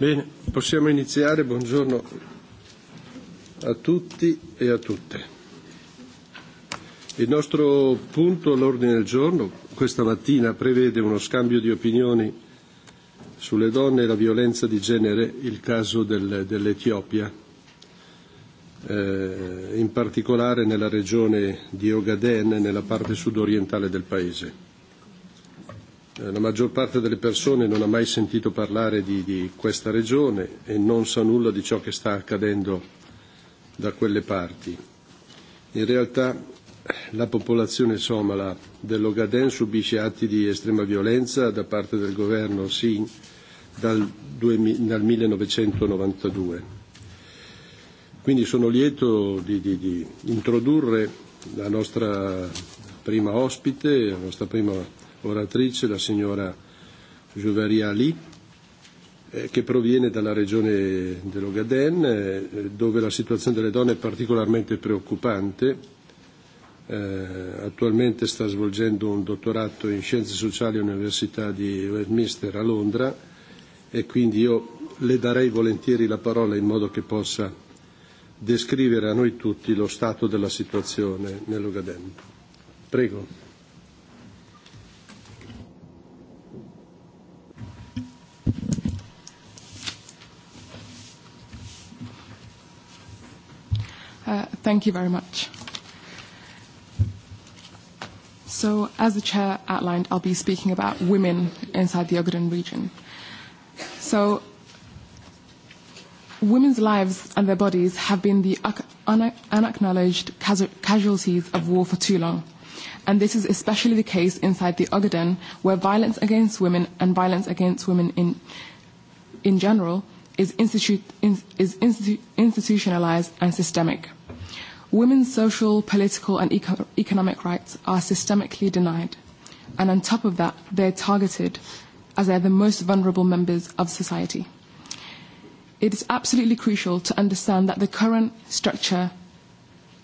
Bene, possiamo iniziare. Buongiorno a tutti e a tutte. Il nostro punto all'ordine del giorno questa mattina prevede uno scambio di opinioni sulle donne e la violenza di genere, il caso del, dell'Etiopia, eh, in particolare nella regione di Ogaden, nella parte sudorientale del paese. Eh, la maggior parte delle persone non ha mai sentito parlare di, di questa regione e non sa nulla di ciò che sta accadendo da quelle parti. In realtà la popolazione somala dell'Ogaden subisce atti di estrema violenza da parte del governo Sin dal, dal 1992. Quindi sono lieto di, di, di introdurre la nostra prima ospite, la nostra prima oratrice, la signora Giuvariali, eh, che proviene dalla regione dell'Ogaden, eh, dove la situazione delle donne è particolarmente preoccupante. Eh, attualmente sta svolgendo un dottorato in scienze sociali all'Università di Westminster a Londra e quindi io le darei volentieri la parola in modo che possa descrivere a noi tutti lo stato della situazione nell'Ogaden. Prego. Uh, thank you very much. So, as the chair outlined, I'll be speaking about women inside the Ogaden region. So, women's lives and their bodies have been the unacknowledged casualties of war for too long. And this is especially the case inside the Ogaden, where violence against women and violence against women in, in general is, institu- in, is institu- institutionalized and systemic. Women's social, political and eco economic rights are systemically denied. And on top of that, they're targeted as they are the most vulnerable members of society. It is absolutely crucial to understand that the current structure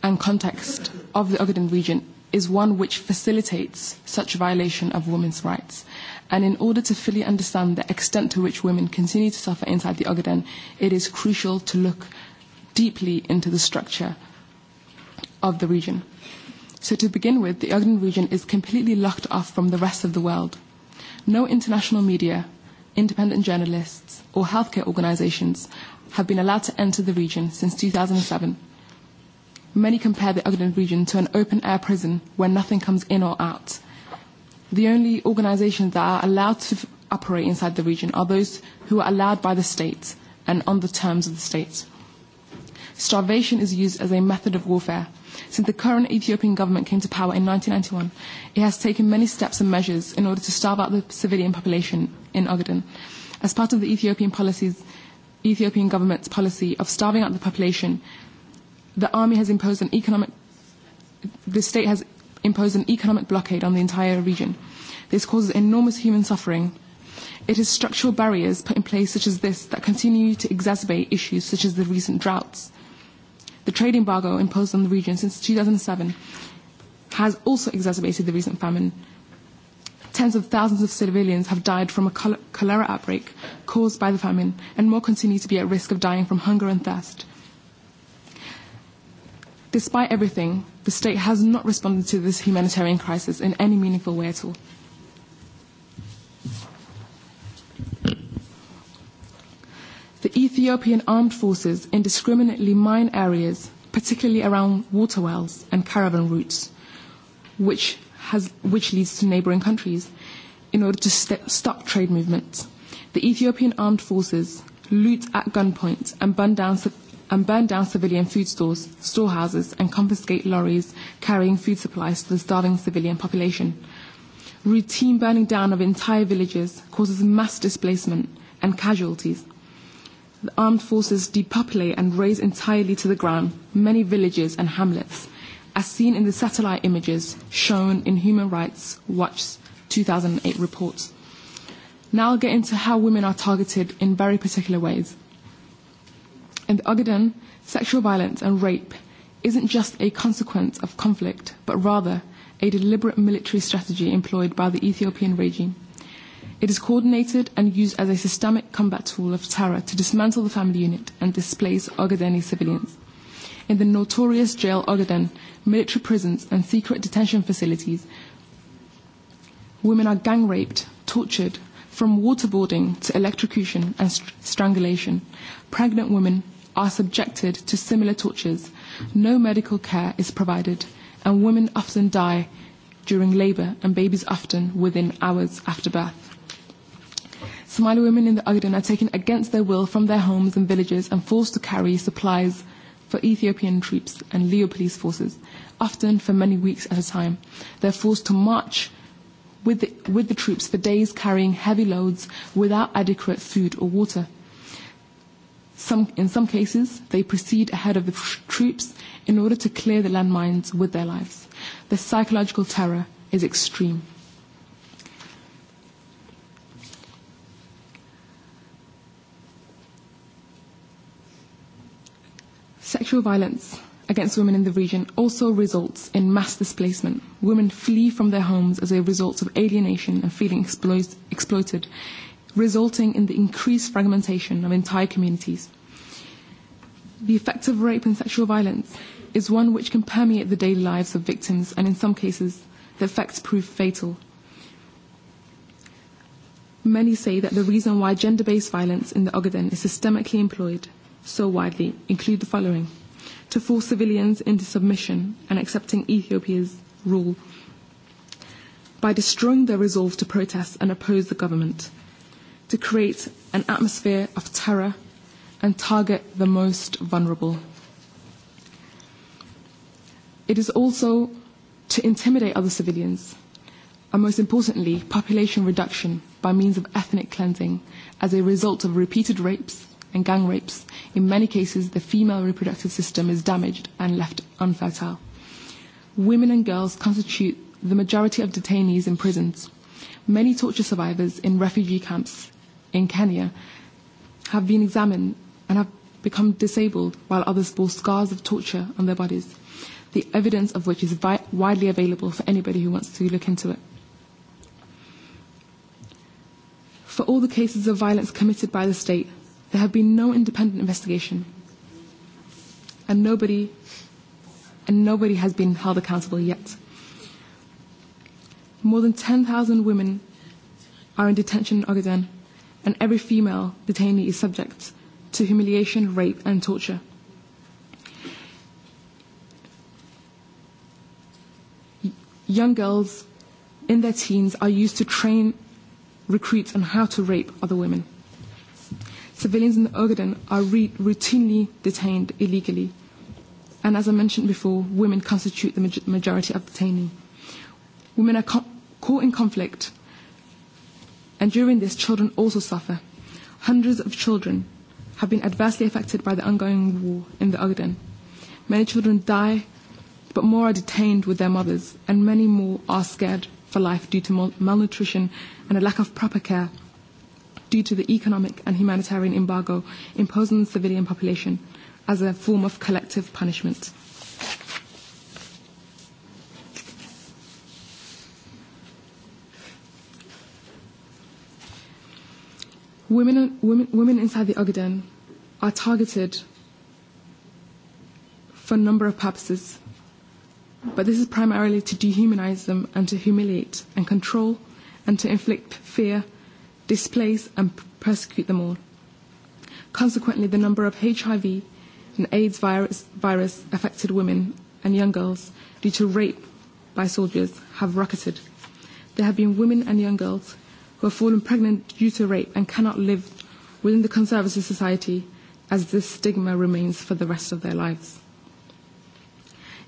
and context of the Ogaden region is one which facilitates such violation of women's rights. And in order to fully understand the extent to which women continue to suffer inside the Ogaden, it is crucial to look deeply into the structure of the region. So to begin with, the Ogden region is completely locked off from the rest of the world. No international media, independent journalists, or healthcare organizations have been allowed to enter the region since 2007. Many compare the Ogden region to an open-air prison where nothing comes in or out. The only organizations that are allowed to operate inside the region are those who are allowed by the state and on the terms of the state. Starvation is used as a method of warfare – Since the current Ethiopian government came to power in 1991, it has taken many steps and measures in order to starve out the civilian population in Ogaden. As part of the Ethiopian policies, Ethiopian government's policy of starving out the population, the army has imposed an economic, the state has imposed an economic blockade on the entire region. This causes enormous human suffering. It is structural barriers put in place such as this that continue to exacerbate issues such as the recent droughts. The trade embargo imposed on the region since 2007 has also exacerbated the recent famine. Tens of thousands of civilians have died from a chol cholera outbreak caused by the famine, and more continue to be at risk of dying from hunger and thirst. Despite everything, the state has not responded to this humanitarian crisis in any meaningful way at all. The Ethiopian armed forces indiscriminately mine areas, particularly around water wells and caravan routes, which, has, which leads to neighboring countries, in order to st stop trade movements. The Ethiopian armed forces loot at gunpoint and burn down and burn down civilian food stores, storehouses, and confiscate lorries carrying food supplies to the starving civilian population. Routine burning down of entire villages causes mass displacement and casualties the armed forces depopulate and raise entirely to the ground many villages and hamlets, as seen in the satellite images shown in Human Rights Watch's 2008 report. Now I'll get into how women are targeted in very particular ways. In the Ogaden, sexual violence and rape isn't just a consequence of conflict, but rather a deliberate military strategy employed by the Ethiopian regime. It is coordinated and used as a systemic combat tool of terror to dismantle the family unit and displace Ogadeni civilians. In the notorious jail Ogaden, military prisons and secret detention facilities, women are gang raped, tortured, from waterboarding to electrocution and st strangulation. Pregnant women are subjected to similar tortures. No medical care is provided, and women often die during labour and babies often within hours after birth. Somali women in the Ogden are taken against their will from their homes and villages and forced to carry supplies for Ethiopian troops and Leo police forces, often for many weeks at a time. They're forced to march with the, with the troops for days carrying heavy loads without adequate food or water. Some, in some cases, they proceed ahead of the troops in order to clear the landmines with their lives. The psychological terror is extreme. Sexual violence against women in the region also results in mass displacement. Women flee from their homes as a result of alienation and feeling explo- exploited, resulting in the increased fragmentation of entire communities. The effect of rape and sexual violence is one which can permeate the daily lives of victims and in some cases the effects prove fatal. Many say that the reason why gender-based violence in the Ogaden is systemically employed so widely include the following. To force civilians into submission and accepting Ethiopia's rule by destroying their resolve to protest and oppose the government, to create an atmosphere of terror and target the most vulnerable. It is also to intimidate other civilians, and most importantly, population reduction by means of ethnic cleansing as a result of repeated rapes, and gang rapes, in many cases the female reproductive system is damaged and left unfertile. Women and girls constitute the majority of detainees in prisons. Many torture survivors in refugee camps in Kenya have been examined and have become disabled while others bore scars of torture on their bodies, the evidence of which is widely available for anybody who wants to look into it. For all the cases of violence committed by the state, There have been no independent investigation. And nobody, and nobody has been held accountable yet. More than 10,000 women are in detention in Ogaden, and every female detainee is subject to humiliation, rape, and torture. Young girls in their teens are used to train, recruit, and how to rape other women. Civilians in Ogden are re routinely detained illegally. And as I mentioned before, women constitute the majority of detainees. Women are caught in conflict, and during this, children also suffer. Hundreds of children have been adversely affected by the ongoing war in the Ogden. Many children die, but more are detained with their mothers, and many more are scared for life due to mal malnutrition and a lack of proper care due to the economic and humanitarian embargo imposed on the civilian population as a form of collective punishment. Women, women, women inside the Ogaden are targeted for a number of purposes, but this is primarily to dehumanize them and to humiliate and control and to inflict fear displace and persecute them all. Consequently, the number of HIV and AIDS virus, virus affected women and young girls due to rape by soldiers have rocketed. There have been women and young girls who have fallen pregnant due to rape and cannot live within the conservative society as this stigma remains for the rest of their lives.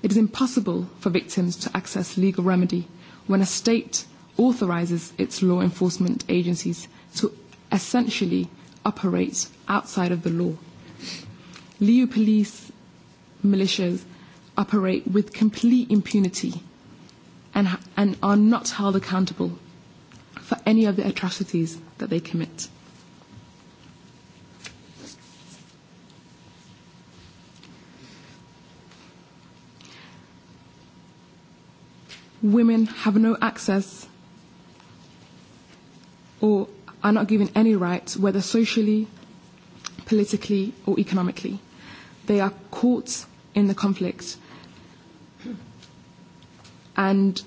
It is impossible for victims to access legal remedy when a state authorises its law enforcement agencies to essentially operate outside of the law. Liu police militias operate with complete impunity and, and are not held accountable for any of the atrocities that they commit. Women have no access or are not given any rights, whether socially, politically, or economically. They are caught in the conflict. And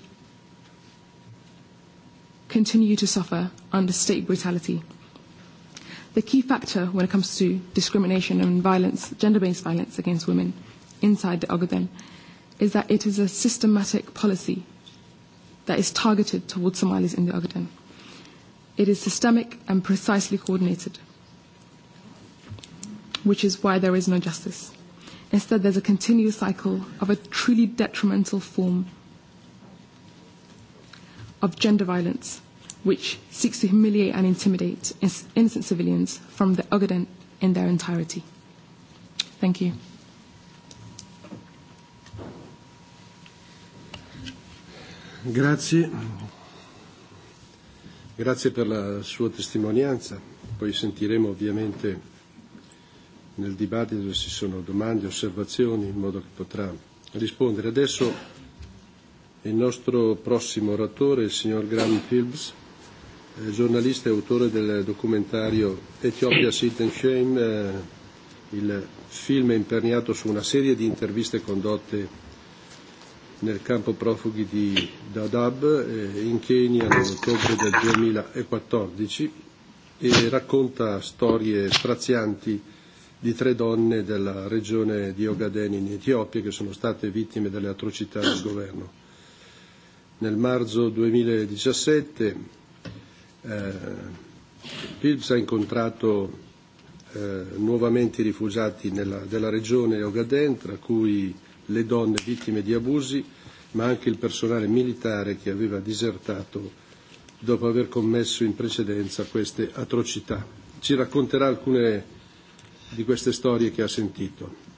continue to suffer under state brutality. The key factor when it comes to discrimination and violence, gender-based violence against women inside the Ogaden, is that it is a systematic policy that is targeted towards Somalis in the Ogaden. It is systemic and precisely coordinated, which is why there is no justice. Instead, there's a continuous cycle of a truly detrimental form of gender violence, which seeks to humiliate and intimidate innocent civilians from the Ogaden in their entirety. Thank you. Grazie. Grazie per la sua testimonianza, poi sentiremo ovviamente nel dibattito se ci sono domande, osservazioni, in modo che potrà rispondere. Adesso il nostro prossimo oratore, il signor Graham Phillips, eh, giornalista e autore del documentario Ethiopia Sit and Shame, eh, il film è imperniato su una serie di interviste condotte nel campo profughi di Dadaab eh, in Kenya nell'ottobre del 2014 e, e racconta storie strazianti di tre donne della regione di Ogaden in Etiopia che sono state vittime delle atrocità del governo. Nel marzo 2017 e eh, Pilps ha incontrato eh, nuovamente i rifugiati nella, della regione Ogaden, tra cui le donne vittime di abusi, ma anche il personale militare che aveva disertato dopo aver commesso in precedenza queste atrocità. Ci racconterà alcune di queste storie che ha sentito.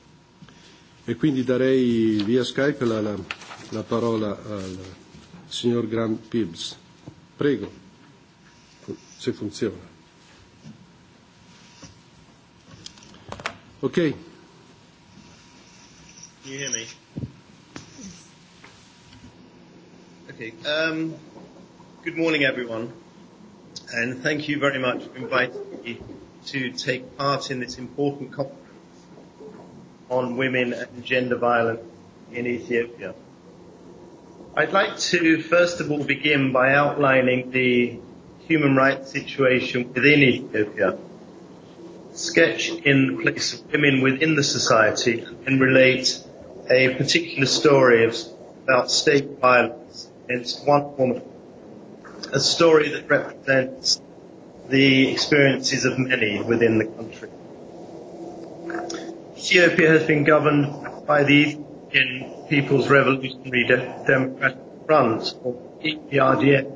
E quindi darei via Skype la, la, la parola al signor Graham Pibbs. Prego, se funziona. Okay. Can you hear me? Okay. Um, good morning, everyone, and thank you very much for inviting me to take part in this important conference on women and gender violence in Ethiopia. I'd like to first of all begin by outlining the human rights situation within Ethiopia, sketch in the place of women within the society, and relate a particular story of, about state violence against one woman, a story that represents the experiences of many within the country. Ethiopia has been governed by the Ethiopian People's Revolutionary De- Democratic Front, or EPRDF,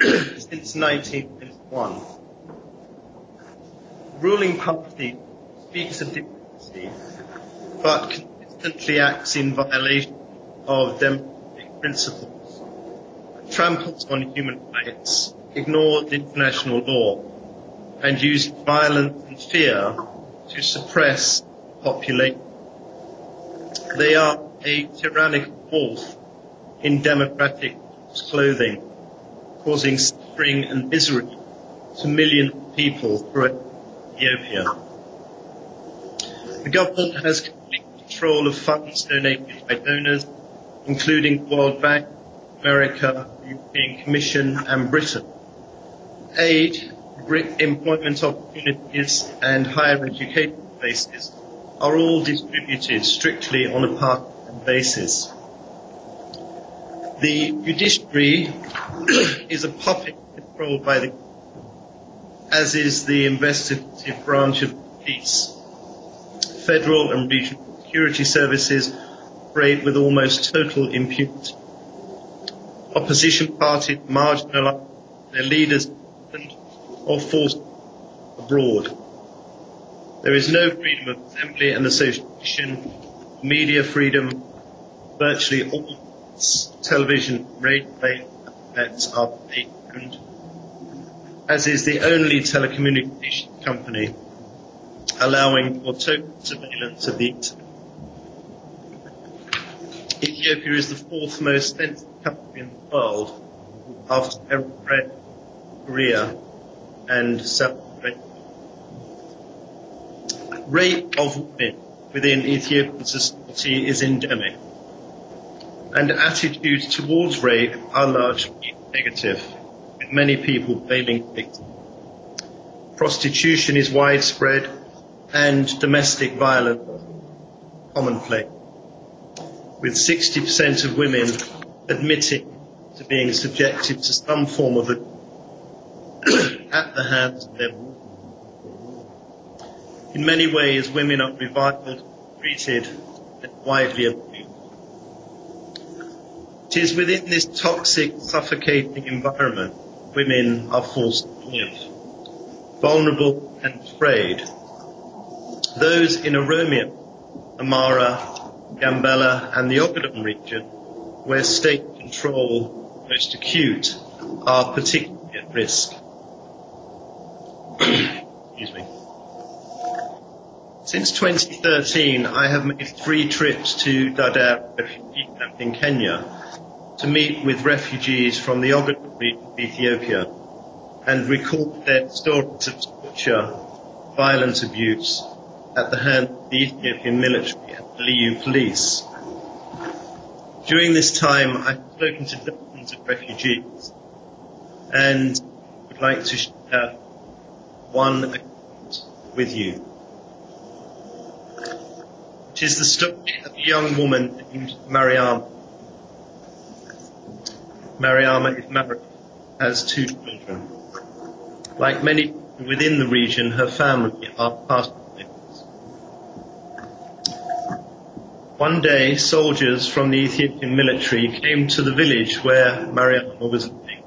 since 1991. The ruling party speaks of democracy, but blatantly acts in violation of democratic principles, tramples on human rights, ignores international law, and uses violence and fear to suppress the population. They are a tyrannical wolf in democratic clothing, causing suffering and misery to millions of people throughout Ethiopia. The government has control of funds donated by donors, including the World Bank, America, the European Commission and Britain. Aid, employment opportunities and higher education places are all distributed strictly on a part-time basis. The judiciary is a puppet controlled by the as is the investigative branch of police, federal and regional security services operate with almost total impunity. Opposition parties marginalize their leaders or forced abroad. There is no freedom of assembly and association, media freedom, virtually all television, radio, are banned, as is the only telecommunication company allowing for total surveillance of the internet Ethiopia is the fourth most censored country in the world after Eritrea, Korea, and South Africa. Rape of women within Ethiopian society is endemic, and attitudes towards rape are largely negative, with many people blaming victims. Prostitution is widespread, and domestic violence commonplace with 60% of women admitting to being subjected to some form of a at the hands of their women. In many ways, women are reviled, treated, and widely abused. It is within this toxic, suffocating environment women are forced to live, vulnerable and afraid. Those in aromia Amara, Gambela and the Ogaden region, where state control most acute, are particularly at risk. Excuse me. Since 2013, I have made three trips to Dadaab refugee camp in Kenya to meet with refugees from the Ogaden region of Ethiopia and record their stories of torture, violent abuse at the hands of the Ethiopian military and EU police. During this time, I've spoken to dozens of refugees and would like to share one account with you, which is the story of a young woman named Mariama. Mariama is married, has two children. Like many within the region, her family are part of One day, soldiers from the Ethiopian military came to the village where Mariama was living.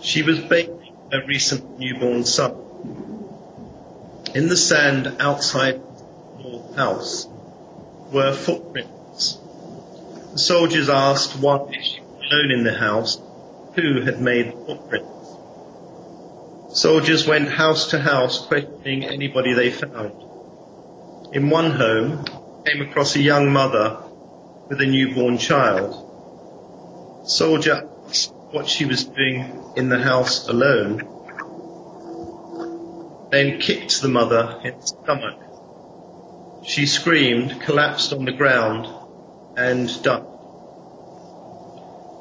She was bathing her recent newborn son. In the sand outside the house were footprints. The soldiers asked why she was alone in the house, who had made the footprints. Soldiers went house to house questioning anybody they found. In one home, came across a young mother with a newborn child. Soldier asked what she was doing in the house alone, then kicked the mother in the stomach. She screamed, collapsed on the ground, and died.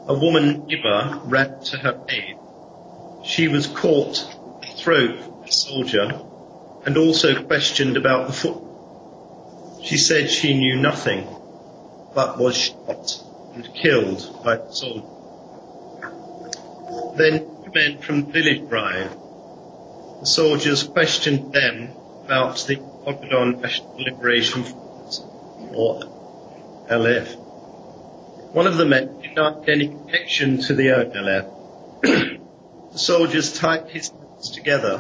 A woman neighbor ran to her aid. She was caught throat by a soldier and also questioned about the foot She said she knew nothing, but was shot and killed by the soldiers. Then two men from the village arrived. The soldiers questioned them about the Ogadon National Liberation Force, or LF. One of the men did not have any connection to the OLF. the soldiers tied his hands together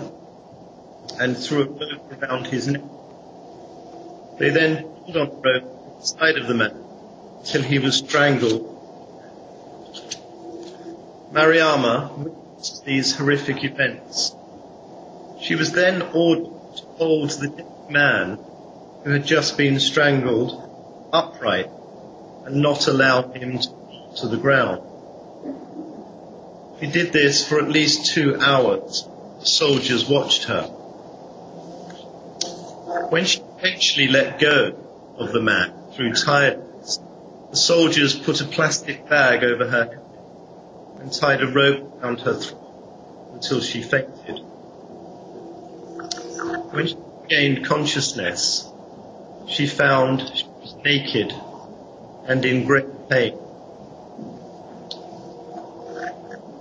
and threw a rope around his neck They then pulled on the side of the man till he was strangled. Mariama witnessed these horrific events. She was then ordered to hold the dead man who had just been strangled upright and not allow him to fall to the ground. She did this for at least two hours. The soldiers watched her. When she eventually let go of the man through tiredness. The soldiers put a plastic bag over her head and tied a rope around her throat until she fainted. When she gained consciousness, she found she was naked and in great pain.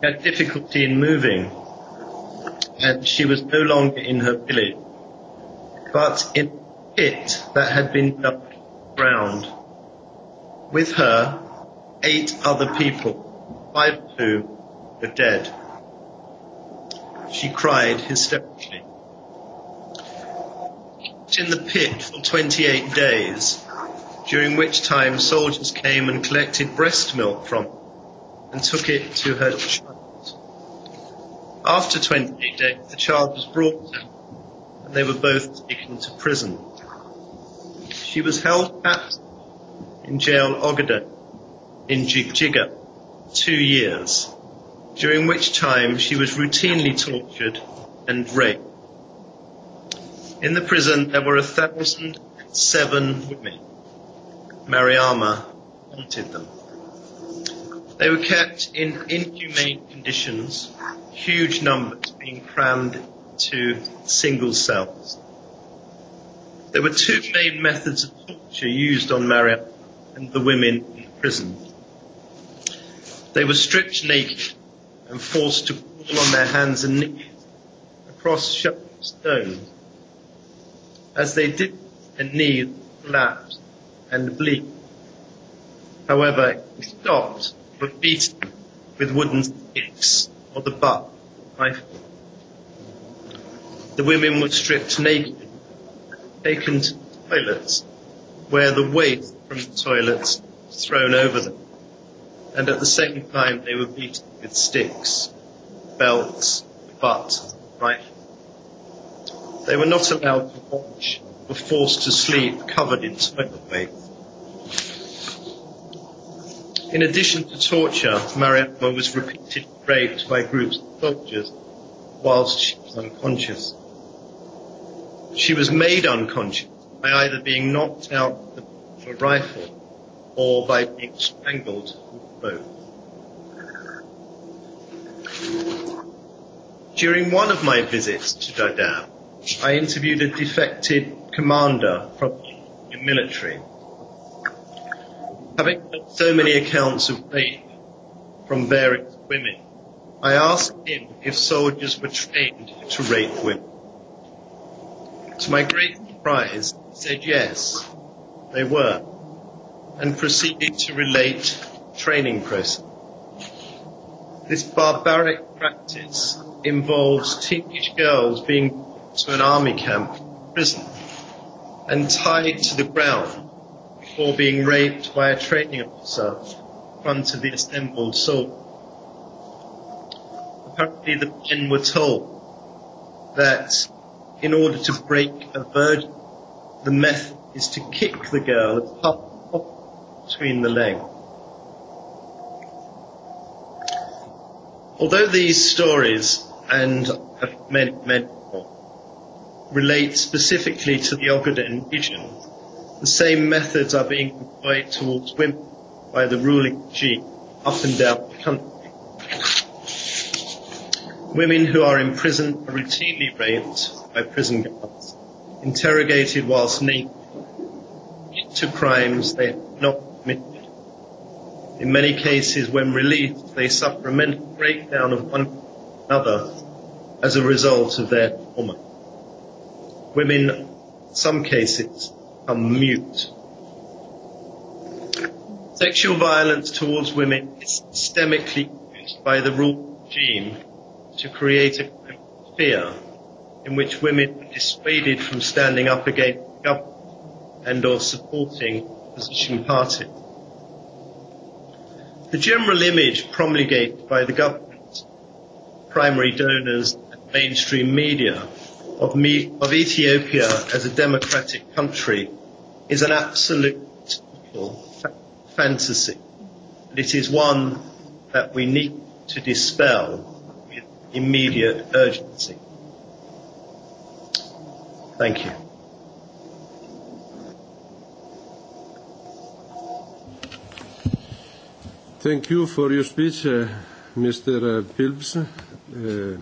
She had difficulty in moving and she was no longer in her village, but in pit that had been dug ground. With her, eight other people, five of whom were dead. She cried hysterically. In the pit for 28 days, during which time soldiers came and collected breast milk from her and took it to her child. After 28 days, the child was brought to her, and they were both taken to prison. She was held at in jail Ogaden in Jigjiga two years, during which time she was routinely tortured and raped. In the prison there were a thousand seven women. Mariama hunted them. They were kept in inhumane conditions, huge numbers being crammed to single cells. There were two main methods of torture used on Mariam and the women in prison. They were stripped naked and forced to crawl on their hands and knees across sharp stones. As they did, their knees collapsed and bleed. However, he stopped but beaten with wooden sticks or the butt of the rifle. The women were stripped naked taken to the toilets, where the waste from the toilets was thrown over them. And at the same time, they were beaten with sticks, belts, butt, rifles. They were not allowed to watch, were forced to sleep covered in toilet waste. In addition to torture, Mariamma was repeatedly raped by groups of soldiers whilst she was unconscious. She was made unconscious by either being knocked out with a rifle or by being strangled with both. During one of my visits to Dadaab, I interviewed a defected commander from the military. Having heard so many accounts of rape from various women, I asked him if soldiers were trained to rape women. To my great surprise, said yes, they were, and proceeded to relate training process. This barbaric practice involves teenage girls being brought to an army camp prison and tied to the ground before being raped by a training officer in front of the assembled soldiers. Apparently the men were told that in order to break a virgin, the meth is to kick the girl as hard between the legs. Although these stories, and I've meant, meant more, relate specifically to the Ogaden region, the same methods are being employed towards women by the ruling regime up and down the country. Women who are imprisoned are routinely raped by prison guards, interrogated whilst naked, to crimes they have not committed. In many cases, when released, they suffer a mental breakdown of one another as a result of their trauma. Women, in some cases, become mute. Sexual violence towards women is systemically used by the rule regime to create a fear in which women were dissuaded from standing up against the government and or supporting opposition parties. The general image promulgated by the government, primary donors and mainstream media of, me, of Ethiopia as a democratic country is an absolute fa fantasy. And it is one that we need to dispel with immediate urgency. Thank you. Thank you for your speech, uh, Mr. Uh, Pilbs. Uh,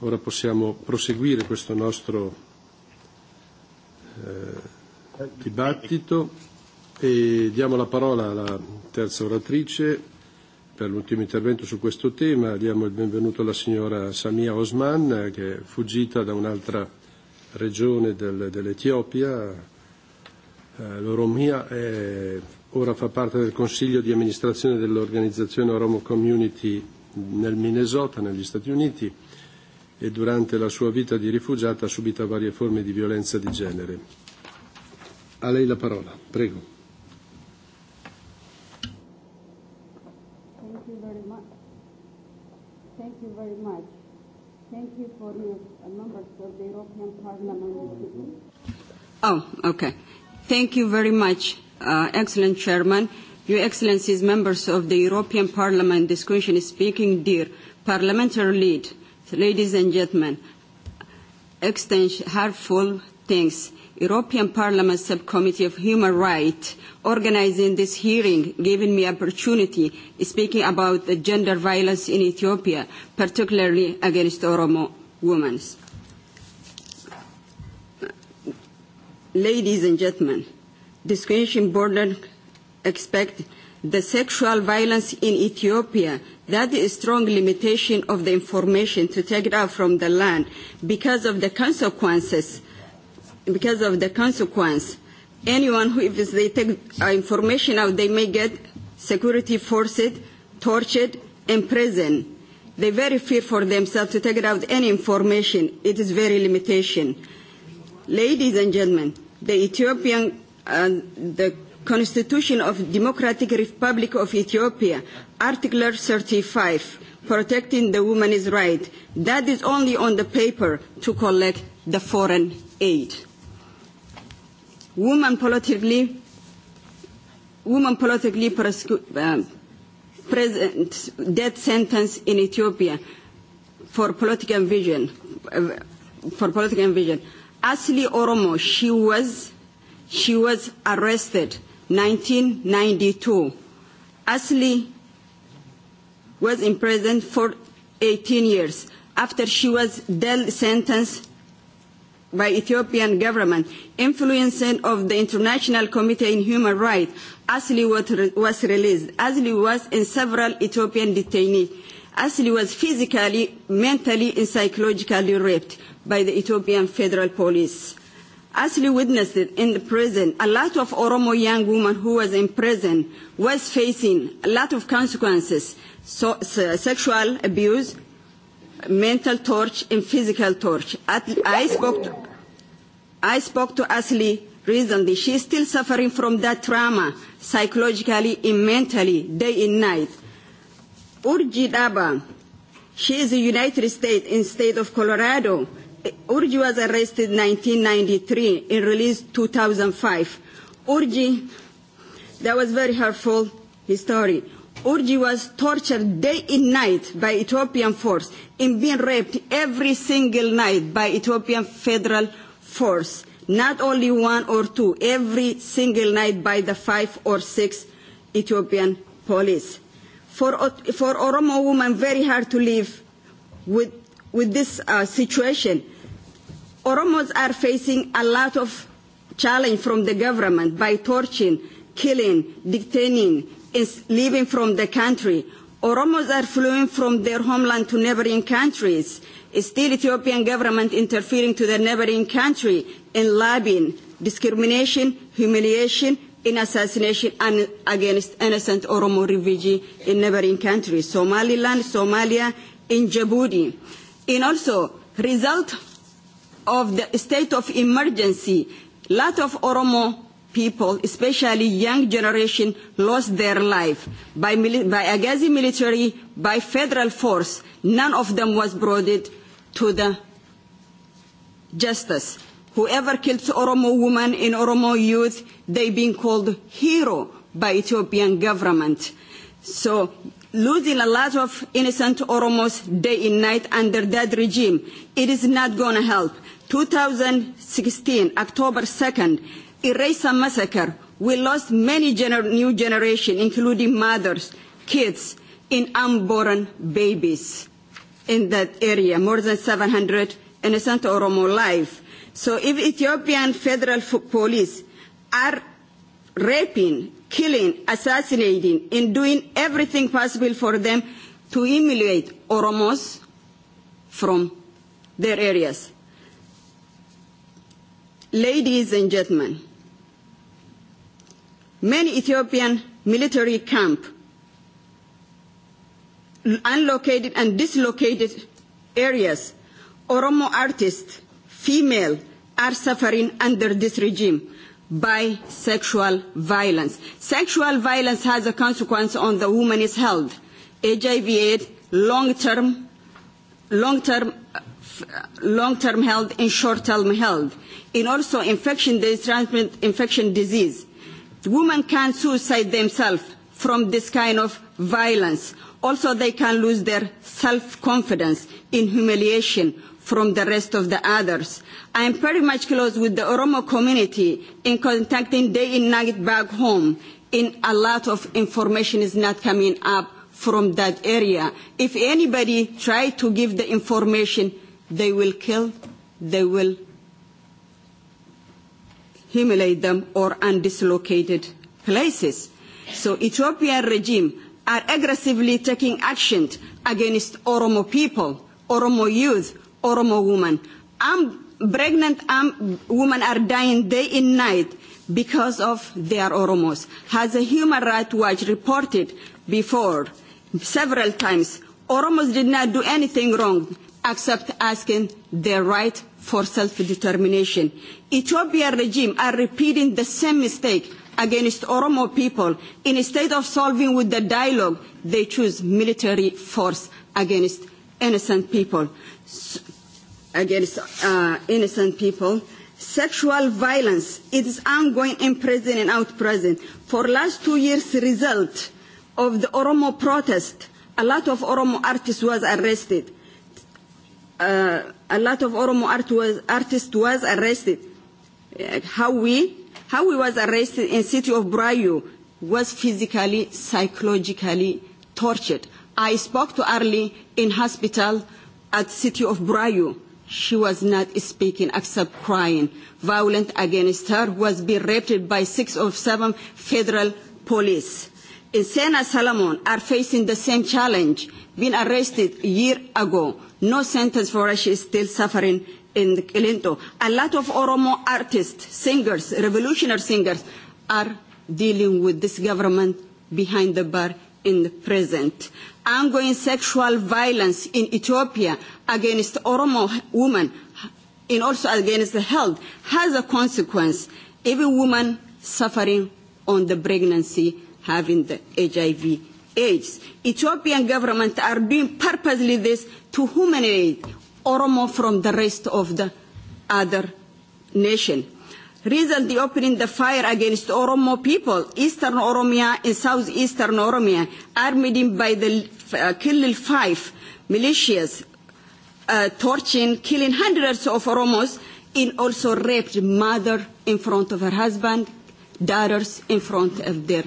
ora possiamo proseguire questo nostro uh, dibattito e diamo la parola alla terza oratrice, per l'ultimo intervento su questo tema. Diamo il benvenuto alla signora Samia Osman, che è fuggita da un'altra regione del, dell'Etiopia, eh, l'Oromia, è, ora fa parte del consiglio di amministrazione dell'organizzazione Oromo Community nel Minnesota, negli Stati Uniti, e durante la sua vita di rifugiata ha subito varie forme di violenza di genere. A lei la parola, prego. very much. Thank you for your uh, members of the European Parliament. Oh, okay. Thank you very much, uh, excellent chairman. Your Excellencies, members of the European Parliament, this question is speaking, dear parliamentary lead, ladies and gentlemen, extend heartful thanks European Parliament Subcommittee of Human Rights organizing this hearing, giving me opportunity speaking about the gender violence in Ethiopia, particularly against Oromo women. Ladies and gentlemen, discrimination border expect the sexual violence in Ethiopia that is strong limitation of the information to take it out from the land because of the consequences because of the consequence. Anyone who, if they take uh, information out, they may get security forced, tortured, imprisoned. They very fear for themselves to take out any information. It is very limitation. Ladies and gentlemen, the Ethiopian, uh, the Constitution of Democratic Republic of Ethiopia, Article 35, protecting the woman's right. That is only on the paper to collect the foreign aid women politically, women politically uh, present death sentence in Ethiopia for political vision, uh, for political vision. Asli Oromo, she was, she was arrested 1992. Asli was in prison for 18 years after she was then sentenced by Ethiopian government, influencing of the International Committee on Human Rights, Asli was released. Asli was in several Ethiopian detainees. Asli was physically, mentally, and psychologically raped by the Ethiopian Federal Police. Asli witnessed it in the prison. A lot of Oromo young women who was in prison was facing a lot of consequences, so, so sexual abuse, mental torch and physical torch. At, I, spoke to, I spoke to Asli recently. She is still suffering from that trauma psychologically and mentally, day and night. Urji Daba, she is a United States in state of Colorado. Urji was arrested in 1993 and released 2005. Urji, that was very hurtful, his story. Urji was tortured day and night by Ethiopian force and being raped every single night by Ethiopian federal force. Not only one or two, every single night by the five or six Ethiopian police. For, for Oromo women, very hard to live with, with this uh, situation. Oromos are facing a lot of challenge from the government by torching, killing, detaining, is leaving from the country. Oromos are fleeing from their homeland to neighboring countries. Is still Ethiopian government interfering to the neighboring country in lobbying discrimination, humiliation, in assassination and against innocent Oromo refugee in neighboring countries, Somaliland, Somalia, in Djibouti. And also, result of the state of emergency, lot of Oromo people, especially young generation, lost their life by, by Agazi military, by federal force. None of them was brought to the justice. Whoever killed Oromo woman in Oromo youth, they being called hero by Ethiopian government. So losing a lot of innocent Oromos day and night under that regime, it is not going to help. 2016, October 2nd, erased a massacre. We lost many gener new generation, including mothers, kids, and unborn babies in that area, more than 700 innocent Oromo life. So if Ethiopian federal police are raping, killing, assassinating, and doing everything possible for them to emulate Oromos from their areas. Ladies and gentlemen, Many Ethiopian military camps, unlocated and dislocated areas, Oromo artists, female, are suffering under this regime by sexual violence. Sexual violence has a consequence on the woman's health, HIV AIDS, long-term, long-term, long-term health and short-term health. And also infection, there transmit infection disease. Women can suicide themselves from this kind of violence. Also, they can lose their self-confidence in humiliation from the rest of the others. I am very much close with the Oromo community in contacting day and night back home in a lot of information is not coming up from that area. If anybody try to give the information, they will kill, they will humiliate them or undislocated places. So Ethiopian regime are aggressively taking action against Oromo people, Oromo youth, Oromo women. Um, pregnant um, women are dying day and night because of their Oromos. Has a Human Rights Watch reported before several times Oromos did not do anything wrong except asking their right for self-determination. Ethiopian regime are repeating the same mistake against Oromo people. Instead of solving with the dialogue, they choose military force against innocent people. Against uh, innocent people. Sexual violence, it is ongoing in prison and out prison. For last two years result of the Oromo protest, a lot of Oromo artists was arrested uh, a lot of Oromo art was, artists was arrested. How uh, we, how we was arrested in city of Brayu, was physically, psychologically tortured. I spoke to Arli in hospital at city of Brayu. She was not speaking except crying. Violent against her was being raped by six or seven federal police in Sena Salomon are facing the same challenge, being arrested a year ago. No sentence for Russia is still suffering in Kilinto. A lot of Oromo artists, singers, revolutionary singers are dealing with this government behind the bar in the present. Ongoing sexual violence in Ethiopia against Oromo women and also against the health has a consequence. Every woman suffering on the pregnancy having the HIV AIDS. Ethiopian government are being purposely this to humiliate Oromo from the rest of the other nation. Recently opening the fire against Oromo people, Eastern Oromia and Southeastern Oromia are meeting by the uh, killing Five militias, uh, torching, killing hundreds of Oromos and also raped mother in front of her husband, daughters in front of their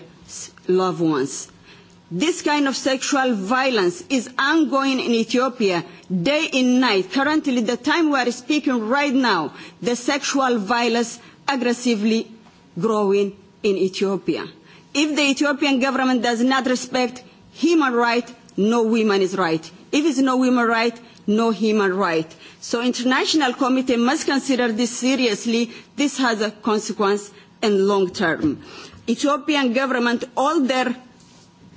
loved ones. This kind of sexual violence is ongoing in Ethiopia day and night. Currently, the time we are speaking right now, the sexual violence aggressively growing in Ethiopia. If the Ethiopian government does not respect human rights, no woman is right. If it's no woman right, no human right. So international committee must consider this seriously. This has a consequence in long term. Ethiopian government, all their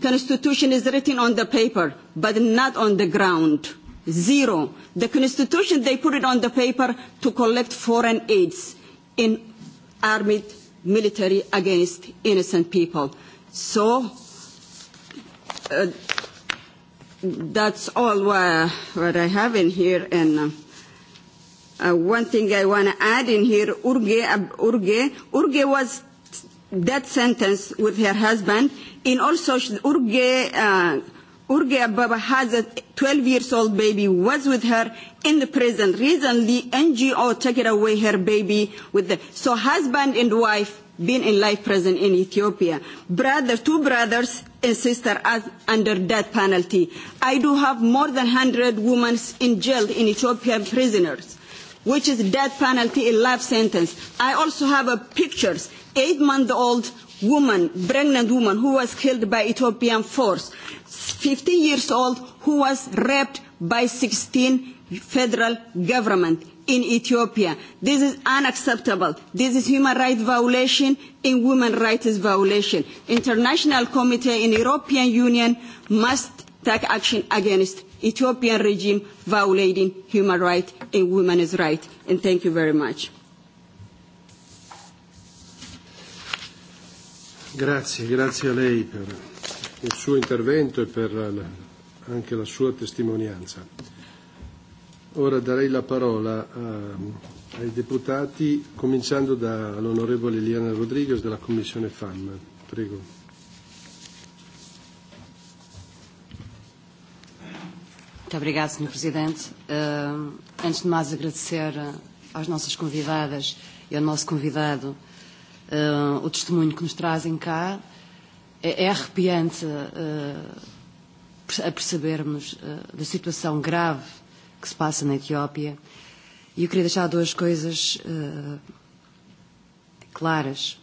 constitution is written on the paper, but not on the ground. Zero. The constitution, they put it on the paper to collect foreign aids in armed military against innocent people. So uh, that's all uh, what I have in here. And uh, uh, one thing I want to add in here, Urge, uh, Urge, Urge was death sentence with her husband. And also, Urge, uh, Urge Ababa has a 12 years old baby, was with her in the prison. Recently, NGO took it away her baby with the, so husband and wife been in life prison in Ethiopia. Brother, two brothers and sister are under death penalty. I do have more than 100 women in jail in Ethiopian prisoners which is death penalty in life sentence. I also have a pictures, eight-month-old woman, pregnant woman who was killed by Ethiopian force, 15 years old who was raped by 16 federal government in Ethiopia. This is unacceptable. This is human rights violation and women rights violation. International Committee in European Union must take action against Ethiopian regime violating human rights and women's rights. And thank you very much. Grazie, grazie a lei per il suo intervento e per la, anche la sua testimonianza. Ora darei la parola a, ehm, ai deputati, cominciando dall'onorevole Eliana Rodriguez della Commissione FAM. Prego. Muito obrigada, Sr. Presidente. Uh, antes de mais, agradecer eh, às nossas convidadas e ao nosso convidado uh, o testemunho que nos trazem cá. É, é arrepiante uh, a percebermos uh, da situação grave que se passa na Etiópia. E eu queria deixar duas coisas uh, claras.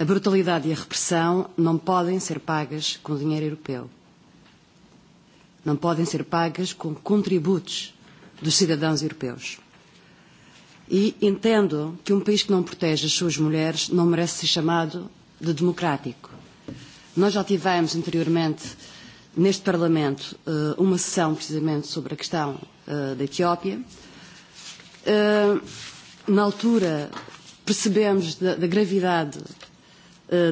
A brutalidade e a repressão não podem ser pagas com dinheiro europeu não podem ser pagas com contributos dos cidadãos europeus. E entendo que um país que não protege as suas mulheres não merece ser chamado de democrático. Nós já tivemos anteriormente neste Parlamento eh, uma sessão precisamente sobre a questão eh, da Etiópia. Eh, na altura percebemos da gravidade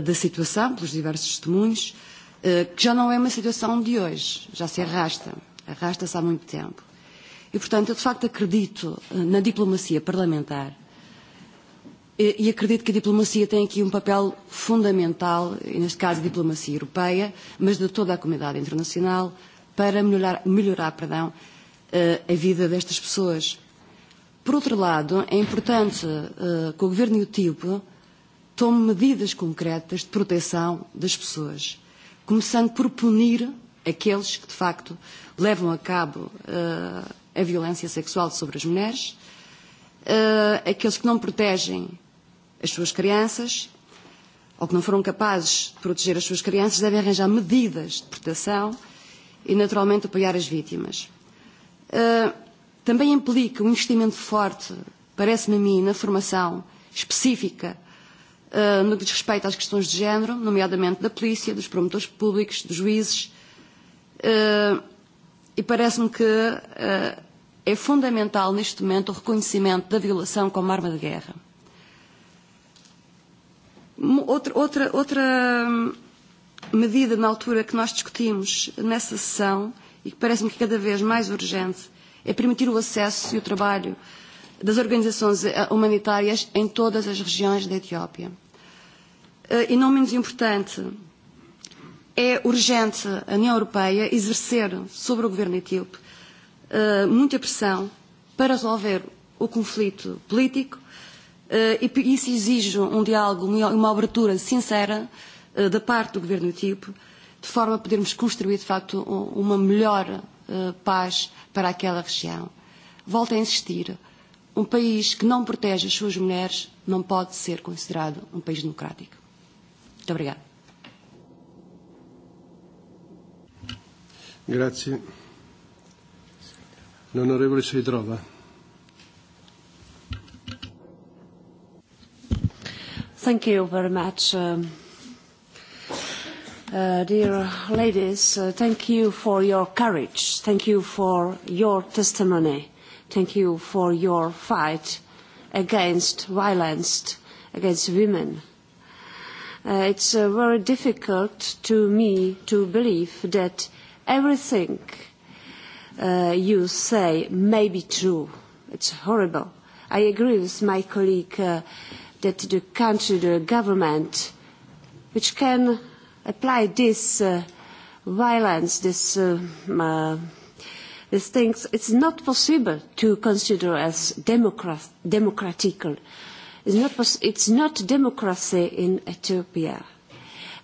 da situação pelos diversos testemunhos Eh, que já não é uma situação de hoje, já se arrasta, arrasta-se há muito tempo. E, portanto, eu de facto acredito eh, na diplomacia parlamentar e, e acredito que a diplomacia tem aqui um papel fundamental, e, neste caso a diplomacia europeia, mas de toda a comunidade internacional, para melhorar, melhorar perdão, eh, a vida destas pessoas. Por outro lado, é importante que o governo e o tipo tome medidas concretas de proteção das pessoas começando por punir aqueles que, de facto, levam a cabo uh, a violência sexual sobre as mulheres, uh, aqueles que não protegem as suas crianças ou que não foram capazes de proteger as suas crianças devem arranjar medidas de proteção e, naturalmente, apoiar as vítimas. Uh, também implica um investimento forte, parece-me a mim, na formação específica Eh, no que diz respeito às questões de género, nomeadamente da polícia, dos promotores públicos, dos juízes, uh, e parece-me que uh, é fundamental neste momento o reconhecimento da violação como arma de guerra. Outra, outra, outra medida na altura que nós discutimos nessa sessão e que parece-me que cada vez mais urgente é permitir o acesso e o trabalho das organizações humanitárias em todas as regiões da Etiópia. Eh, e não menos importante, é urgente a União Europeia exercer sobre o governo etíope eh, muita pressão para resolver o conflito político eh, e isso exige um diálogo, e uma abertura sincera da parte do governo etíope, de forma a podermos construir, de facto, um, uma melhor paz para aquela região. Volto a insistir, um país que não protege as suas mulheres não pode ser considerado um país democrático. Muito Grazie. L'onorevole trova. Thank you very much. Um, uh, dear ladies, uh, thank you for your courage. Thank you for your testimony. Thank you for your fight against violence against women Uh, it's uh, very difficult to me to believe that everything uh, you say may be true. It's horrible. I agree with my colleague uh, that the country, the government, which can apply this uh, violence, this, uh, uh, these things, it's not possible to consider as democrat democratical. It's not, pos it's not democracy in Ethiopia.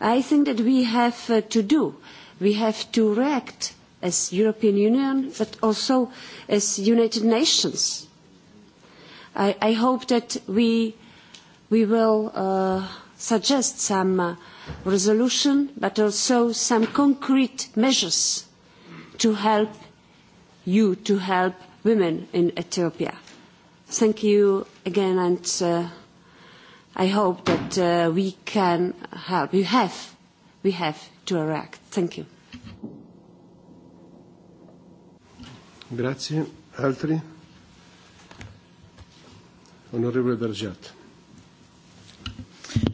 I think that we have uh, to do, we have to react as European Union, but also as United Nations. I, I hope that we, we will uh, suggest some uh, resolution, but also some concrete measures to help you, to help women in Ethiopia. Thank you again, and uh, I hope that uh, we can help. We have, we have to react. Thank you. Grazie. Altri? Onorevole Bergiat.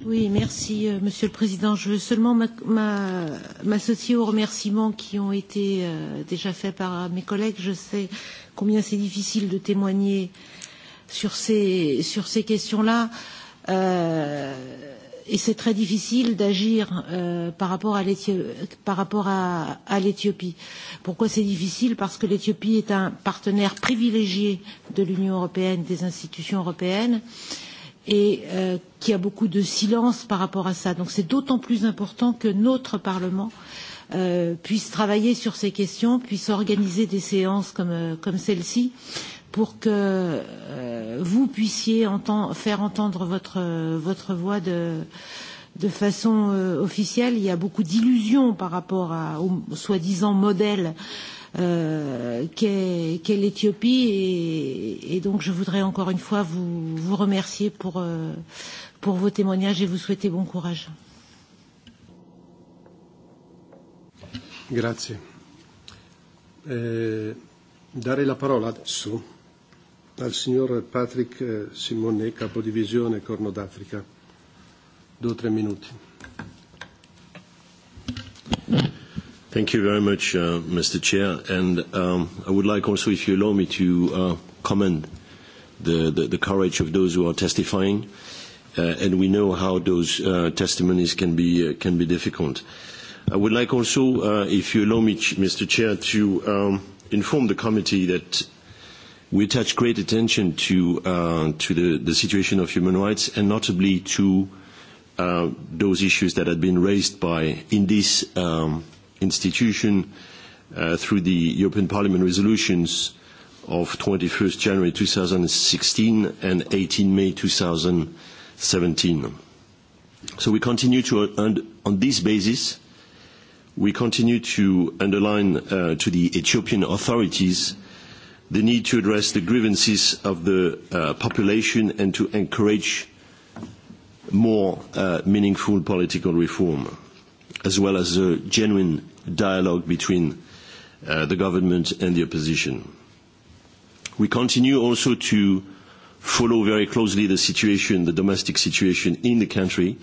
Oui, merci euh, Monsieur le Président. Je veux seulement m'associer ma, ma, aux remerciements qui ont été euh, déjà faits par mes collègues. Je sais combien c'est difficile de témoigner euh, sur ces, sur ces questions-là. Euh, et c'est très difficile d'agir euh, par rapport à l'Éthiopie. Pourquoi c'est difficile Parce que l'Éthiopie est un partenaire privilégié de l'Union européenne, des institutions européennes, et euh, qui a beaucoup de silence par rapport à ça. Donc c'est d'autant plus important que notre Parlement euh, puisse travailler sur ces questions, puisse organiser des séances comme, euh, comme celle-ci. Euh, pour que euh, vous puissiez entend, faire entendre votre, votre voix de, de façon euh, officielle. Il y a beaucoup d'illusions par rapport à, au soi-disant modèle euh, qu'est qu l'Éthiopie et, et donc je voudrais encore une fois vous, vous remercier pour, euh, pour vos témoignages et vous souhaiter bon courage. Grazie. Eh, dare la parola adesso dal signor Patrick eh, Simone, divisione Corno d'Africa. Due o tre minuti. Thank you very much, uh, Mr. Chair. And um, I would like also, if you allow me, to uh, commend the, the, the courage of those who are testifying. Uh, and we know how those uh, testimonies can be, uh, can be difficult. I would like also, uh, if you allow me, Mr. Chair, to um, inform the committee that We attach great attention to, uh, to the, the situation of human rights and notably to uh, those issues that had been raised by, in this um, institution uh, through the European Parliament resolutions of 21st January 2016 and 18 May 2017. So we continue to, uh, and on this basis, we continue to underline uh, to the Ethiopian authorities the need to address the grievances of the uh, population and to encourage more uh, meaningful political reform, as well as a genuine dialogue between uh, the government and the opposition. We continue also to follow very closely the situation, the domestic situation in the country,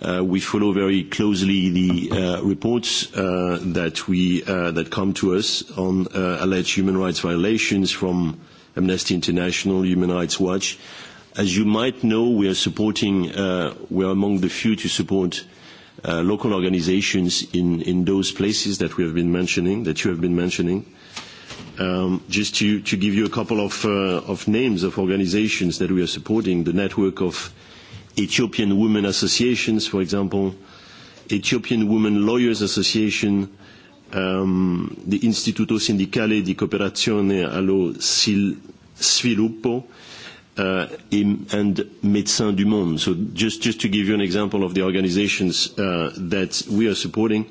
Uh, we follow very closely the uh, reports uh, that, we, uh, that come to us on uh, alleged human rights violations from Amnesty International, Human Rights Watch. As you might know, we are supporting, uh, we are among the few to support uh, local organizations in, in those places that we have been mentioning, that you have been mentioning. Um, just to, to give you a couple of, uh, of names of organizations that we are supporting, the network of uh, Ethiopian women associations, for example, Ethiopian Women Lawyers Association, um, the Instituto Sindicale di Cooperazione allo Sil Sviluppo, uh, in, and Médecins du Monde. So just, just to give you an example of the organizations uh, that we are supporting,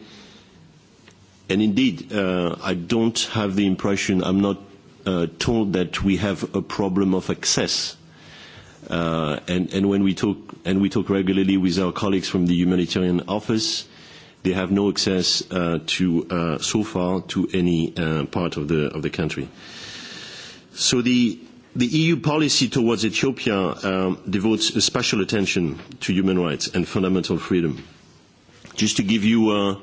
and indeed, uh, I don't have the impression, I'm not uh, told that we have a problem of access Uh, and, and when we talk, and we talk regularly with our colleagues from the humanitarian office, they have no access uh, to, uh, so far, to any uh, part of the, of the country. So the, the EU policy towards Ethiopia um, devotes a special attention to human rights and fundamental freedom. Just to give you uh,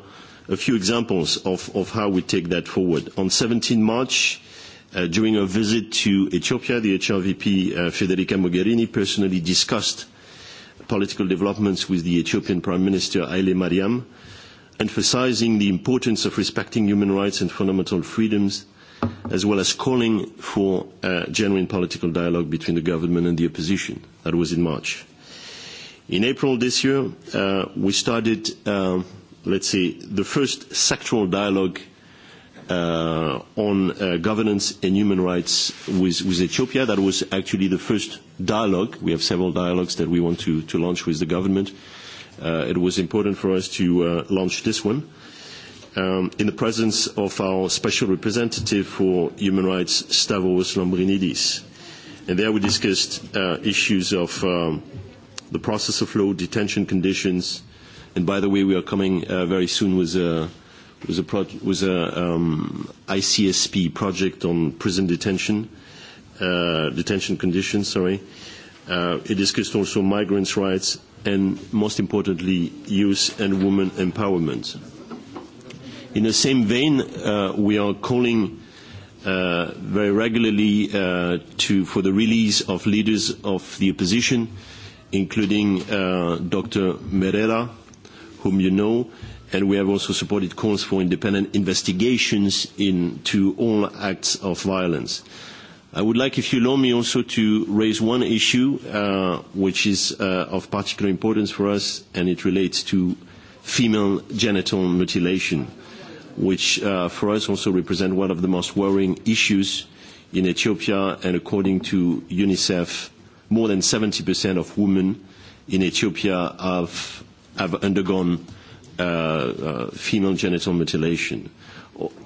a few examples of, of how we take that forward. On 17 March, uh, during a visit to Ethiopia, the HRVP uh, Federica Mogherini personally discussed political developments with the Ethiopian Prime Minister Aile Mariam, emphasizing the importance of respecting human rights and fundamental freedoms, as well as calling for a uh, genuine political dialogue between the government and the opposition. That was in March. In April this year, uh, we started, uh, let's say, the first sectoral dialogue uh, on uh, governance and human rights with, with Ethiopia. That was actually the first dialogue. We have several dialogues that we want to, to launch with the government. Uh, it was important for us to uh, launch this one. Um, in the presence of our special representative for human rights, Stavros Lambrinidis. And there we discussed uh, issues of um, the process of law, detention conditions, and by the way, we are coming uh, very soon with a uh, was a, pro was a um, ICSP project on prison detention, uh, detention conditions, sorry. Uh, it discussed also migrants' rights and, most importantly, youth and women empowerment. In the same vein, uh, we are calling uh, very regularly uh, to, for the release of leaders of the opposition, including uh, Dr. Merera, whom you know, and we have also supported calls for independent investigations into all acts of violence. I would like, if you allow me, also to raise one issue uh, which is uh, of particular importance for us, and it relates to female genital mutilation, which uh, for us also represents one of the most worrying issues in Ethiopia, and according to UNICEF, more than 70% of women in Ethiopia have, have undergone Uh, uh, female genital mutilation.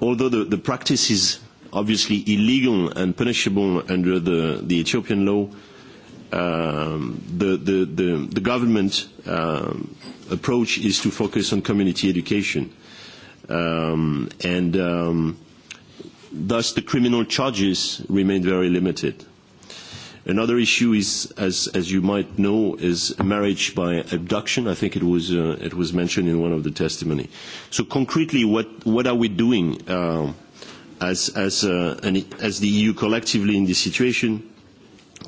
Although the, the practice is obviously illegal and punishable under the, the Ethiopian law, um, the, the, the, the government um, approach is to focus on community education. Um, and um, thus the criminal charges remain very limited. Another issue is, as, as you might know, is marriage by abduction. I think it was, uh, it was mentioned in one of the testimony. So concretely, what, what are we doing uh, as, as, uh, an, as the EU collectively in this situation?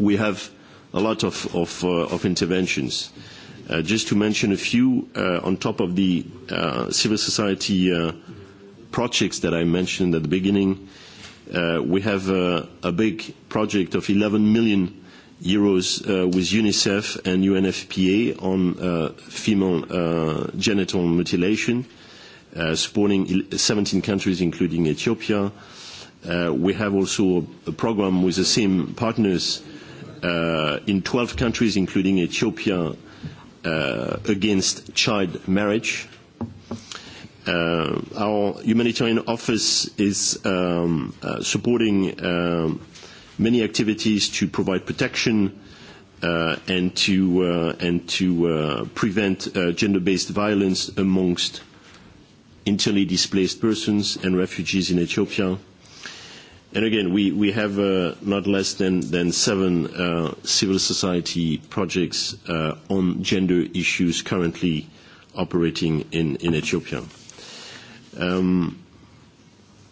We have a lot of, of, uh, of interventions. Uh, just to mention a few, uh, on top of the uh, civil society uh, projects that I mentioned at the beginning, Uh, we have uh, a big project of 11 million euros uh, with UNICEF and UNFPA on uh, female uh, genital mutilation, uh, supporting 17 countries including Ethiopia. Uh, we have also a program with the same partners uh, in 12 countries including Ethiopia uh, against child marriage Uh, our humanitarian office is um, uh, supporting um, many activities to provide protection uh, and to, uh, and to uh, prevent uh, gender-based violence amongst internally displaced persons and refugees in Ethiopia. And again, we, we have uh, not less than, than seven uh, civil society projects uh, on gender issues currently operating in, in Ethiopia. Um,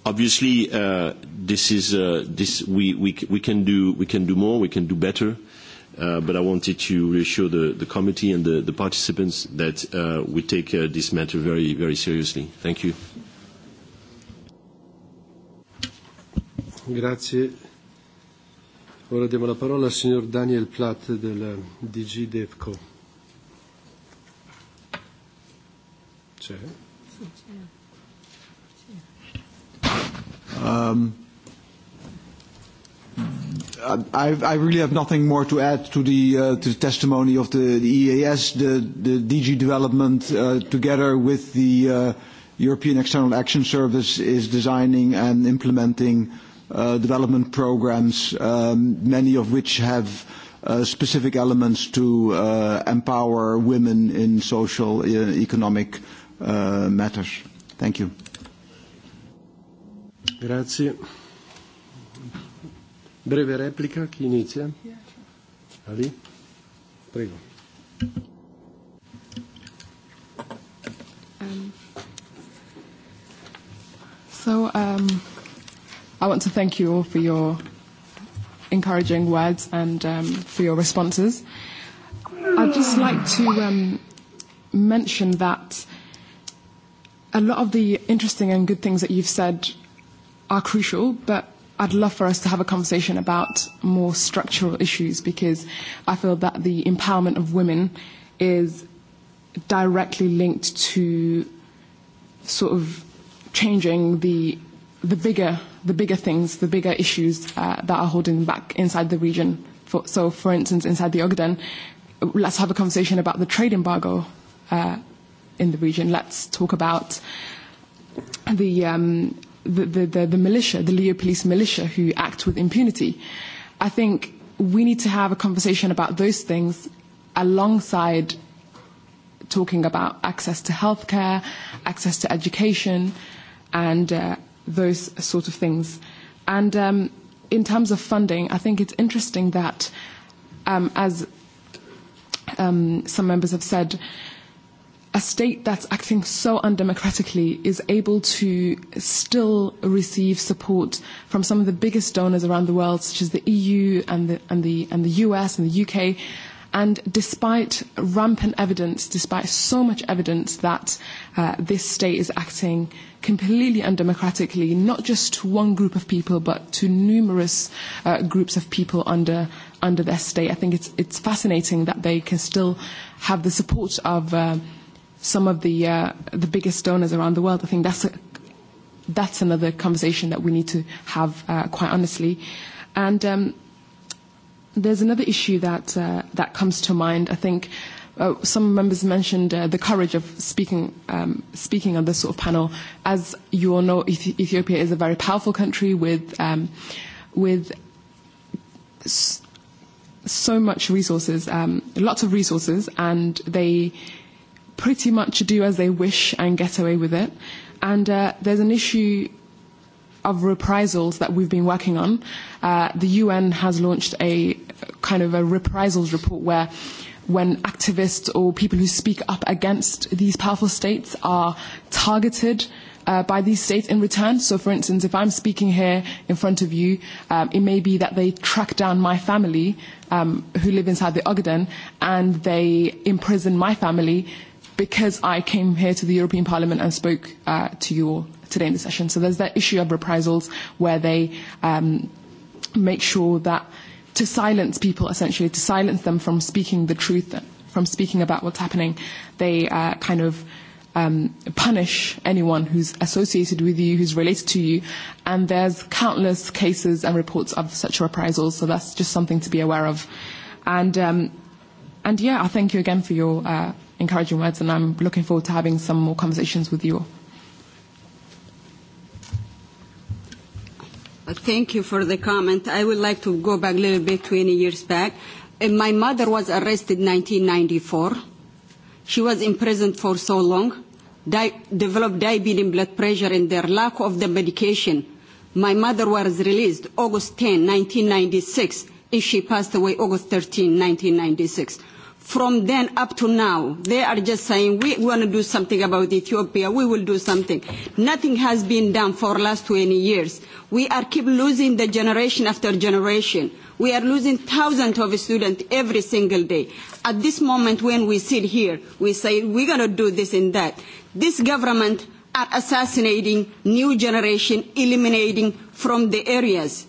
obviously, uh, this is uh, this we, we we can do we can do more, we can do better. Uh, but I wanted to reassure the, the committee and the, the participants that uh, we take uh, this matter very, very seriously. Thank you. Grazie. Ora diamo la parola al signor Daniel Platt del eh, DG C'è? Um, I, I really have nothing more to add to the, uh, to the testimony of the, the EAS, the, the DG development uh, together with the uh, European External Action Service is designing and implementing uh, development programs, um, many of which have uh, specific elements to uh, empower women in social, uh, economic uh, matters. Thank you. Grazie. Breve replica, chi inizia? Ali? Prego. Um, so um, I want to thank you all for your encouraging words and um, for your responses. I'd just like to um, mention that a lot of the interesting and good things that you've said are crucial, but I'd love for us to have a conversation about more structural issues because I feel that the empowerment of women is directly linked to sort of changing the the bigger the bigger things, the bigger issues uh, that are holding back inside the region. For, so, for instance, inside the Ogden, let's have a conversation about the trade embargo uh, in the region. Let's talk about the um, the, the, the, the militia, the Leo police militia who act with impunity. I think we need to have a conversation about those things alongside talking about access to healthcare, access to education, and uh, those sort of things. And um, in terms of funding, I think it's interesting that, um, as um, some members have said, a state that's acting so undemocratically is able to still receive support from some of the biggest donors around the world, such as the EU and the, and the, and the US and the UK. And despite rampant evidence, despite so much evidence that uh, this state is acting completely undemocratically, not just to one group of people, but to numerous uh, groups of people under under their state, I think it's it's fascinating that they can still have the support of. Uh, some of the, uh, the biggest donors around the world. I think that's, a, that's another conversation that we need to have, uh, quite honestly. And um, there's another issue that, uh, that comes to mind. I think uh, some members mentioned uh, the courage of speaking, um, speaking on this sort of panel. As you all know, Ethi Ethiopia is a very powerful country with, um, with so much resources, um, lots of resources, and they pretty much do as they wish and get away with it. And uh, there's an issue of reprisals that we've been working on. Uh, the UN has launched a kind of a reprisals report where when activists or people who speak up against these powerful states are targeted uh, by these states in return. So, for instance, if I'm speaking here in front of you, um, it may be that they track down my family um, who live inside the Ogden and they imprison my family because I came here to the European Parliament and spoke uh, to you all today in the session. So there's that issue of reprisals where they um, make sure that to silence people, essentially, to silence them from speaking the truth, from speaking about what's happening, they uh, kind of um, punish anyone who's associated with you, who's related to you. And there's countless cases and reports of such reprisals. So that's just something to be aware of. And, um, and yeah, I thank you again for your. Uh, encouraging words, and I'm looking forward to having some more conversations with you all. Uh, thank you for the comment. I would like to go back a little bit, 20 years back. My mother was arrested in 1994. She was imprisoned for so long, di developed diabetes and blood pressure and their lack of the medication. My mother was released August 10, 1996, and she passed away August 13, 1996 from then up to now, they are just saying, we want to do something about Ethiopia, we will do something. Nothing has been done for the last 20 years. We are keep losing the generation after generation. We are losing thousands of students every single day. At this moment when we sit here, we say, we're going to do this and that. This government are assassinating new generation, eliminating from the areas.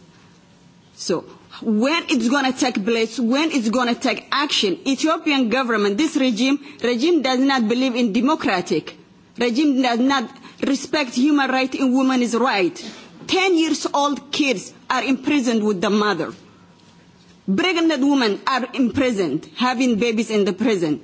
So when it's going to take place, when it's going to take action. Ethiopian government, this regime, regime does not believe in democratic. Regime does not respect human rights and women's rights. Ten years old kids are imprisoned with the mother. Pregnant women are imprisoned, having babies in the prison.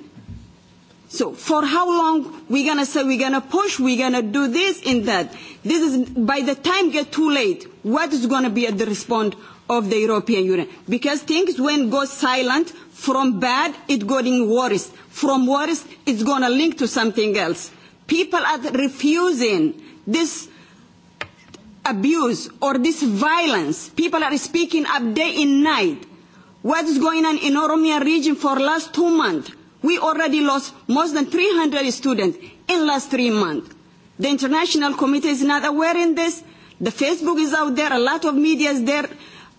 So for how long we're gonna say we're gonna push, we're gonna do this and that. This is by the time get too late, what is gonna be at the response of the European Union. Because things when go silent, from bad, it getting worse. From worse, it's going to link to something else. People are refusing this abuse or this violence. People are speaking up day and night. What is going on in Oromia region for last two months? We already lost more than 300 students in last three months. The international committee is not aware in this. The Facebook is out there. A lot of media is there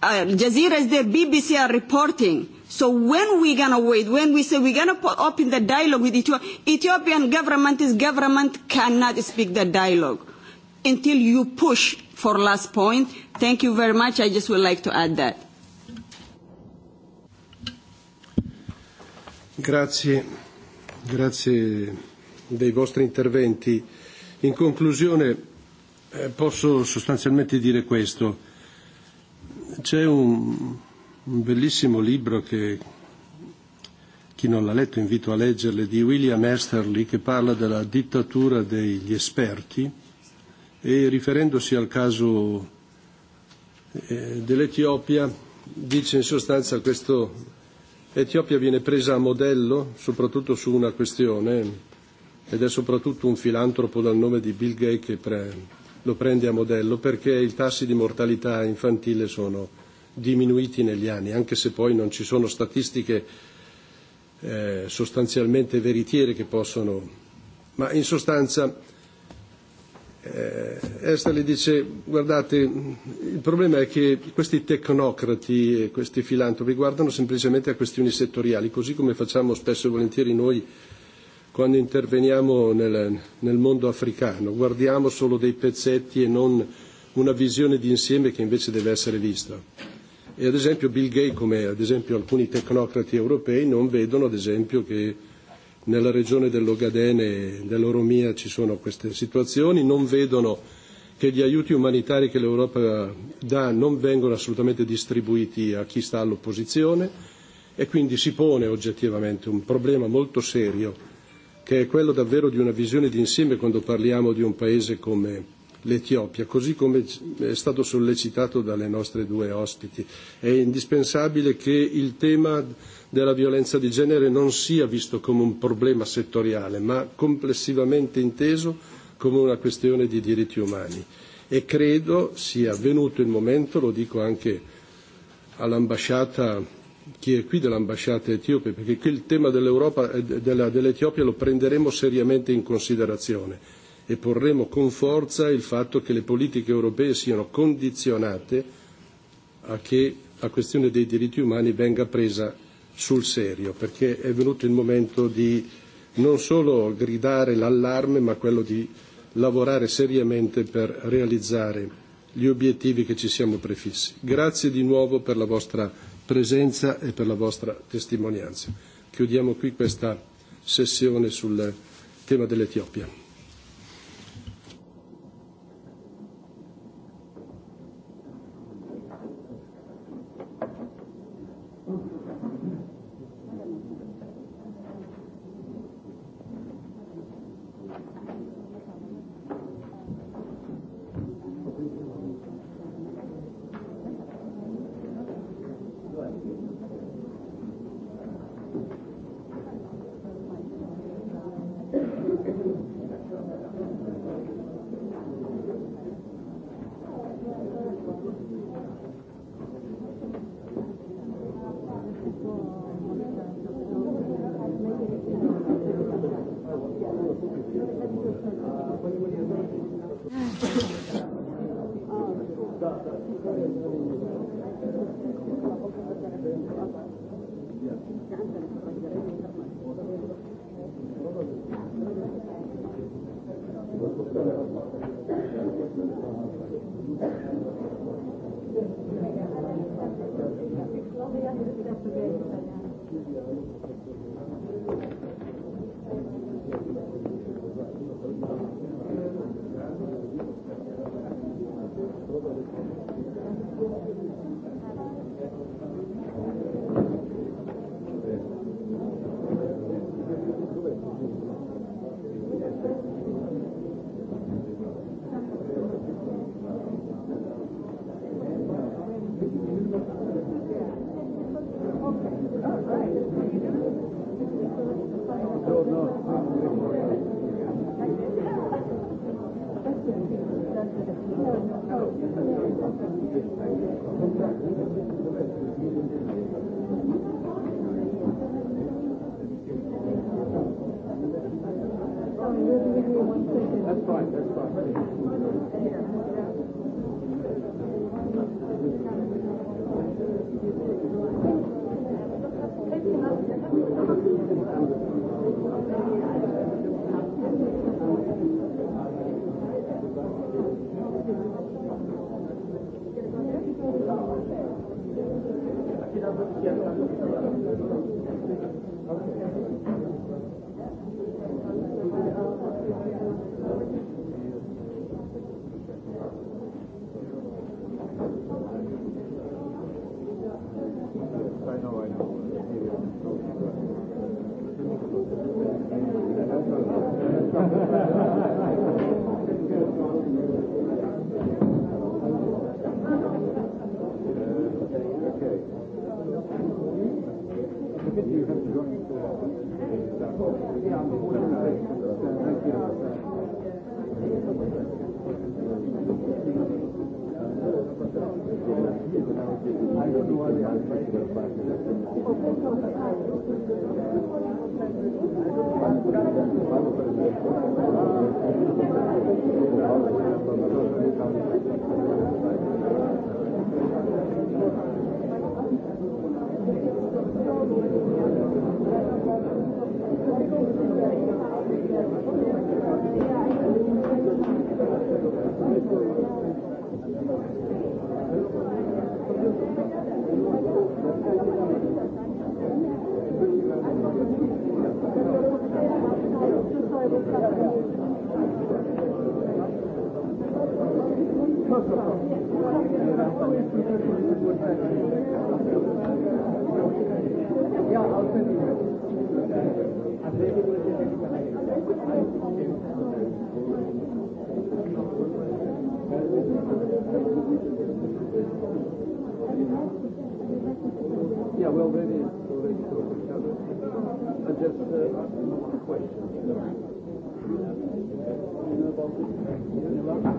Uh, Al uh, Jazeera is there, BBC are reporting. So when we gonna wait, when we say we're gonna open the dialogue with Ethiopia, Ethiopian government is government cannot speak the dialogue until you push for last point. Thank you very much. I just would like to add that. Grazie, grazie dei vostri interventi. In conclusione eh, posso sostanzialmente dire questo. C'è un, un bellissimo libro che chi non l'ha letto invito a leggerle di William Esterly che parla della dittatura degli esperti e riferendosi al caso eh, dell'Etiopia dice in sostanza questo Etiopia viene presa a modello soprattutto su una questione ed è soprattutto un filantropo dal nome di Bill Gates che pre, lo prende a modello perché i tassi di mortalità infantile sono diminuiti negli anni, anche se poi non ci sono statistiche eh, sostanzialmente veritiere che possono. Ma in sostanza eh, le dice guardate il problema è che questi tecnocrati e questi filantropi guardano semplicemente a questioni settoriali, così come facciamo spesso e volentieri noi quando interveniamo nel, nel mondo africano, guardiamo solo dei pezzetti e non una visione di insieme che invece deve essere vista. E ad esempio Bill Gates, come ad esempio alcuni tecnocrati europei, non vedono ad esempio che nella regione dell'Ogadene e dell'Oromia ci sono queste situazioni, non vedono che gli aiuti umanitari che l'Europa dà non vengono assolutamente distribuiti a chi sta all'opposizione e quindi si pone oggettivamente un problema molto serio che è quello davvero di una visione d'insieme quando parliamo di un paese come l'Etiopia, così come è stato sollecitato dalle nostre due ospiti. È indispensabile che il tema della violenza di genere non sia visto come un problema settoriale, ma complessivamente inteso come una questione di diritti umani. E credo sia venuto il momento, lo dico anche all'ambasciata chi è qui dell'ambasciata etiope, perché qui il tema dell'Europa e dell'Etiopia lo prenderemo seriamente in considerazione e porremo con forza il fatto che le politiche europee siano condizionate a che la questione dei diritti umani venga presa sul serio, perché è venuto il momento di non solo gridare l'allarme, ma quello di lavorare seriamente per realizzare gli obiettivi che ci siamo prefissi. Grazie di nuovo per la vostra presenza e per la vostra testimonianza. Chiudiamo qui questa sessione sul tema dell'Etiopia. Thank you.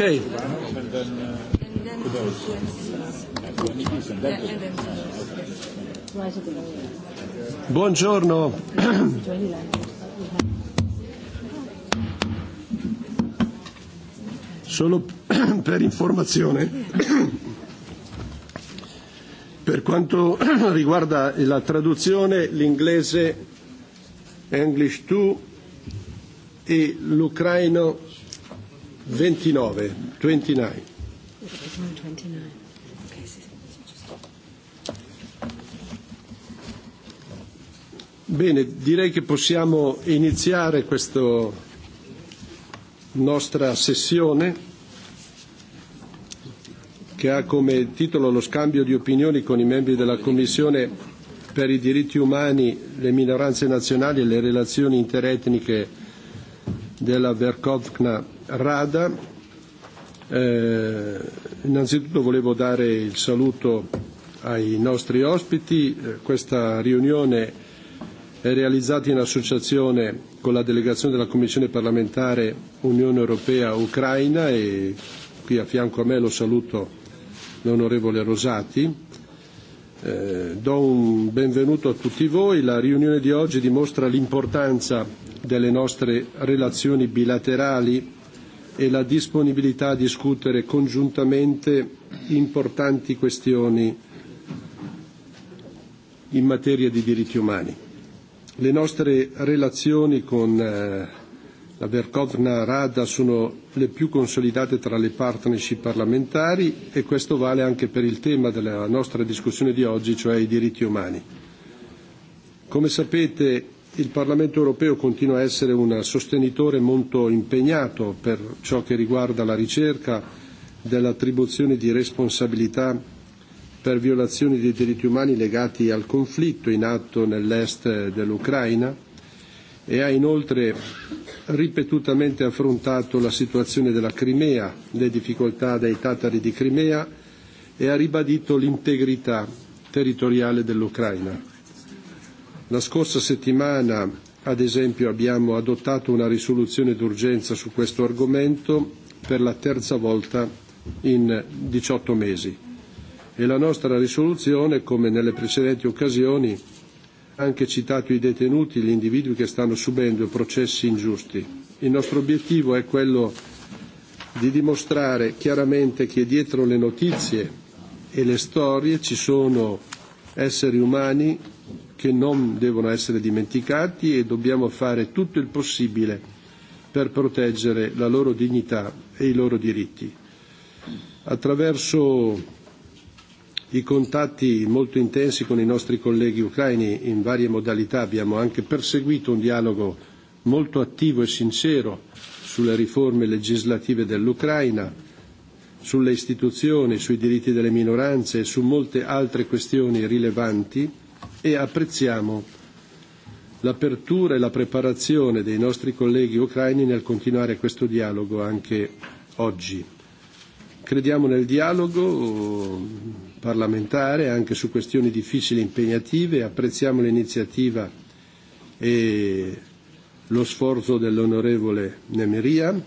Okay. Uh, Buongiorno. Solo per informazione, per quanto riguarda la traduzione, l'inglese English 2 e l'ucraino 2. 29, 29. Bene, direi che possiamo iniziare questa nostra sessione che ha come titolo lo scambio di opinioni con i membri della Commissione per i diritti umani, le minoranze nazionali e le relazioni interetniche della Verkovna Rada. Eh, innanzitutto volevo dare il saluto ai nostri ospiti. Eh, questa riunione è realizzata in associazione con la delegazione della Commissione parlamentare Unione Europea-Ucraina e qui a fianco a me lo saluto l'onorevole Rosati. Eh, do un benvenuto a tutti voi. La riunione di oggi dimostra l'importanza delle nostre relazioni bilaterali e la disponibilità a discutere congiuntamente importanti questioni in materia di diritti umani. Le nostre relazioni con eh, la Verkovna Rada sono le più consolidate tra le partnership parlamentari e questo vale anche per il tema della nostra discussione di oggi, cioè i diritti umani. Come sapete Il Parlamento europeo continua a essere un sostenitore molto impegnato per ciò che riguarda la ricerca dell'attribuzione di responsabilità per violazioni dei diritti umani legati al conflitto in atto nell'est dell'Ucraina e ha inoltre ripetutamente affrontato la situazione della Crimea, le difficoltà dei tatari di Crimea e ha ribadito l'integrità territoriale dell'Ucraina. La scorsa settimana, ad esempio, abbiamo adottato una risoluzione d'urgenza su questo argomento per la terza volta in 18 mesi e la nostra risoluzione, come nelle precedenti occasioni, ha anche citato i detenuti, gli individui che stanno subendo processi ingiusti. Il nostro obiettivo è quello di dimostrare chiaramente che dietro le notizie e le storie ci sono esseri umani che non devono essere dimenticati e dobbiamo fare tutto il possibile per proteggere la loro dignità e i loro diritti. Attraverso i contatti molto intensi con i nostri colleghi ucraini in varie modalità abbiamo anche perseguito un dialogo molto attivo e sincero sulle riforme legislative dell'Ucraina, sulle istituzioni, sui diritti delle minoranze e su molte altre questioni rilevanti e apprezziamo l'apertura e la preparazione dei nostri colleghi ucraini nel continuare questo dialogo anche oggi. Crediamo nel dialogo eh, parlamentare anche su questioni difficili e impegnative, apprezziamo l'iniziativa e lo sforzo dell'onorevole Nemeria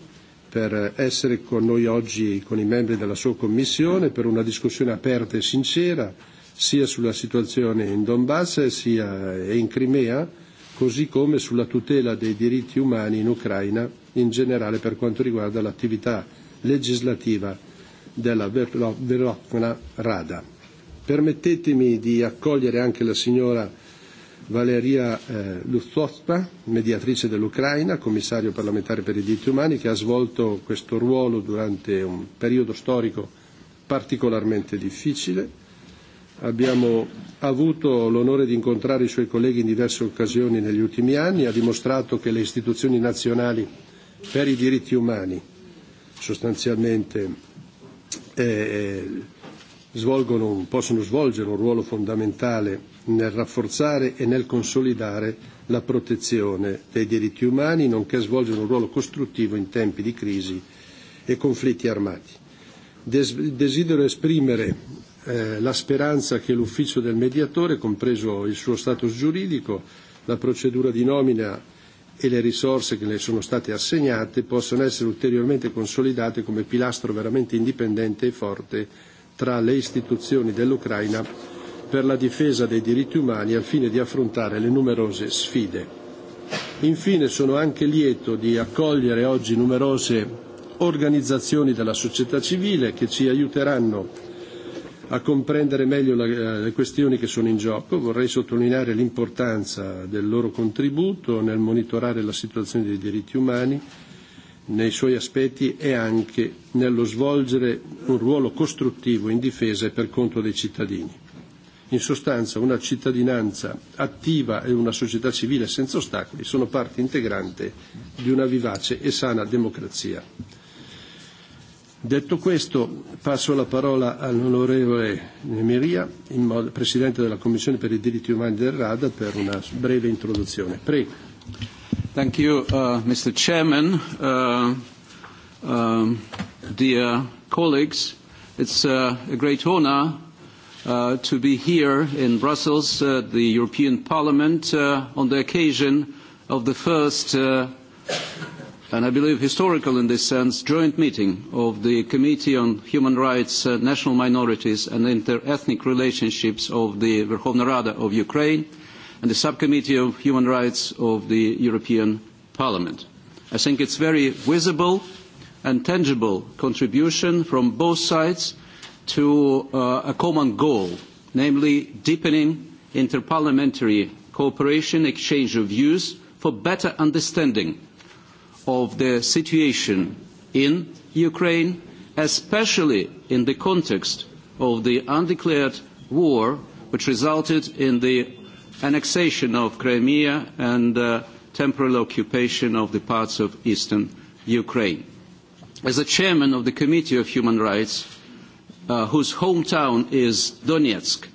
per essere con noi oggi, con i membri della sua Commissione, per una discussione aperta e sincera sia sulla situazione in Donbass sia e in Crimea, così come sulla tutela dei diritti umani in Ucraina in generale per quanto riguarda l'attività legislativa della Verlovna Rada. Permettetemi di accogliere anche la signora Valeria eh, Luzzotpa, mediatrice dell'Ucraina, commissario parlamentare per i diritti umani, che ha svolto questo ruolo durante un periodo storico particolarmente difficile Abbiamo avuto l'onore di incontrare i suoi colleghi in diverse occasioni negli ultimi anni, ha dimostrato che le istituzioni nazionali per i diritti umani sostanzialmente eh, eh svolgono, possono svolgere un ruolo fondamentale nel rafforzare e nel consolidare la protezione dei diritti umani, nonché svolgere un ruolo costruttivo in tempi di crisi e conflitti armati. Desidero esprimere Eh, la speranza che l'ufficio del mediatore, compreso il suo status giuridico, la procedura di nomina e le risorse che le sono state assegnate possono essere ulteriormente consolidate come pilastro veramente indipendente e forte tra le istituzioni dell'Ucraina per la difesa dei diritti umani al fine di affrontare le numerose sfide. Infine sono anche lieto di accogliere oggi numerose organizzazioni della società civile che ci aiuteranno a comprendere meglio la, eh, le questioni che sono in gioco. Vorrei sottolineare l'importanza del loro contributo nel monitorare la situazione dei diritti umani nei suoi aspetti e anche nello svolgere un ruolo costruttivo in difesa e per conto dei cittadini. In sostanza una cittadinanza attiva e una società civile senza ostacoli sono parte integrante di una vivace e sana democrazia. Detto questo, passo la parola all'onorevole Nemiria, Presidente della Commissione per i diritti umani del Rada, per una breve introduzione. Prego. Thank you, uh, Mr. Chairman, uh, uh, dear colleagues. It's uh, a great honor uh, to be here in Brussels, uh, the European Parliament, uh, on the occasion of the first uh, and I believe historical in this sense, joint meeting of the Committee on Human Rights, uh, National Minorities and Inter-Ethnic Relationships of the Verkhovna Rada of Ukraine and the Subcommittee of Human Rights of the European Parliament. I think it is a very visible and tangible contribution from both sides to uh, a common goal, namely deepening interparliamentary cooperation, exchange of views for better understanding of the situation in Ukraine, especially in the context of the undeclared war which resulted in the annexation of Crimea and uh, temporal occupation of the parts of eastern Ukraine. As the chairman of the Committee of Human Rights, uh, whose hometown is Donetsk,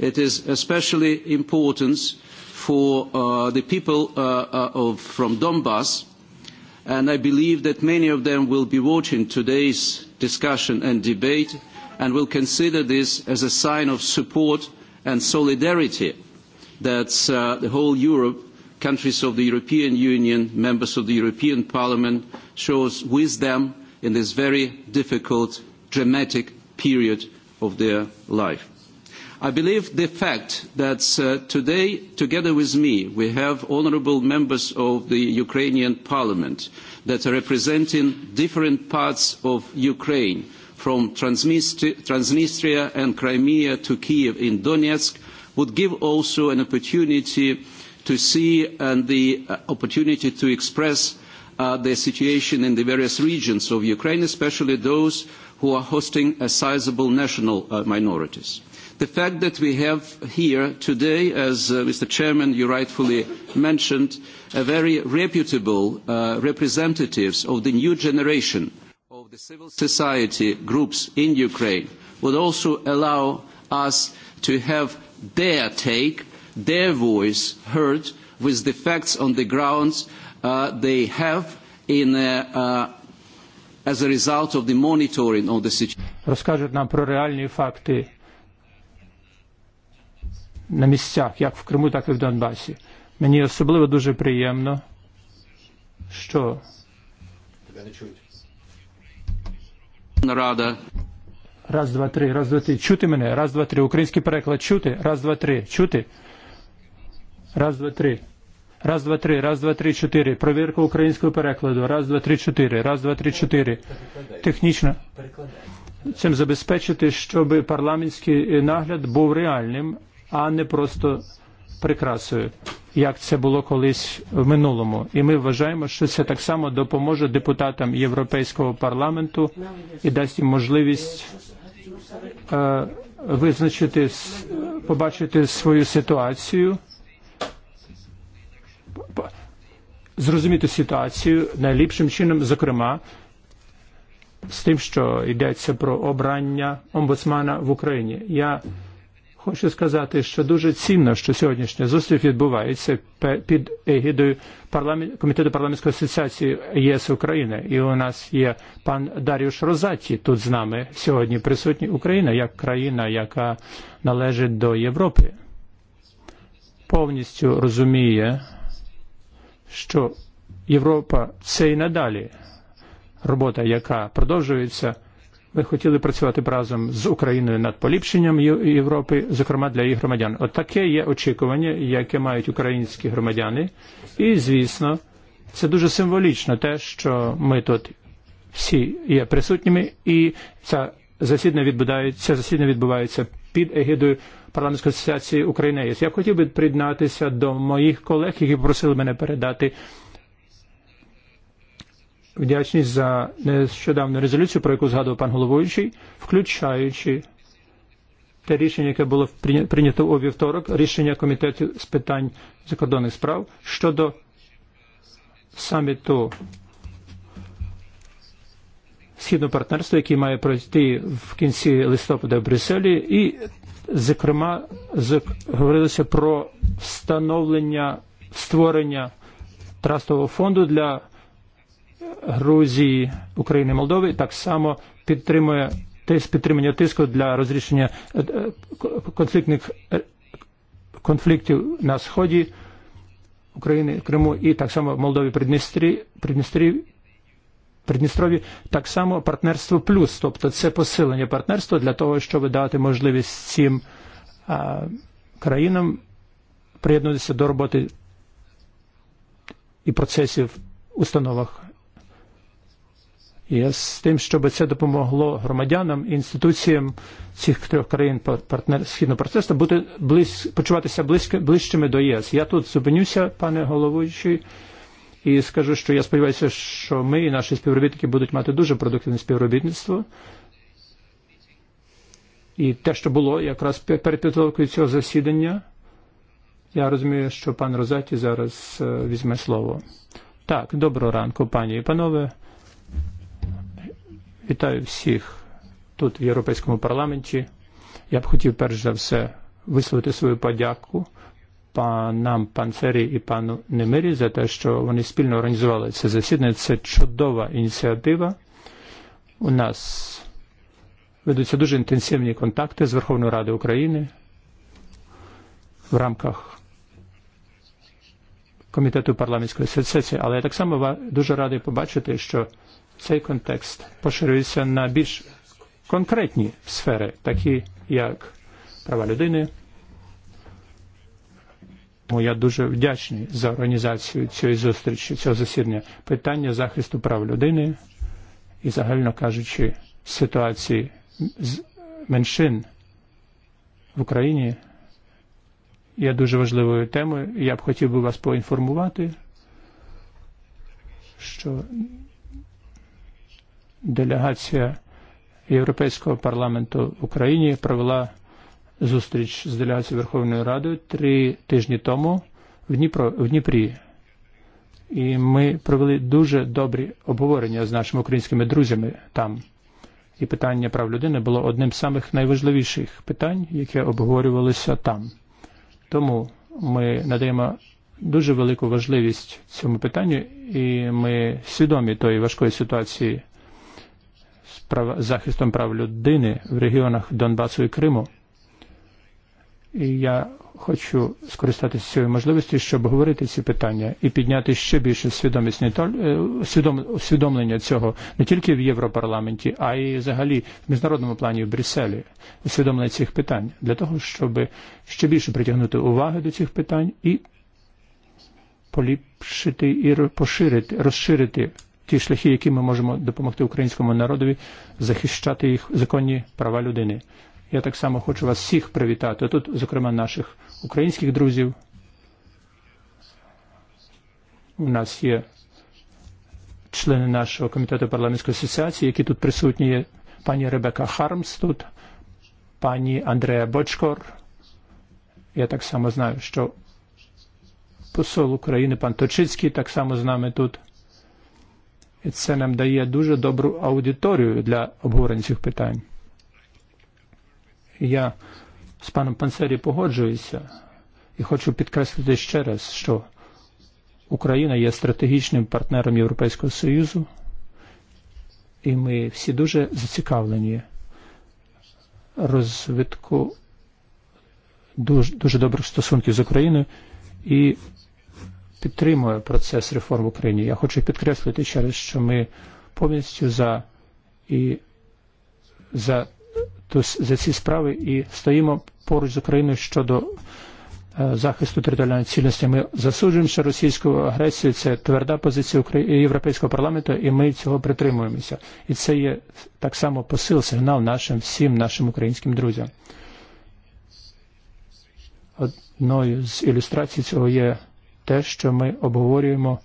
it is especially important for uh, the people uh, uh of, from Donbass and I believe that many of them will be watching today's discussion and debate and will consider this as a sign of support and solidarity that uh, the whole Europe, countries of the European Union, members of the European Parliament shows with them in this very difficult, dramatic period of their life. I believe the fact that uh, today, together with me, we have honourable members of the Ukrainian parliament that are representing different parts of Ukraine, from Transnistria and Crimea to Kiev in Donetsk, would give also an opportunity to see and the uh, opportunity to express uh, the situation in the various regions of Ukraine, especially those who are hosting a sizable national uh, minorities. The fact that we have here today, as uh, Mr. Chairman, you rightfully mentioned, a very reputable uh, representatives of the new generation of the civil society groups in Ukraine would also allow us to have their take, their voice heard with the facts on the ground uh, they have in uh, uh, as a result of the monitoring of the situation на місцях, як в Криму, так і в Донбасі. Мені особливо дуже приємно, що Тебе не чують. Рада. Раз, два, три, раз, два, три. Чути мене. Раз, два, три. Український переклад чути. Раз, два, три. Чути. Раз, два, три. Раз, два, три, раз, два, три, чотири. Провірка українського перекладу. Раз, два, три, чотири. Раз, два, три, чотири. Технічно. Цим забезпечити, щоб парламентський нагляд був реальним, а не просто прикрасою, як це було колись в минулому. І ми вважаємо, що це так само допоможе депутатам Європейського парламенту і дасть їм можливість е, визначити, побачити свою ситуацію, зрозуміти ситуацію найліпшим чином, зокрема, з тим, що йдеться про обрання омбудсмана в Україні. Я Хочу сказати, що дуже цінно, що сьогоднішня зустріч відбувається під егідою парламент, Комітету парламентської асоціації ЄС України. І у нас є пан Дар'юш Розаті тут з нами сьогодні присутній. Україна як країна, яка належить до Європи, повністю розуміє, що Європа це і надалі робота, яка продовжується – Ми хотіли працювати разом з Україною над поліпшенням Європи, зокрема для її громадян. От таке є очікування, яке мають українські громадяни. І, звісно, це дуже символічно те, що ми тут всі є присутніми, і ця засідання відбувається, це засідання відбувається під егідою парламентської асоціації України. Я хотів би приєднатися до моїх колег, які просили мене передати вдячність за нещодавну резолюцію, про яку згадував пан головуючий, включаючи те рішення, яке було прийнято у вівторок, рішення комітету з питань закордонних справ щодо саміту Східного партнерства, який має пройти в кінці листопада в Брюсселі, і, зокрема, говорилося про встановлення, створення трастового фонду для Грузії, України, Молдови, так само підтримує підтримання тиску для розрішення конфліктних конфліктів на сході України, Криму і так само Молдові Придністрі, Придністрі, Придністрові, так само партнерство плюс, тобто це посилення партнерства для того, щоб дати можливість цим а, країнам приєднатися до роботи і процесів в установах и с тем, чтобы это помогло громадянам институциям цих трьох країн партнер східного процесу бути близ, почуватися близько, ближчими до ЄС. Я тут зупинюся, пане головуючий, і скажу, що я сподіваюся, що ми і наші співробітники будуть мати дуже продуктивне співробітництво. І те, що було якраз перед підготовкою цього засідання, я розумію, що пан Розаті зараз візьме слово. Так, доброго ранку, пані і панове. Вітаю всіх тут в Європейському парламенті. Я б хотів перш за все висловити свою подяку панам Панцері і пану Немирі за те, що вони спільно організували це засідання. Це чудова ініціатива. У нас ведуться дуже інтенсивні контакти з Верховною Радою України в рамках Комітету парламентської асоціації, але я так само дуже радий побачити, що цей контекст поширюється на більш конкретні сфери, такі як права людини. Тому я дуже вдячний за організацію цієї зустрічі, цього засідання. Питання захисту прав людини і, загально кажучи, ситуації з меншин в Україні є дуже важливою темою. Я б хотів би вас поінформувати, що делегация Европейского парламента Україні провела зустріч з делегацією Верховної Ради три тижні тому в, Дніпро, в Дніпрі. І ми провели дуже добрі обговорення з нашими українськими друзями там. І питання прав людини було одним з самих найважливіших питань, яке обговорювалося там. Тому ми надаємо дуже велику важливість цьому питанню, і ми свідомі тої важкої ситуації, прав... захистом прав людини в регіонах Донбасу і Криму. І я хочу скористатися цією можливістю, щоб говорити ці питання і підняти ще більше свідомість не тол... свідом... усвідомлення цього не тільки в Європарламенті, а й взагалі в міжнародному плані в Брюсселі, усвідомлення цих питань, для того, щоб ще більше притягнути уваги до цих питань і поліпшити і поширити, розширити ті шляхи, які ми можемо допомогти українському народові захищати їх законні права людини. Я так само хочу вас всіх привітати. Тут, зокрема, наших українських друзів. У нас є члени нашого комітету парламентської асоціації, які тут присутні є пані Ребека Хармс тут, пані Андрея Бочкор. Я так само знаю, що посол України пан Точицький так само з нами тут – це нам дає дуже добру аудиторію для обговорення цих питань. Я з паном Пансері погоджуюся і хочу підкреслити ще раз, що Україна є стратегічним партнером Європейського Союзу, і ми всі дуже зацікавлені розвитку дуже, дуже добрих стосунків з Україною і підтримує процес реформ в Україні. Я хочу підкреслити ще раз, що ми повністю за, і, за, то, за ці справи і стоїмо поруч з Україною щодо захисту територіальної цілісності. Ми засуджуємо ще російську агресію, це тверда позиція Європейського парламенту, і ми цього притримуємося. І це є так само посил, сигнал нашим всім нашим українським друзям. Одною з ілюстрацій цього є те, що ми обговорюємо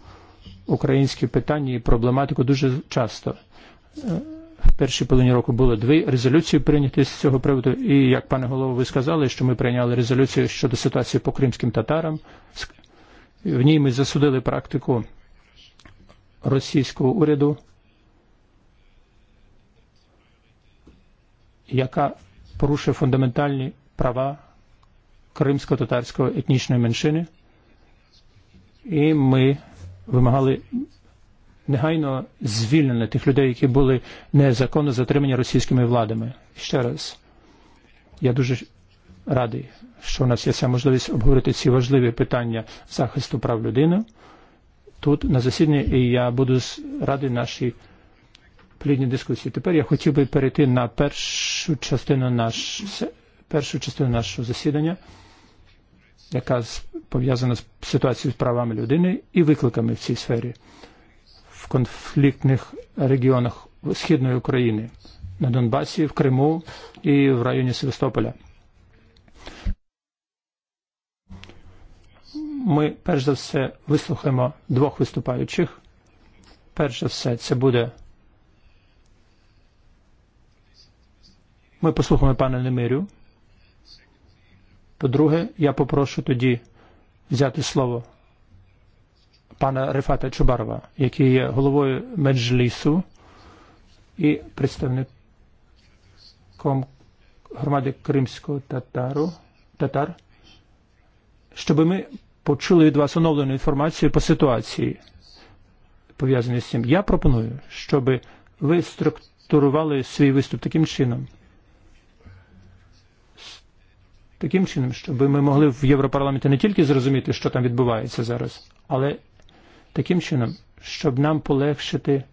українські питання і проблематику дуже часто. В першій половині року були дві резолюції прийняті з цього приводу, і як пане голово, ви сказали, що ми прийняли резолюцію щодо ситуації по кримським татарам. В ній ми засудили практику російського уряду, яка порушує фундаментальні права кримсько-татарської етнічної меншини – і ми вимагали негайно звільнення тих людей, які були незаконно затримані російськими владами. Ще раз, я дуже радий, що у нас є ця можливість обговорити ці важливі питання захисту прав людини тут на засіданні, і я буду радий нашій плідній дискусії. Тепер я хотів би перейти на першу частину, наш, першу частину нашого засідання, яка пов'язана з ситуацією з правами людини і викликами в цій сфері в конфліктних регіонах Східної України, на Донбасі, в Криму і в районі Севастополя. Ми, перш за все, вислухаємо двох виступаючих. Перш за все, це буде Ми послухаємо пана Немирю. По-друге, я попрошу тоді взяти слово пана Рифата Чубарова, який є головою Меджлісу і представником громади Кримського татару, татар, щоб ми почули від вас оновлену інформацію по ситуації, пов'язаній з цим. Я пропоную, щоб ви структурували свій виступ таким чином таким чином, щоб ми могли в Європарламенті не тільки зрозуміти, що там відбувається зараз, але таким чином, щоб нам полегшити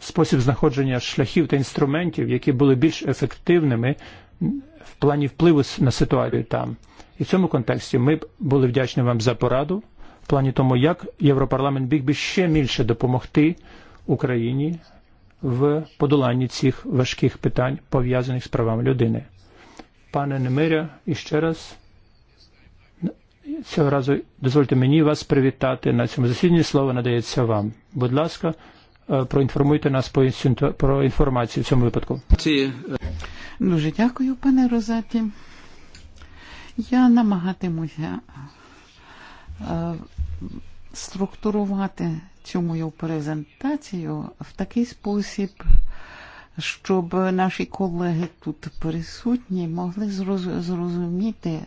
спосіб знаходження шляхів та інструментів, які були більш ефективними в плані впливу на ситуацію там. І в цьому контексті ми були вдячні вам за пораду в плані тому, як Європарламент біг би ще більше допомогти Україні в подоланні цих важких питань, пов'язаних з правами людини. Пане Немиря, іще раз цього разу дозвольте мені вас привітати на цьому засіданні. Слово надається вам. Будь ласка, проінформуйте нас про інформацію в цьому випадку. Дуже дякую, пане Розаті. Я намагатимуся структурувати цю мою презентацію в такий спосіб, щоб наші колеги тут присутні могли зрозуміти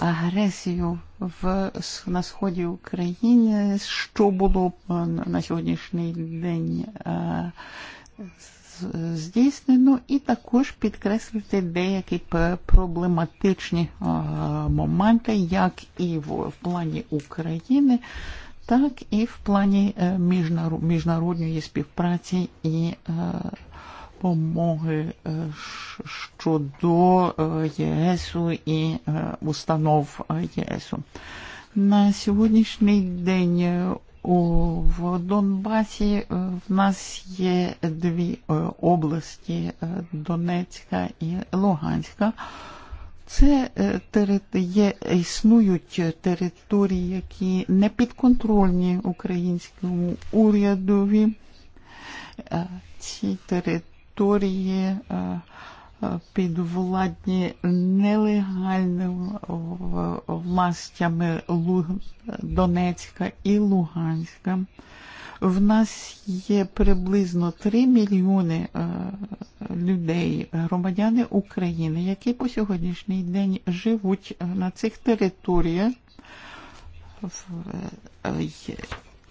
агресію в, на сході України, що було на сьогоднішній день здійснено і також підкреслити деякі проблематичні моменти, як і в плані України, так і в плані міжнародної співпраці і допомоги щодо ЄСу і установ ЄСу. На сьогоднішній день в Донбасі э, в нас є дві э, області э, Донецька і Луганська. Це є, існують території, які не підконтрольні українському урядові. Ці території Э, підвладні нелегальним властями Донецька і Луганська. В нас є приблизно 3 мільйони людей, громадяни України, які по сьогоднішній день живуть на цих територіях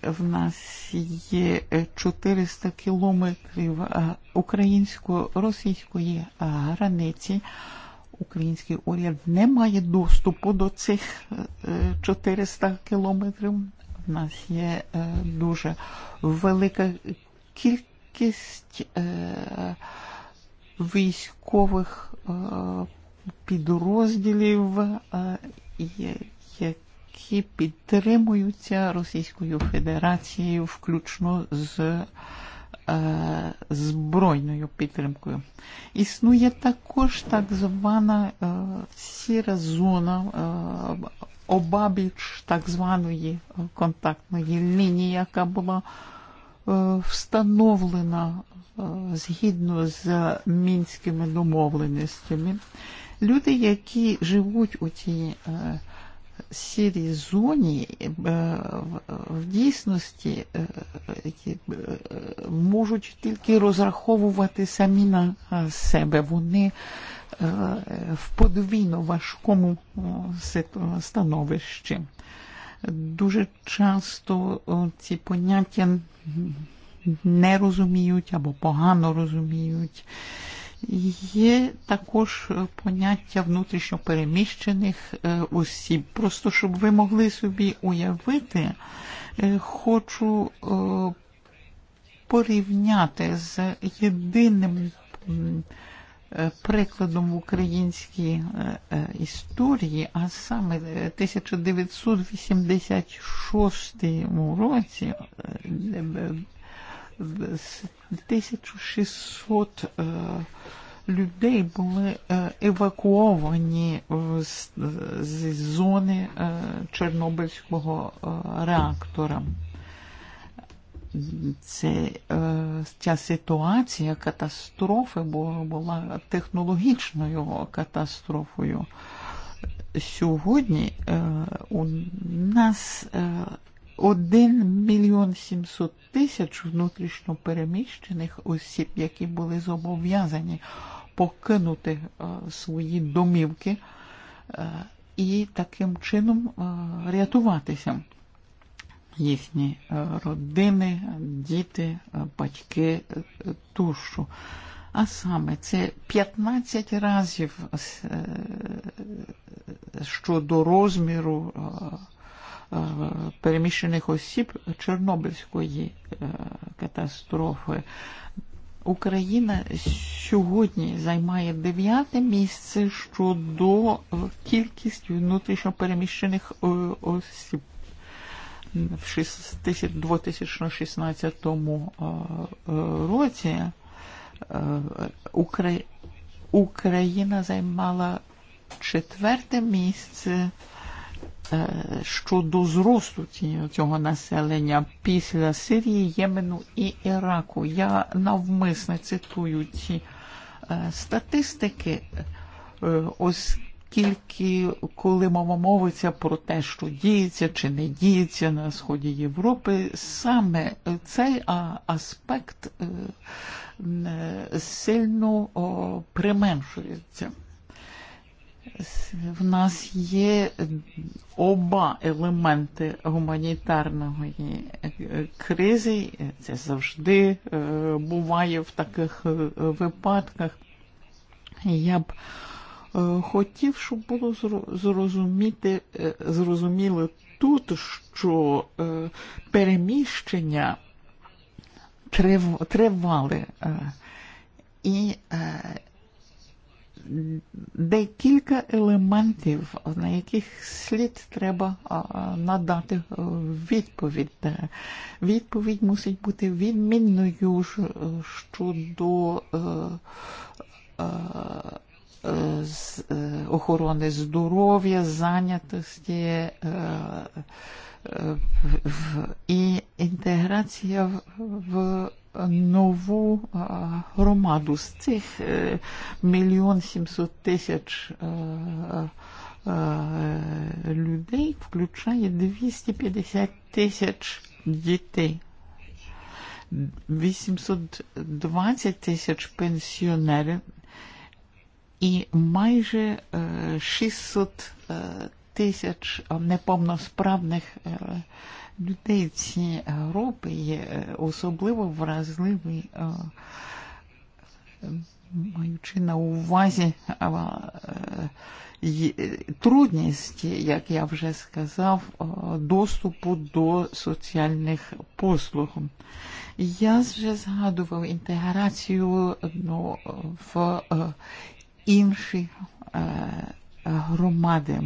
в нас э, є 400 кілометрів э, українсько-російської э, границі. Український уряд не має доступу до цих 400 кілометрів. В нас є дуже велика кількість військових підрозділів і які підтримуються Російською Федерацією, включно з збройною підтримкою. Існує також так звана сіра зона обабіч так званої контактної лінії, яка була встановлена згідно з мінськими домовленостями. Люди, які живуть у цій сірій зоні э, в дійсності э, э, можуть тільки розраховувати самі на себе. Вони в подвійно важкому становищі. Дуже часто ці поняття не розуміють або погано розуміють. Є також поняття внутрішньо переміщених осіб. Просто щоб ви могли собі уявити, хочу порівняти з єдиним прикладом в українській історії, а саме 1986 році 1600 э, людей були евакуовані э, э, з зони Чорнобильського реактора. Це ця ситуація катастрофи була технологічною катастрофою. Сьогодні у нас 1 мільйон 700 тисяч внутрішньо переміщених осіб, які були зобов'язані покинути свої домівки і таким чином рятуватися. Їхні родини, діти, батьки тощо. А саме це 15 разів щодо розміру перемещенных осіб Чорнобильської катастрофи. Україна сьогодні займає дев'яте місце щодо кількості внутрішньо переміщених осіб в 2016 році Україна займала четверте місце щодо зросту цього населення після Сирії, Ємену і Іраку. Я навмисно цитую ці статистики, оскільки коли мова мовиться про те, що діється чи не діється на сході Європи, саме цей аспект сильно применшується в нас є оба елементи гуманітарної кризи. Це завжди буває в таких випадках. Я б хотів, щоб було зрозуміти, зрозуміло тут, що переміщення тривали і декілька елементів, на яких слід треба надати відповідь. Відповідь мусить бути відмінною щодо охорони здоров'я, зайнятості і інтеграція в нову громаду з цих мільйон сімсот тисяч людей включає 250 тисяч дітей. 820 тисяч пенсіонерів і майже 600 тисяч неповносправних людей людей ці групи, э, особливо вразливі, маючи на увазі трудності, як я вже сказав, доступу до соціальних послуг. Я вже згадував інтеграцію ну, в інші громади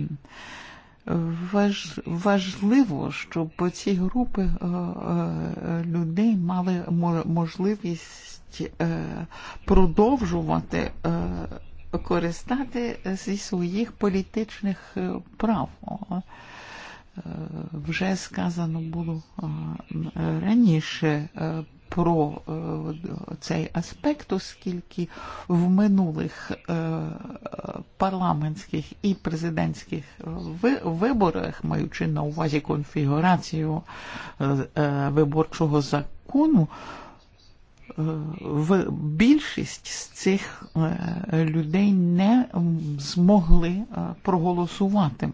важливо, щоб ці групи людей мали можливість продовжувати користати зі своїх політичних прав. Вже сказано було раніше про цей аспект, оскільки в минулих парламентських і президентських виборах, маючи на увазі конфігурацію виборчого закону, в більшість з цих людей не змогли проголосувати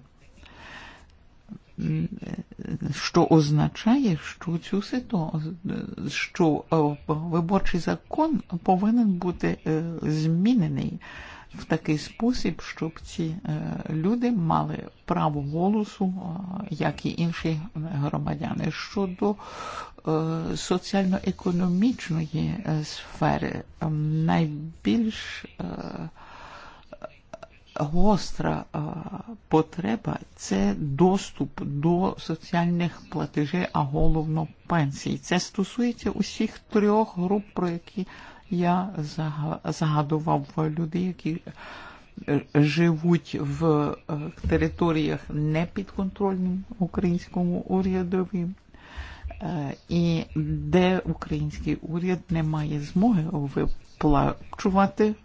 што означає, що цю ситуацію, што виборчий закон повинен бути змінений в такий спосіб, щоб ці люди мали право голосу, як і інші громадяни. Щодо соціально-економічної сфери, найбільш гостра потреба це доступ до соціальних платежей, а головно пенсій. Це стосується усіх трьох груп, про які я загадував люди, які живуть в територіях не підконтрольним українському урядові і де український уряд не має змоги виплачувати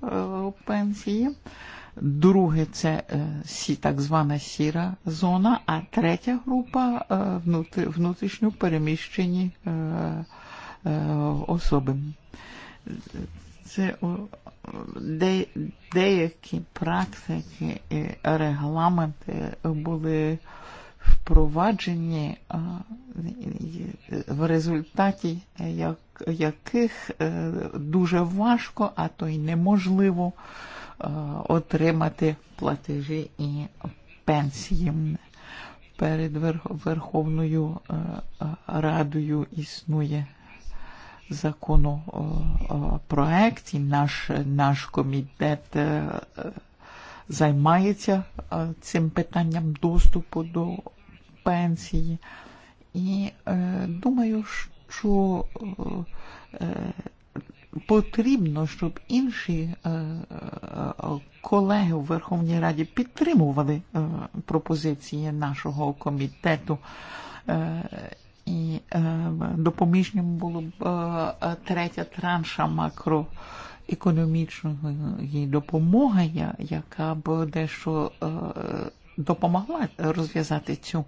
пенсії. Uh, Друге це сі так звана сіра зона, а третя група внутрішньо переміщені особи. Це деякі практики і регламенти були впроваджені в результаті яких дуже важко, а то й неможливо отримати платежі і пенсії. Перед Верховною Радою існує законопроект, і наш, наш комітет займається цим питанням доступу до пенсії. І думаю, що потрібно, щоб інші колеги у Верховній Раді підтримували пропозиції нашого комітету і допоміжним було б третя транша макро економічної допомоги, яка б дещо допомогла розв'язати цю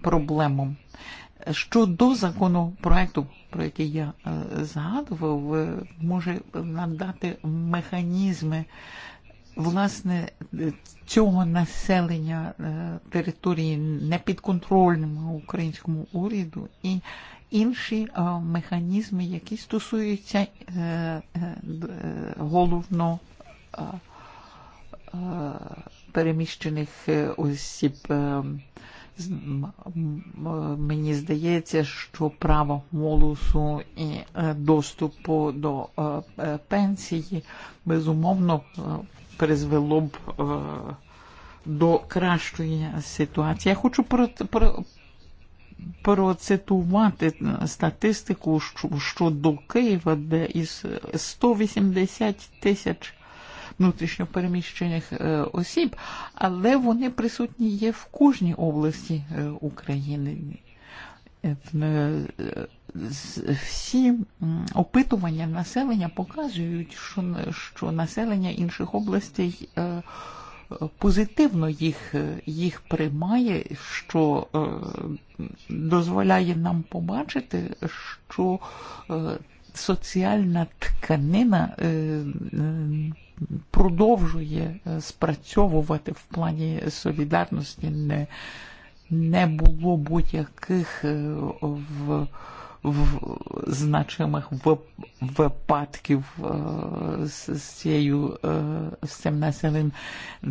проблему. Щодо законопроекту, про який я згадував, може надати механізми власне цього населення території непідконтрольному українському уряду і інші механізми, які стосуються головно переміщених осіб мені здається, що право голосу і доступу до пенсії безумовно призвело б до кращої ситуації. Я хочу про, про, процитувати статистику щодо Києва, де із 180 тисяч Внутрішньо переміщених осіб, але вони присутні є в кожній області України. Всі опитування населення показують, що, що населення інших областей позитивно їх, їх приймає, що дозволяє нам побачити, що соціальна тканина э, э, продовжує спрацьовувати в плані солідарності не, не було будь-яких в в значимих випадків з, з цією з цим населенням.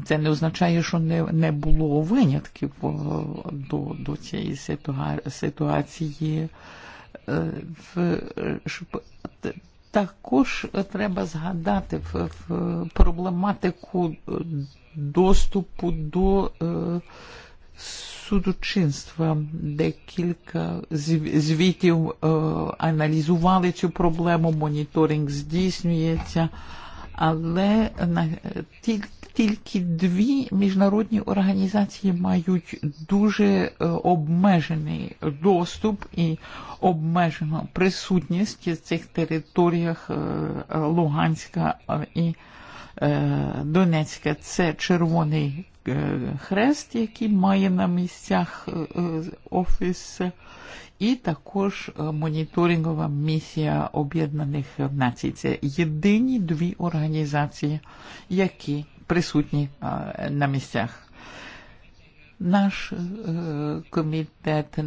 Це не означає, що не, не було винятків до, до цієї ситуації Також треба згадати в проблематику доступу до судочинства, де кілька звітів аналізували цю проблему, моніторинг здійснюється але тільки дві міжнародні організації мають дуже обмежений доступ і обмежену присутність в цих територіях Луганська і Луганська. Донецька це червоний хрест, який має на місцях офіс, і також моніторингова місія Об'єднаних Націй. Це єдині дві організації, які присутні на місцях. Наш комітет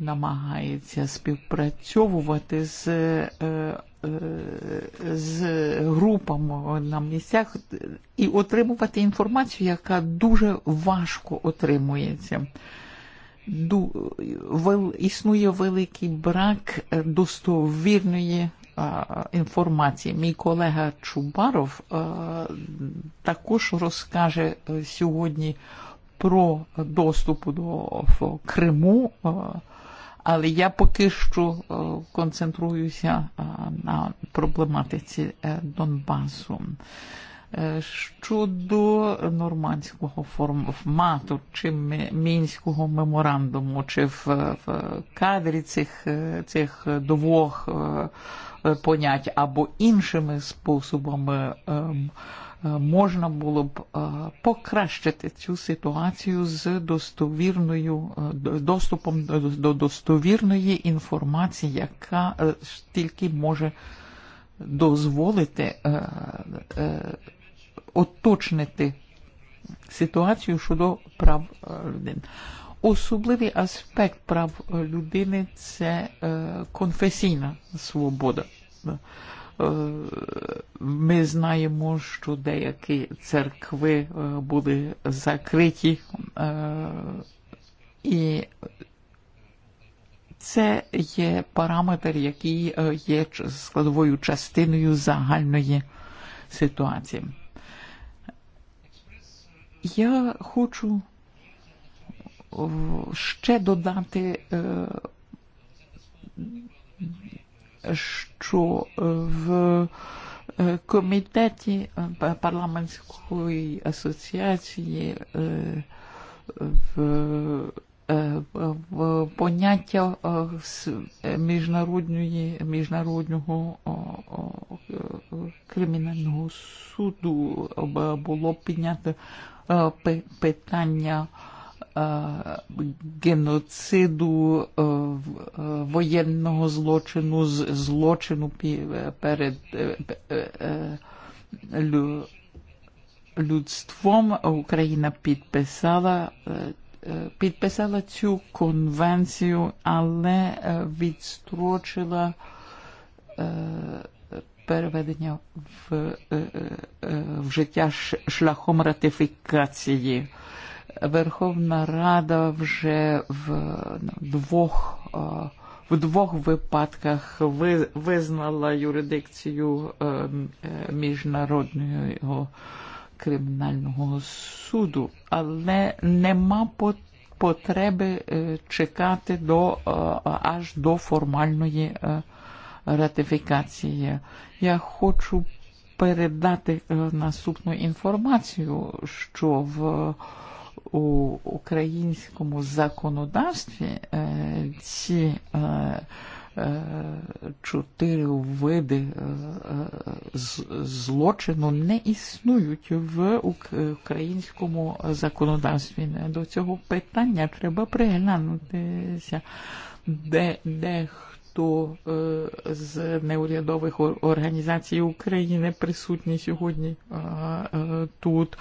намагається співпрацьовувати з з групам на місцях і отримувати інформацію, яка дуже важко отримується. Ду, вел, існує великий брак достовірної інформації. Мій колега Чубаров також розкаже сьогодні про доступ до Криму. А, але я поки що концентруюся на проблематиці Донбасу. Щодо нормандського формату чи мінського меморандуму, чи в, в кадрі цих, цих двох понять або іншими способами можна було б покращити цю ситуацію з достовірною доступом до достовірної інформації, яка тільки може дозволити оточнити ситуацію щодо прав людини. Особливий аспект прав людини це конфесійна свобода. Ми знаємо, що деякі церкви були закриті і це є параметр, який є складовою частиною загальної ситуації. Я хочу ще додати що в комітеті парламентської асоціації в поняття міжнародної, міжнародного кримінального суду було піднято питання геноциду, воєнного злочину, злочину перед людством Україна підписала підписала цю конвенцію, але відстрочила переведення в, в життя шляхом ратифікації. Верховна Рада вже в двох в двох випадках визнала юридикцію міжнародного кримінального суду, але нема потреби чекати до аж до формальної ратифікації. Я хочу передати наступну інформацію, що в украинскому законодавстві ці чотири види злочину не існують в українському законодавстві. До цього питання треба приглянутися, де, де хто з неурядових організацій України присутній сьогодні тут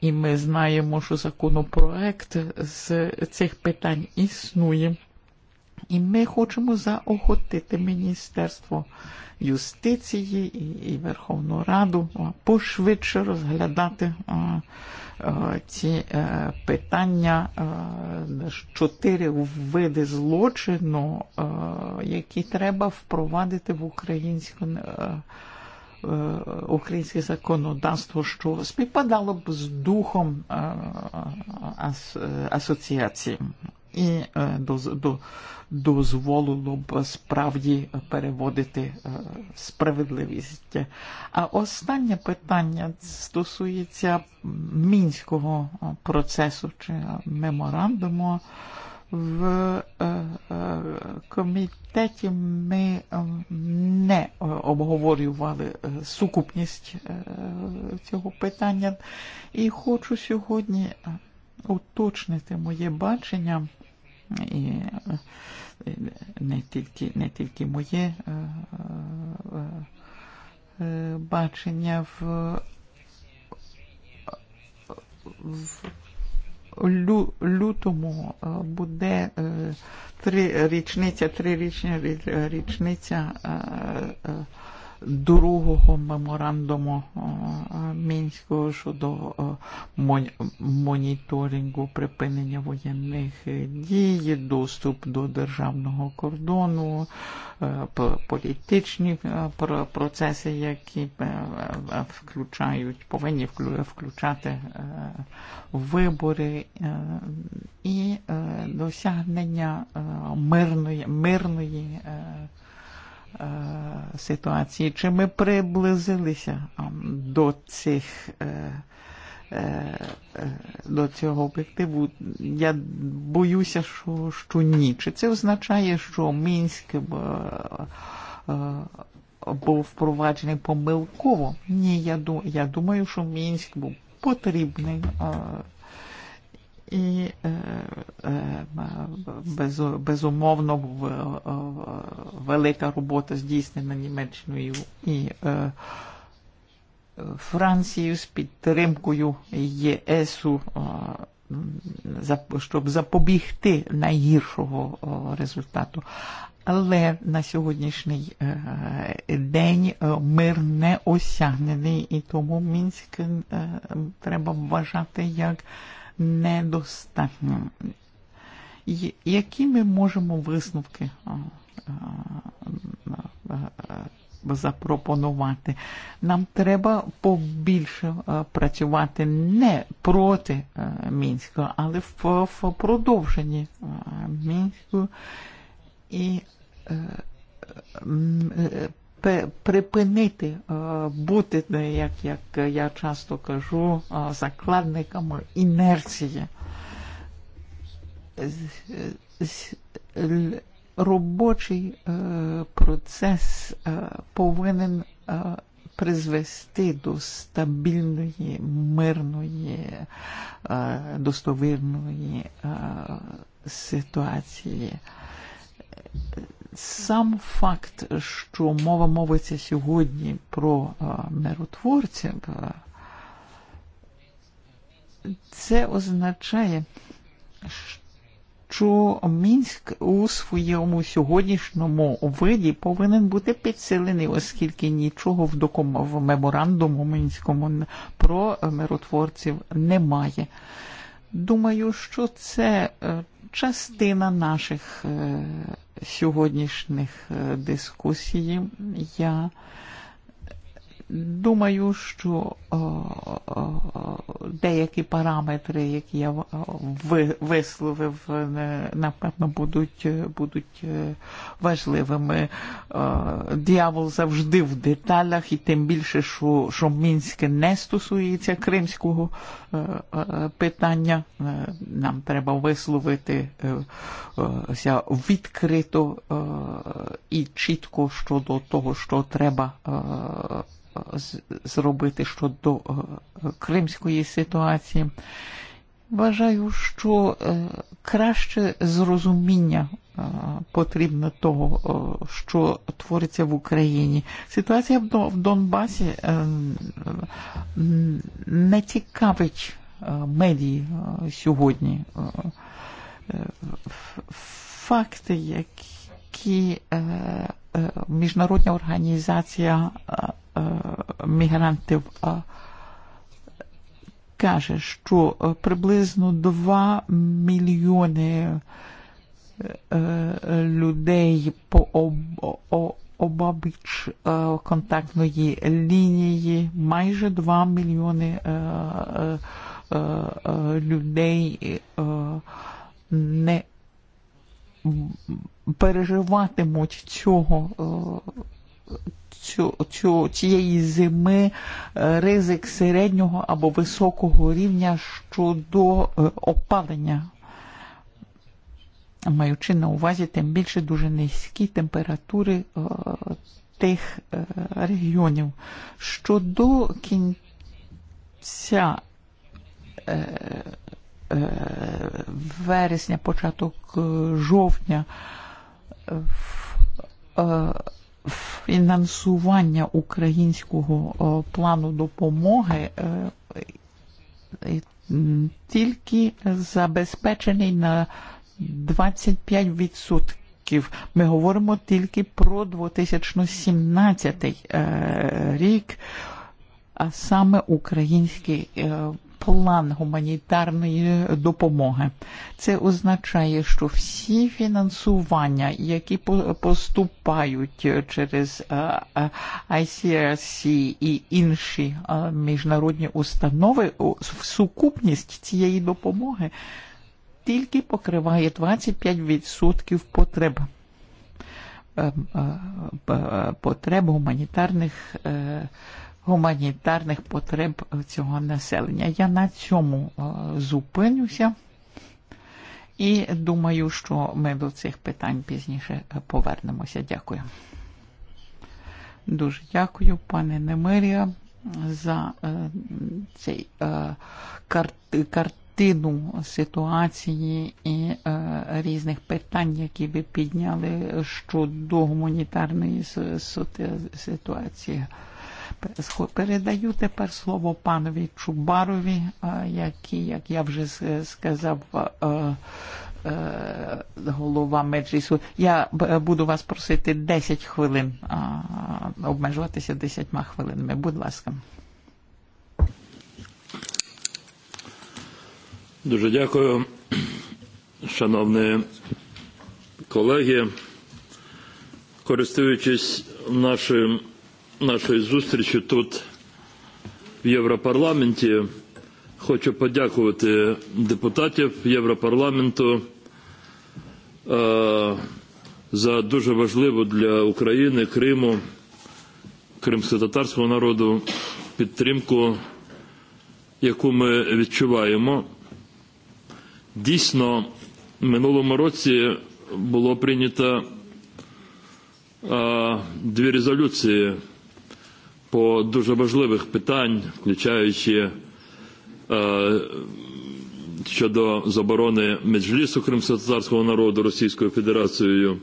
і ми знаємо, що законопроект з цих питань існує. І ми хочемо заохотити Міністерство юстиції і, і Верховну Раду пошвидше розглядати ці питання, а, чотири види злочину, які треба впровадити в українську українське законодавство, що співпадало б з духом э, э, асоціації э, і дозволило б справді переводити справедливість. А останнє питання стосується мінського процесу чи меморандуму в комітеті ми не обговорювали сукупність цього питання. І хочу сьогодні уточнити моє бачення і не тільки, не тільки моє бачення в, в Eh, eh, tri буде tri трирічна річниця другого меморандуму Мінського щодо моніторингу припинення воєнних дій, доступ до державного кордону, політичні процеси, які включають, повинні включати вибори і досягнення мирної, мирної ситуації, чи ми приблизилися до цих до цього об'єктиву. Я боюся, що, що ні. Чи це означає, що Мінськ був впроваджений помилково? Ні, я, я думаю, що Мінськ був потрібний і безумовно велика робота здійснена Німеччиною і Францією з підтримкою ЄСу щоб запобігти найгіршого результату. Але на сьогоднішній день мир не осягнений, і тому Мінськ треба вважати як недостатньо. Які ми можемо висновки запропонувати? Нам треба побільше працювати не проти Мінського, але в, в продовженні Мінського і припинити бути, як, як я часто кажу, закладниками інерції. Робочий процес повинен призвести до стабільної, мирної, достовірної ситуації сам факт, что мова мовиться сьогодні про миротворців, це означає, що Мінськ у своєму сьогоднішньому виді повинен бути підсилений, оскільки нічого в, доком... в меморандуму Мінському про миротворців немає. Думаю, що це частина наших сьогоднішніх дискусій. Я Думаю, що э, о, э, о, деякі параметри, які я э, ви, висловив, напевно, будуть, будуть важливими. Діявол завжди в деталях, і тим більше, що, що Мінське не стосується кримського питання, нам треба висловитися відкрито і чітко щодо того, що треба зробити щодо кримської ситуації. Вважаю, що краще зрозуміння потрібно того, що твориться в Україні. Ситуація в Донбасі не цікавить медії сьогодні. Факти, які Міжнародня організація мігрантів каже, що э, приблизно 2 мільйони э, людей по обабіч э, контактної лінії, майже 2 мільйони людей не переживатимуть цього цю, цієї зими ризик середнього або високого рівня щодо опалення, маючи на увазі тим більше дуже низькі температури тих регіонів. Щодо кінця вересня, початок жовтня, Э, фінансування українського плану допомоги тільки забезпечений на 25%. Ми говоримо тільки про 2017 рік, а саме український план гуманітарної э, допомоги. Це означає, що всі фінансування, які поступають через ICRC і інші міжнародні установи, сукупність цієї допомоги тільки покриває 25% потреб потреб гуманітарних гуманітарних потреб цього населення. Я на цьому зупинюся і думаю, що ми до цих питань пізніше повернемося. Дякую. Дуже дякую, пане Немирія, за цей картину ситуації і е, різних питань, які ви підняли щодо гуманітарної ситуації передаю тепер слово панові Чубарові, який, як я вже сказав, голова меджлісу. Я буду вас просити 10 хвилин, обмежуватися 10 хвилинами. Будь ласка. Дуже дякую, шановні колеги. Користуючись нашим нашої зустрічі тут в Європарламенті. Хочу подякувати депутатів Європарламенту за дуже важливу для України, Криму, кримсько-татарського народу підтримку, яку ми відчуваємо. Дійсно, минулому році було прийнято дві резолюції – по дуже важливих питань, включаючи е, щодо заборони Меджлісу кримськотатарського народу Російською Федерацією,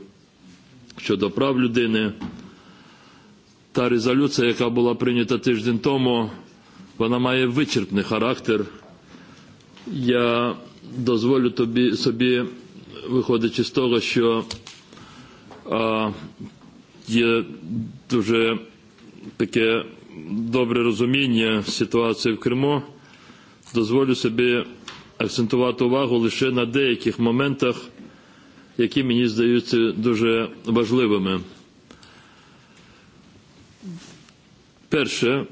щодо прав людини. Та резолюція, яка була прийнята тиждень тому, вона має вичерпний характер. Я дозволю тобі, собі, виходячи з того, що е, є дуже таке добре розуміння ситуації в Криму, дозволю собі акцентувати увагу лише на деяких моментах, які мені здаються дуже важливими. Перше,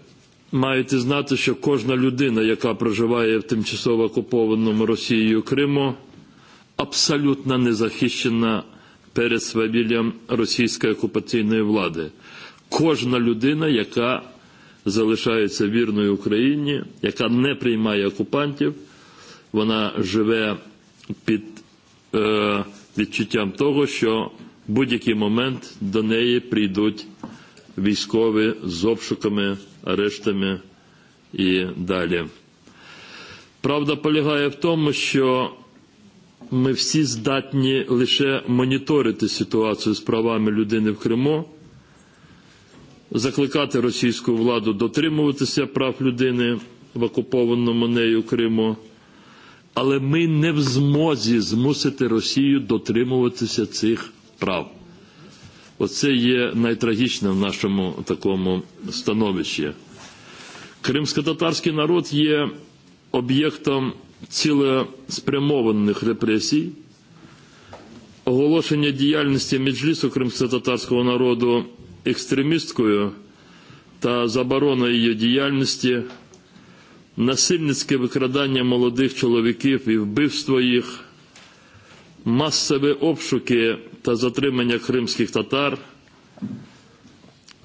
маєте знати, що кожна людина, яка проживає в тимчасово окупованому Росією Криму, абсолютно не захищена перед свавіллям російської окупаційної влади кожна людина, яка залишається вірною Україні, яка не приймає окупантів, вона живе під е, відчуттям того, що в будь-який момент до неї прийдуть військові з обшуками, арештами і далі. Правда полягає в тому, що ми всі здатні лише моніторити ситуацію з правами людини в Криму, закликати російську владу дотримуватися прав людини в окупованому нею Криму. Але ми не в змозі змусити Росію дотримуватися цих прав. Оце є найтрагічне в нашому такому становищі. Кримсько-татарський народ є об'єктом цілеспрямованих репресій. Оголошення діяльності Меджлісу кримсько-татарського народу екстремісткою та заборона її діяльності, насильницьке викрадання молодих чоловіків і вбивство їх, масові обшуки та затримання кримських татар,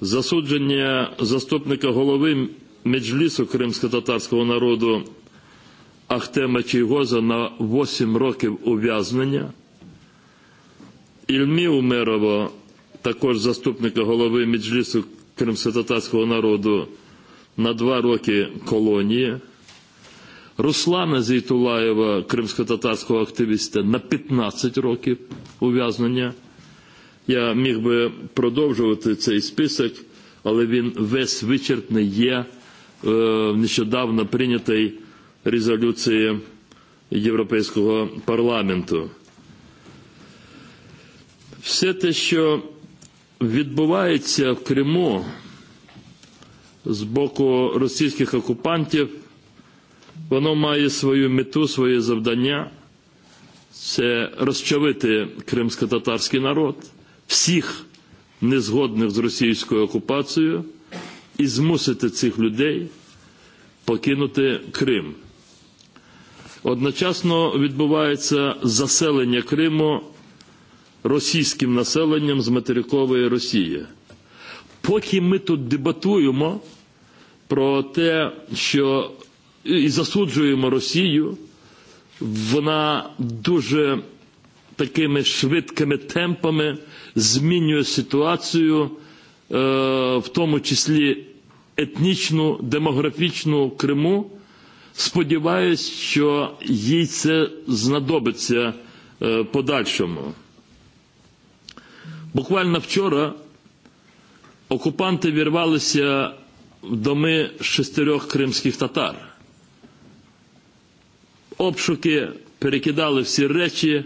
засудження заступника голови Меджлісу кримсько-татарського народу Ахтема Чийгоза на 8 років ув'язнення, Ільмі Умерова також заступника голови Меджлісу кримськотатарського народу на два роки колонії, Руслана Зійтулаєва, кримськотатарського активіста, на 15 років ув'язнення. Я міг би продовжувати цей список, але він весь вичерпний є в нещодавно прийнятій резолюції Європейського парламенту. Все те, що відбувається в Криму з боку російських окупантів, воно має свою мету, своє завдання це розчавити кримсько-татарський народ, всіх незгодних з російською окупацією і змусити цих людей покинути Крим. Одночасно відбувається заселення Криму російським населенням з материкової Росії. Поки ми тут дебатуємо про те, що і засуджуємо Росію, вона дуже такими швидкими темпами змінює ситуацію, в тому числі етнічну, демографічну Криму. Сподіваюсь, що їй це знадобиться подальшому. Буквально вчора окупанти вірвалися э, в домы шестерех кримських татар. Обшуки перекидали всі речі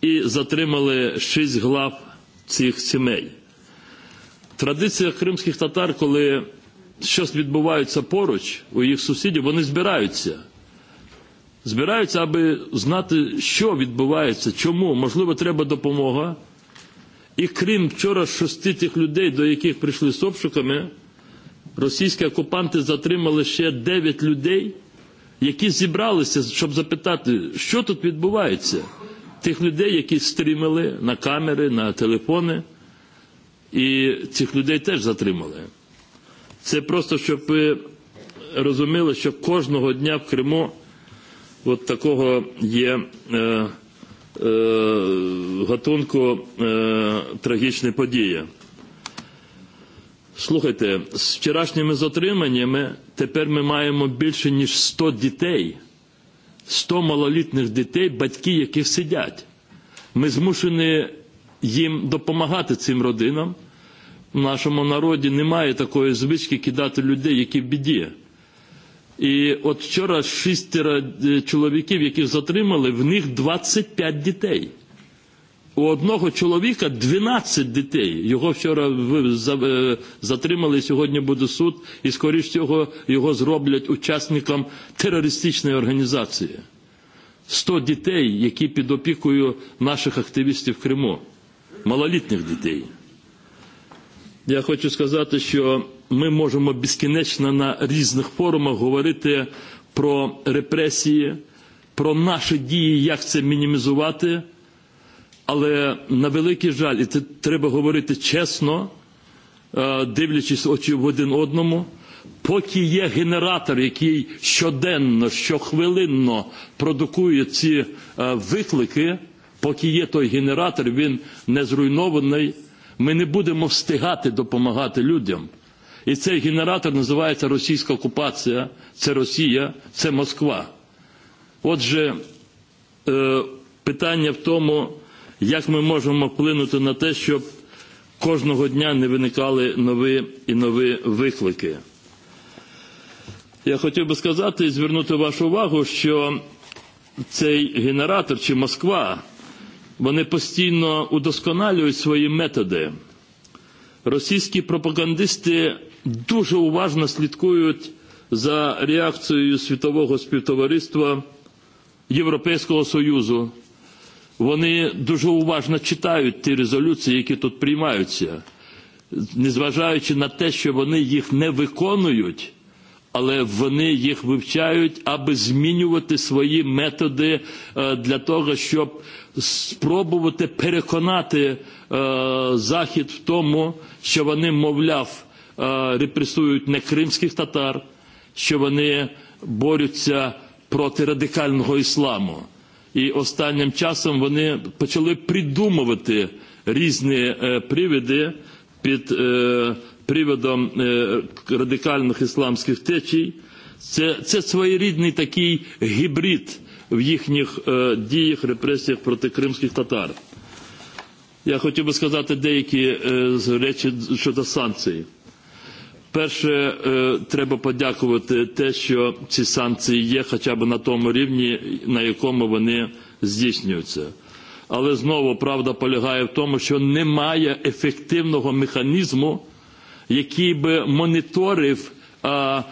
і затримали шість глав цих сімей. Традиція кримських татар, коли щось відбувається поруч у їх сусідів, вони збираються. Збираються, аби знати, що відбувається, чому, можливо, треба допомога – І крім вчора шести тих людей, до яких прийшли з обшуками, російські окупанти затримали ще дев'ять людей, які зібралися, щоб запитати, що тут відбувається. Тих людей, які стрімили на камери, на телефони, і цих людей теж затримали. Це просто, щоб ви розуміли, що кожного дня в Криму от такого є е, гатунку трагічні події. Слухайте, з вчорашніми затриманнями тепер ми маємо більше ніж 100 дітей, 100 малолітних дітей, батьки які сидять. Ми змушені їм допомагати цим родинам. В нашому народі немає такої звички кидати людей, які в біді. І от вчора шістеро э, чоловіків, яких затримали, в них 25 дітей. У одного чоловіка 12 дітей. Його вчора э, затримали, сьогодні буде суд, і скоріш цього його зроблять учасником терористичної організації. 100 дітей, які під опікою наших активістів в Криму. Малолітніх дітей. Я хочу сказати, що ми можемо безкінечно на різних форумах говорити про репресії, про наші дії, як це мінімізувати. Але на великий жаль, і це треба говорити чесно, дивлячись очі в один одному, поки є генератор, який щоденно, щохвилинно продукує ці виклики, поки є той генератор, він не зруйнований, ми не будемо встигати допомагати людям. І цей генератор називається російська окупація, це Росія, це Москва. Отже, питання в тому, як ми можемо вплинути на те, щоб кожного дня не виникали нові і нові виклики. Я хотів би сказати і звернути вашу увагу, що цей генератор чи Москва, вони постійно удосконалюють свої методи. Російські пропагандисти дуже уважно слідкують за реакцією світового співтовариства Європейського Союзу. Вони дуже уважно читають ті резолюції, які тут приймаються, незважаючи на те, що вони їх не виконують, але вони їх вивчають, аби змінювати свої методи для того, щоб спробувати переконати Захід в тому, що вони, мовляв, репресують не кримських татар, що вони борються проти радикального ісламу. І останнім часом вони почали придумувати різні привиди під приводом радикальних ісламських течій. Це, це своєрідний такий гібрид в їхніх діях, репресіях проти кримських татар. Я хотів би сказати деякі речі щодо санкцій. Перше, треба подякувати те, що ці санкції є хоча б на тому рівні, на якому вони здійснюються. Але знову правда полягає в тому, що немає ефективного механізму, який би моніторив а,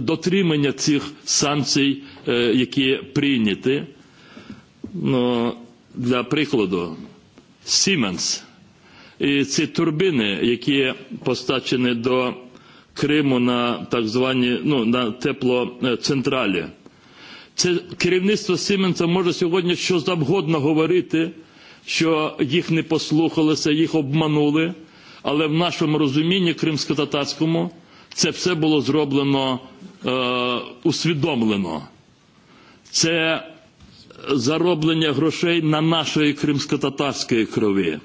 дотримання цих санкцій, які прийняті. Ну, для прикладу, Siemens і ці турбини, які постачені до Криму на так звані ну, на теплоцентралі. Це керівництво Сіменса може сьогодні що завгодно говорити, що їх не послухалися, їх обманули, але в нашому розумінні кримсько-татарському це все було зроблено е, усвідомлено. Це зароблення грошей на нашої кримсько-татарської крові.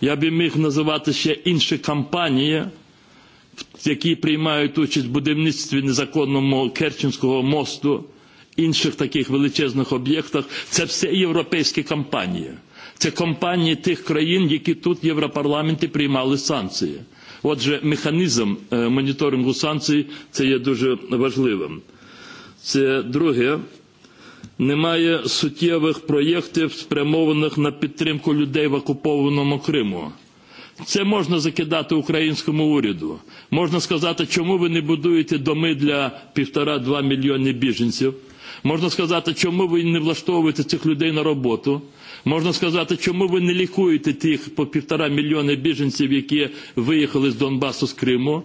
Я би міг називати ще інші кампанії, які приймають участь в будівництві незаконному Керченського мосту, інших таких величезних об'єктах, це все європейські компанії. Це компанії тих країн, які тут в Європарламенті приймали санкції. Отже, механізм моніторингу санкцій це є дуже важливим. Це друге. Немає суттєвих проєктів, спрямованих на підтримку людей в окупованому Криму. Це можна закидати українському уряду. Можна сказати, чому ви не будуєте доми для півтора-два мільйони біженців. Можна сказати, чому ви не влаштовуєте цих людей на роботу. Можна сказати, чому ви не лікуєте тих по півтора мільйони біженців, які виїхали з Донбасу з Криму.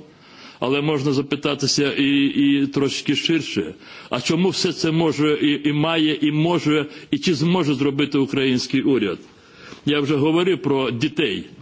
Але можна запитатися і, і трошки ширше. А чому все це може і, і має, і може, і чи зможе зробити український уряд? Я вже говорив про дітей –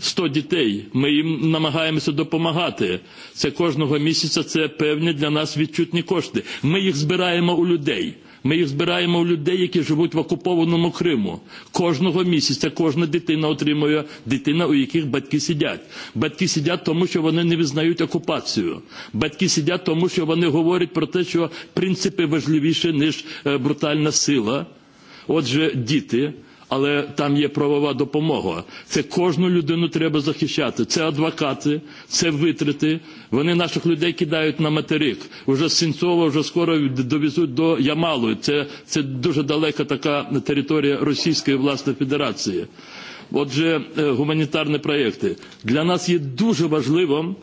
100 дітей. Ми їм намагаємося допомагати. Це кожного місяця це певні для нас відчутні кошти. Ми їх збираємо у людей. Ми їх збираємо у людей, які живуть в окупованому Криму. Кожного місяця кожна дитина отримує дитина, у яких батьки сидять. Батьки сидять тому, що вони не визнають окупацію. Батьки сидять тому, що вони говорять про те, що принципи важливіші, ніж брутальна сила. Отже, діти – але там є правова допомога. Це кожну людину треба захищати. Це адвокати, це витрати. Вони наших людей кидають на материк. Уже з Сінцова вже скоро довезуть до Ямалу. Це, це дуже далека така територія Російської власної федерації. Отже, гуманітарні проєкти. Для нас є дуже важливим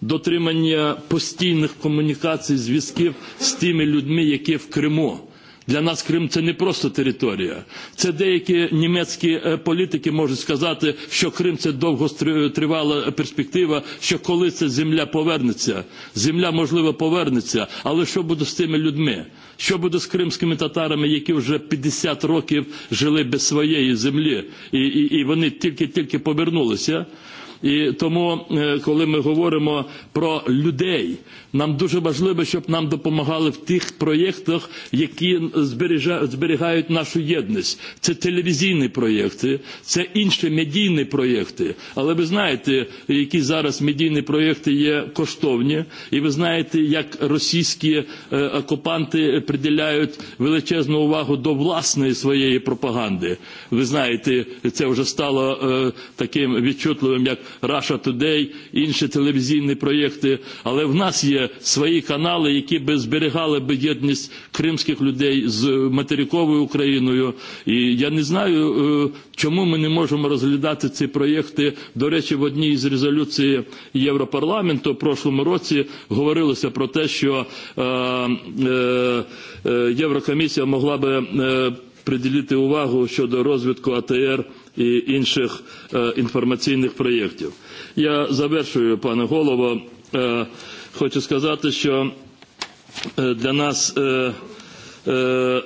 дотримання постійних комунікацій, зв'язків з тими людьми, які в Криму. Для нас Крим це не просто територія. Це деякі німецькі політики можуть сказати, що Крим це довготривала перспектива, що коли ця земля повернеться. Земля, можливо, повернеться, але що буде з тими людьми? Що буде з кримськими татарами, які вже 50 років жили без своєї землі, і, і, і вони тільки-тільки повернулися? І тому, коли ми говоримо про людей, Нам дуже важливо, щоб нам допомагали в тих проєктах, які зберігають нашу єдність. Це телевізійні проєкти, це інші медійні проєкти. Але ви знаєте, які зараз медійні проєкти є коштовні, і ви знаєте, як російські окупанти приділяють величезну увагу до власної своєї пропаганди. Ви знаєте, це вже стало таким відчутливим, як Russia Today, інші телевізійні проєкти. Але в нас є свої канали, які би зберігали би єдність кримських людей з материковою Україною. І я не знаю, чому ми не можемо розглядати ці проєкти. До речі, в одній з резолюцій Європарламенту в прошлому році говорилося про те, що Єврокомісія могла би приділити увагу щодо розвитку АТР і інших інформаційних проєктів. Я завершую, пане голово хочу сказати, що для нас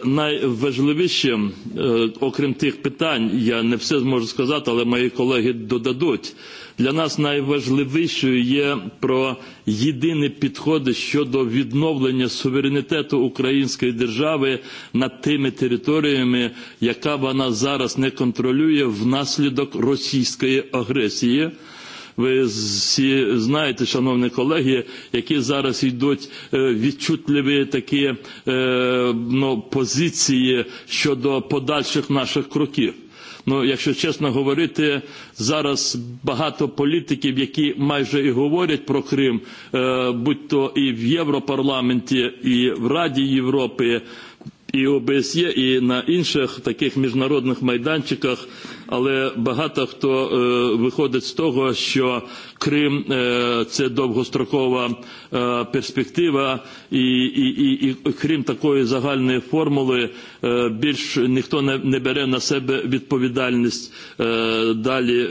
найважливішим, окрім тих питань, я не все зможу сказати, але мої колеги додадуть, для нас найважливішою є про єдині підходи щодо відновлення суверенітету української держави над тими територіями, яка вона зараз не контролює внаслідок російської агресії – Ви всі знаєте, шановні колеги, які зараз йдуть відчутливі такі ну, позиції щодо подальших наших кроків. Ну, якщо чесно говорити, зараз багато політиків, які майже і говорять про Крим, будь-то і в Європарламенті, і в Раді Європи, і ОБСЄ, і на інших таких міжнародних майданчиках, але багато хто виходить з того, що Крим це довгострокова перспектива, і, і, і, і крім такої загальної формули більш ніхто не, не бере на себе відповідальність далі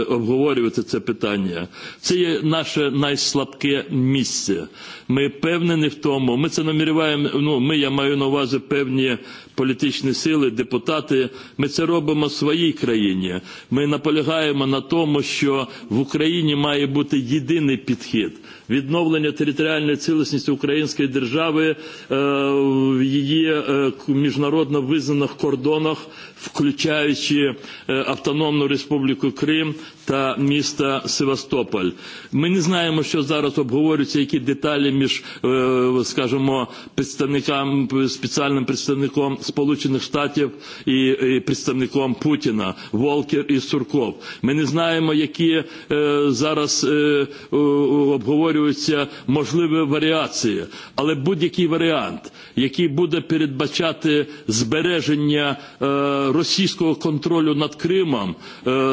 обговорювати це питання. Це є наше найслабке місце. Ми впевнені в тому, ми це наміряємо, ну, ми, я маю на увазі певні політичні сили, депутати, ми це робимо в своїй країні. Ми наполягаємо на тому, що в Україні має бути єдиний підхід відновлення територіальної цілісності української держави в її міжнародно визнаних кордонах включаючи э, Автономну Республіку Крим та міста Севастополь. Ми не знаємо, що зараз обговорюються, які деталі між, э, скажімо, представникам, спеціальним представником Сполучених Штатів і представником Путіна, Волкер і Сурков. Ми не знаємо, які э, зараз обговорюються можливі варіації, але будь-який варіант, який буде передбачати збереження російського контролю над Кримом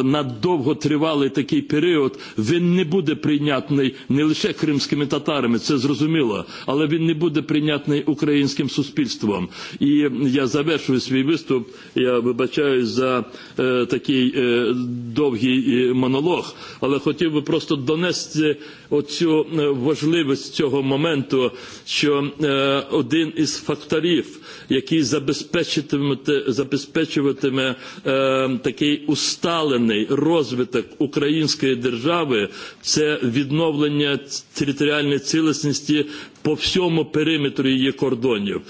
на довготривалий такий період він не буде прийнятний не лише кримськими татарами, це зрозуміло, але він не буде прийнятний українським суспільством. І я завершую свій виступ, я вибачаюсь за такий довгий монолог, але хотів би просто донести оцю важливість цього моменту, що один із факторів, який забезпечуватиме показуватиме е, такий усталений розвиток української держави, це відновлення територіальної цілісності по всьому периметру її кордонів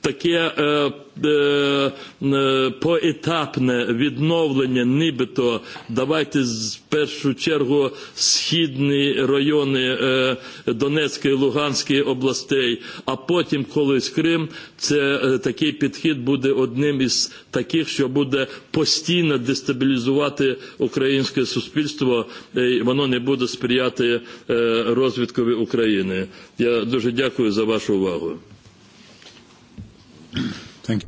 таке е, е, поетапне відновлення, нібито давайте в першу чергу східні райони е, Донецької і Луганської областей, а потім колись Крим, це е, такий підхід буде одним із таких, що буде постійно дестабілізувати українське суспільство, і воно не буде сприяти е, розвиткові України. Я дуже дякую за вашу увагу. Thank you.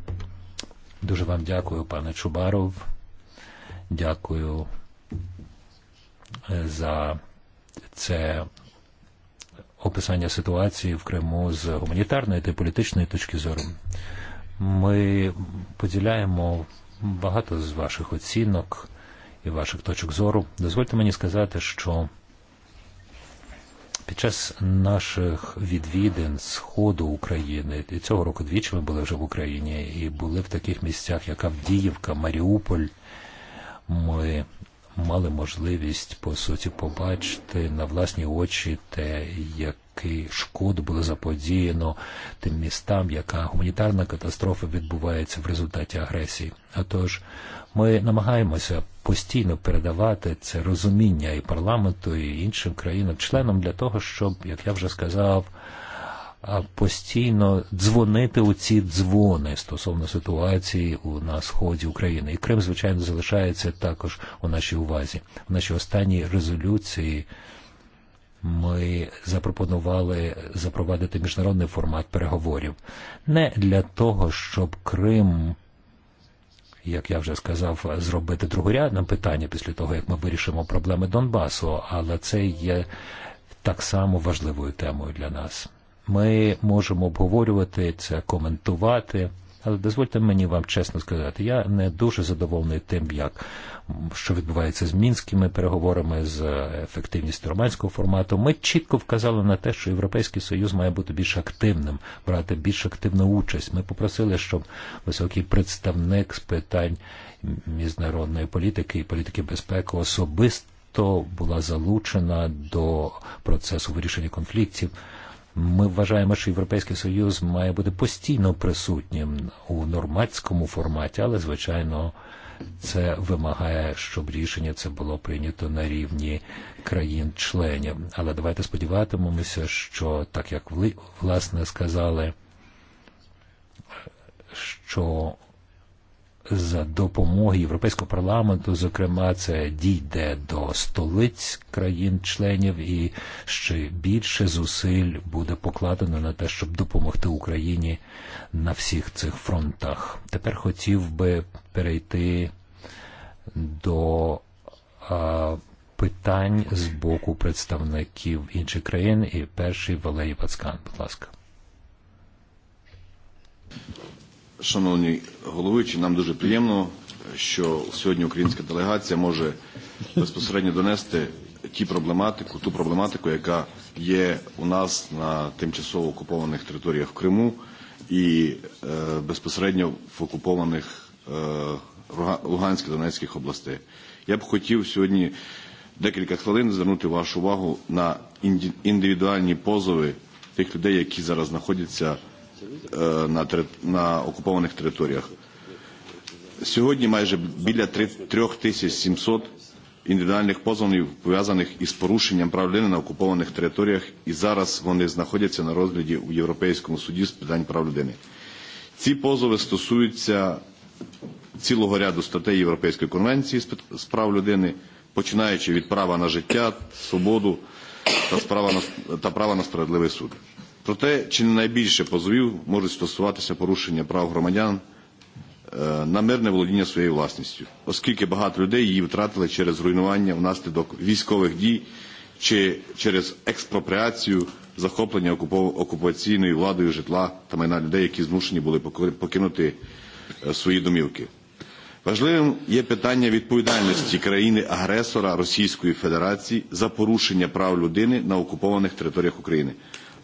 Дуже вам дякую, пане Чубаров. Дякую за це описання ситуації в Криму з гуманітарної та політичної точки зору. Ми поділяємо багато з ваших оцінок і ваших точок зору. Дозвольте мені сказати, що Під час наших відвідин сходу України і цього року двічі ми були вже в Україні і були в таких місцях, як Авдіївка, Маріуполь. Ми мали можливість по суті побачити на власні очі те, який шкод було заподіяно тим містам, яка гуманітарна катастрофа відбувається в результаті агресії. А тож Ми намагаємося постійно передавати це розуміння і парламенту, і іншим країнам-членам для того, щоб, як я вже сказав, постійно дзвонити у ці дзвони стосовно ситуації у на сході України. І Крим, звичайно, залишається також у нашій увазі. В нашій останній резолюції ми запропонували запровадити міжнародний формат переговорів. Не для того, щоб Крим як я вже сказав, зробити другорядне питання після того, як ми вирішимо проблеми Донбасу, але це є так само важливою темою для нас. Ми можемо обговорювати це, коментувати, Але дозвольте мені вам чесно сказати, я не дуже задоволений тим, як що відбувається з мінськими переговорами, з ефективністю романського формату. Ми чітко вказали на те, що Європейський Союз має бути більш активним, брати більш активну участь. Ми попросили, щоб високий представник з питань міжнародної політики і політики безпеки особисто була залучена до процесу вирішення конфліктів. Ми вважаємо, що Європейський Союз має бути постійно присутнім у нормандському форматі, але, звичайно, це вимагає, щоб рішення це було прийнято на рівні країн-членів. Але давайте сподіватимемося, що так як ви власне сказали, що за допомоги Європейського парламенту, зокрема, це дійде до столиць країн-членів, і ще більше зусиль буде покладено на те, щоб допомогти Україні на всіх цих фронтах. Тепер хотів би перейти до а, питань з боку представників інших країн, і перший Валерій Пацкан, будь ласка. Шановні головуючі, нам дуже приємно, що сьогодні українська делегація може безпосередньо донести ті проблематику, ту проблематику, яка є у нас на тимчасово окупованих територіях в Криму і е, безпосередньо в окупованих е, Луганських Донецьких областей. Я б хотів сьогодні декілька хвилин звернути вашу увагу на індивідуальні позови тих людей, які зараз знаходяться на, на окупованих територіях. Сьогодні майже біля 3700 індивідуальних позовів пов'язаних із порушенням прав людини на окупованих територіях, і зараз вони знаходяться на розгляді у Європейському суді з питань прав людини. Ці позови стосуються цілого ряду статей Європейської конвенції з прав людини, починаючи від права на життя, свободу та, справа на, та права на справедливий суд. Проте, чи не найбільше позовів можуть стосуватися порушення прав громадян на мирне володіння своєю власністю, оскільки багато людей її втратили через руйнування внаслідок військових дій чи через експропріацію захоплення окупаційною владою житла та майна людей, які змушені були покинути свої домівки. Важливим є питання відповідальності країни-агресора Російської Федерації за порушення прав людини на окупованих територіях України,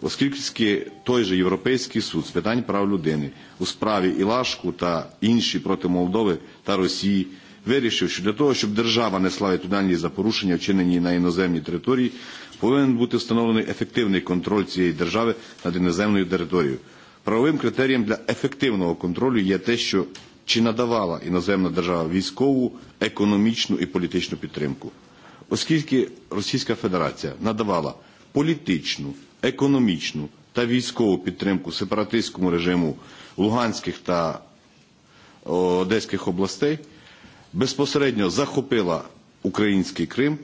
оскільки той же Європейський суд з питань прав людини у справі Ілашку та інші проти Молдови та Росії вирішив, що для того, щоб держава несла відповідальність за порушення, вчинені на іноземній території, повинен бути встановлений ефективний контроль цієї держави над іноземною територією. Правовим критерієм для ефективного контролю є те, що чи надавала іноземна держава військову, економічну і політичну підтримку. Оскільки Російська Федерація надавала політичну, економічну та військову підтримку сепаратистському режиму Луганських та Одеських областей, безпосередньо захопила український Крим,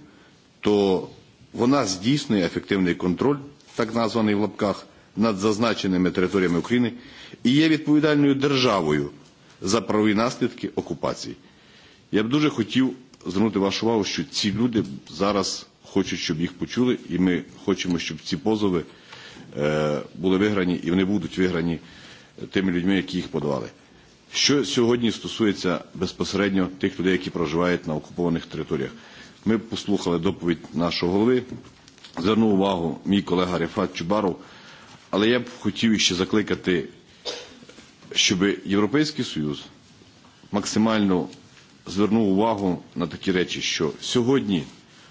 то вона здійснює ефективний контроль, так названий в лапках, над зазначеними територіями України і є відповідальною державою за правові наслідки окупації. Я б дуже хотів звернути вашу увагу, що ці люди зараз хочуть, щоб їх почули, і ми хочемо, щоб ці позови були виграні, і вони будуть виграні тими людьми, які їх подавали. Що сьогодні стосується безпосередньо тих людей, які проживають на окупованих територіях? Ми послухали доповідь нашого голови, звернув увагу мій колега Рефат Чубаров, але я б хотів ще закликати, щоб Європейський Союз максимально звернув увагу на такі речі, що сьогодні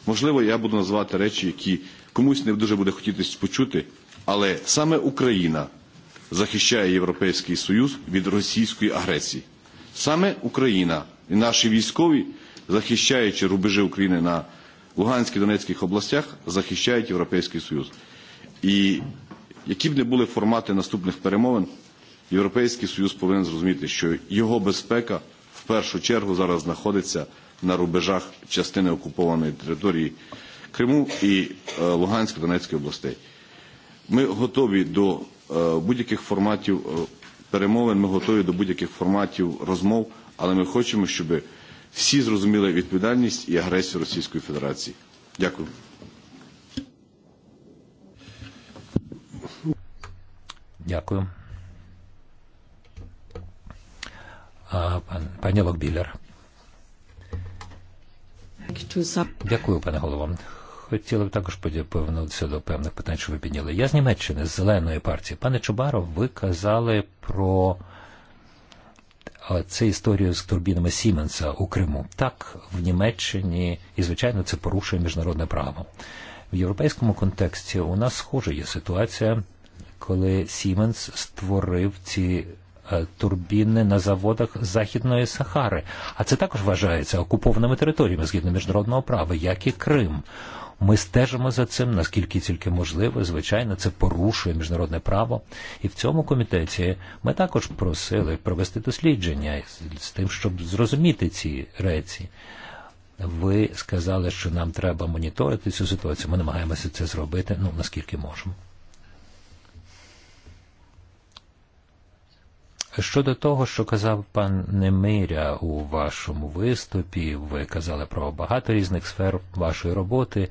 Можливо, я буду називати речі, які комусь не дуже буде хотітись почути, але саме Україна захищає Європейський Союз від російської агресії. Саме Україна і наші військові, захищаючи рубежі України на Луганській Донецьких областях, захищають Європейський Союз. І які б не були формати наступних перемовин, Європейський Союз повинен зрозуміти, що його безпека в першу чергу зараз знаходиться на рубежах частини окупованої території Криму і Луганської Донецької областей. Ми готові до будь-яких форматів перемовин, ми готові до будь-яких форматів розмов, але ми хочемо, щоб всі зрозуміли відповідальність і агресію Російської Федерації. Дякую. Дякую. пан, пані Локбілер. Дякую, пане голово. Хотіли б також повернутися до певних питань, що ви підняли. Я з Німеччини, з зеленої партії. Пане Чубаров, ви казали про цю історію з турбінами Сіменса у Криму. Так, в Німеччині, і звичайно, це порушує міжнародне право. В європейському контексті у нас схожа є ситуація, коли Сіменс створив ці Э, турбіни на заводах Західної Сахари. А це також вважається окупованими територіями згідно міжнародного права, як і Крим. Ми стежимо за цим, наскільки тільки можливо. Звичайно, це порушує міжнародне право. І в цьому комітеті ми також просили провести дослідження з тим, щоб зрозуміти ці речі. Ви сказали, що нам треба моніторити цю ситуацію. Ми намагаємося це зробити, ну наскільки можемо. Щодо того, що казав пан Немиря у вашому виступі, ви казали про багато різних сфер вашої роботи,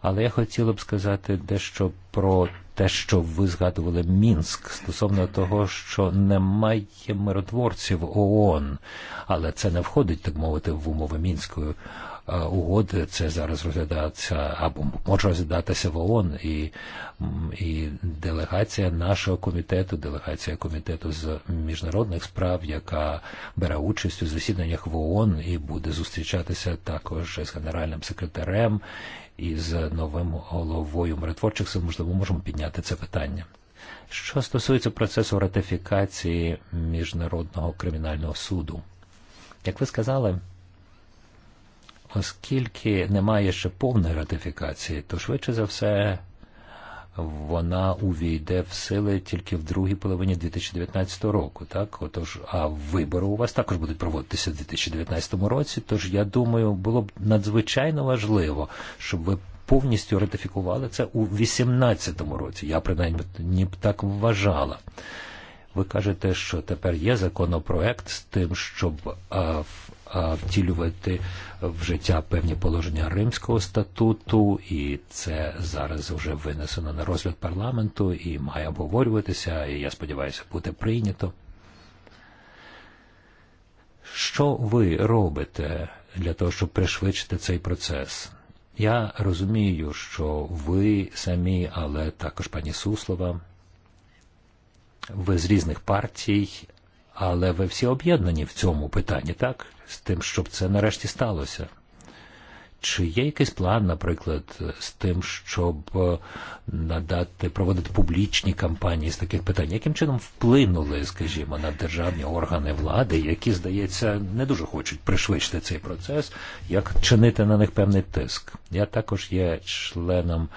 але я хотіла б сказати дещо про те, що ви згадували Мінськ стосовно того, що немає миротворців ООН, але це не входить, так мовити, в умови Мінської угод Цезар разглядат, а може розглядати в ООН і, і делегація нашого комітету, делегація комітету з міжнародних справ, яка бере участь у засіданнях в ООН і буде зустрічатися також з генеральним секретарем і з новим головою миротворчих сил, можливо, можемо підняти це питання. Що стосується процесу ратифікації Міжнародного кримінального суду, як ви сказали, Оскільки немає ще повної ратифікації, то швидше за все вона увійде в сили тільки в другій половині 2019 року, так? Отож, а вибори у вас також будуть проводитися в 2019 році, тож я думаю, було б надзвичайно важливо, щоб ви повністю ратифікували це у 2018 році. Я принаймні б так вважала. Ви кажете, що тепер є законопроект з тим, щоб а, а, втілювати в життя певні положення Римського статуту, і це зараз вже винесено на розгляд парламенту і має обговорюватися, і я сподіваюся, буде прийнято. Що ви робите для того, щоб пришвидшити цей процес? Я розумію, що ви самі, але також пані Суслова, ви з різних партій, але ви всі об'єднані в цьому питанні, так? З тим, щоб це нарешті сталося. Чи є якийсь план, наприклад, з тим, щоб надати, проводити публічні кампанії з таких питань? Яким чином вплинули, скажімо, на державні органи влади, які, здається, не дуже хочуть пришвидшити цей процес, як чинити на них певний тиск? Я також є членом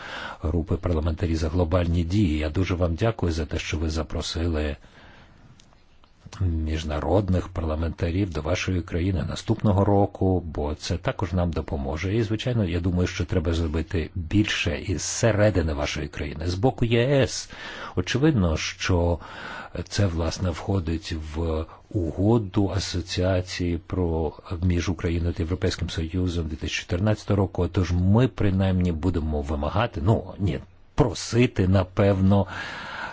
групи парламентарі за глобальні дії. Я дуже вам дякую за те, що ви запросили міжнародних парламентарів до вашої країни наступного року, бо це також нам допоможе. І, звичайно, я думаю, що треба зробити більше із середини вашої країни, з боку ЄС. Очевидно, що це, власне, входить в угоду асоціації про між Україною та Європейським Союзом 2014 року, тож ми, принаймні, будемо вимагати, ну, ні, просити, напевно,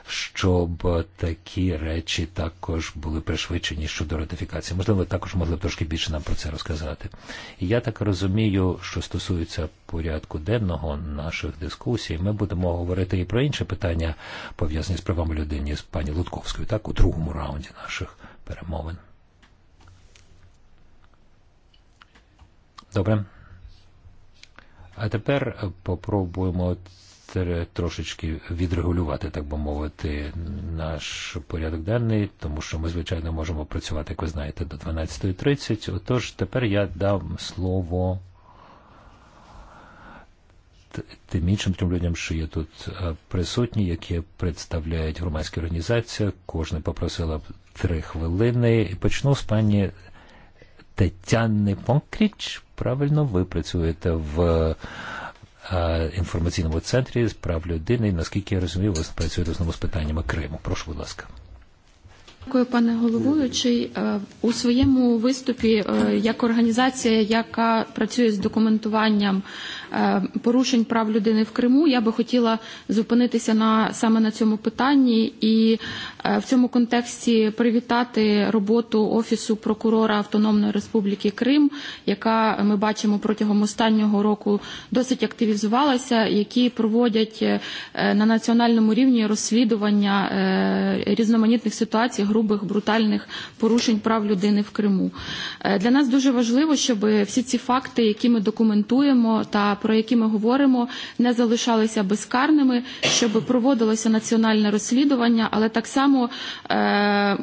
щоб такі речі також були пришвидшені щодо ратифікації. Можливо, ви також могли б трошки більше нам про це розказати. І я так розумію, що стосується порядку денного наших дискусій, ми будемо говорити і про інші питання, пов'язані з правами людини з пані Лутковською, так, у другому раунді наших перемовин. Добре. А тепер попробуємо трошечки відрегулювати, так би мовити, наш порядок денний, тому що ми, звичайно, можемо працювати, як ви знаєте, до 12.30. Отож, тепер я дам слово тим іншим тим людям, що є тут присутні, які представляють громадські організації. Кожна попросила три хвилини. І почну з пані Тетяни Понкріч. Правильно, ви працюєте в інформаційному центрі з прав людини, наскільки я розумію, вас працює основно з питаннями Криму. Прошу, будь ласка. Дякую, пане головуючий. У своєму виступі як організація, яка працює з документуванням порушень прав людини в Криму. Я би хотіла зупинитися на саме на цьому питанні і в цьому контексті привітати роботу Офісу прокурора Автономної Республіки Крим, яка ми бачимо протягом останнього року досить активізувалася, які проводять на національному рівні розслідування різноманітних ситуацій, грубих, брутальних порушень прав людини в Криму. Для нас дуже важливо, щоб всі ці факти, які ми документуємо та про які ми говоримо, не залишалися безкарними, щоб проводилося національне розслідування, але так само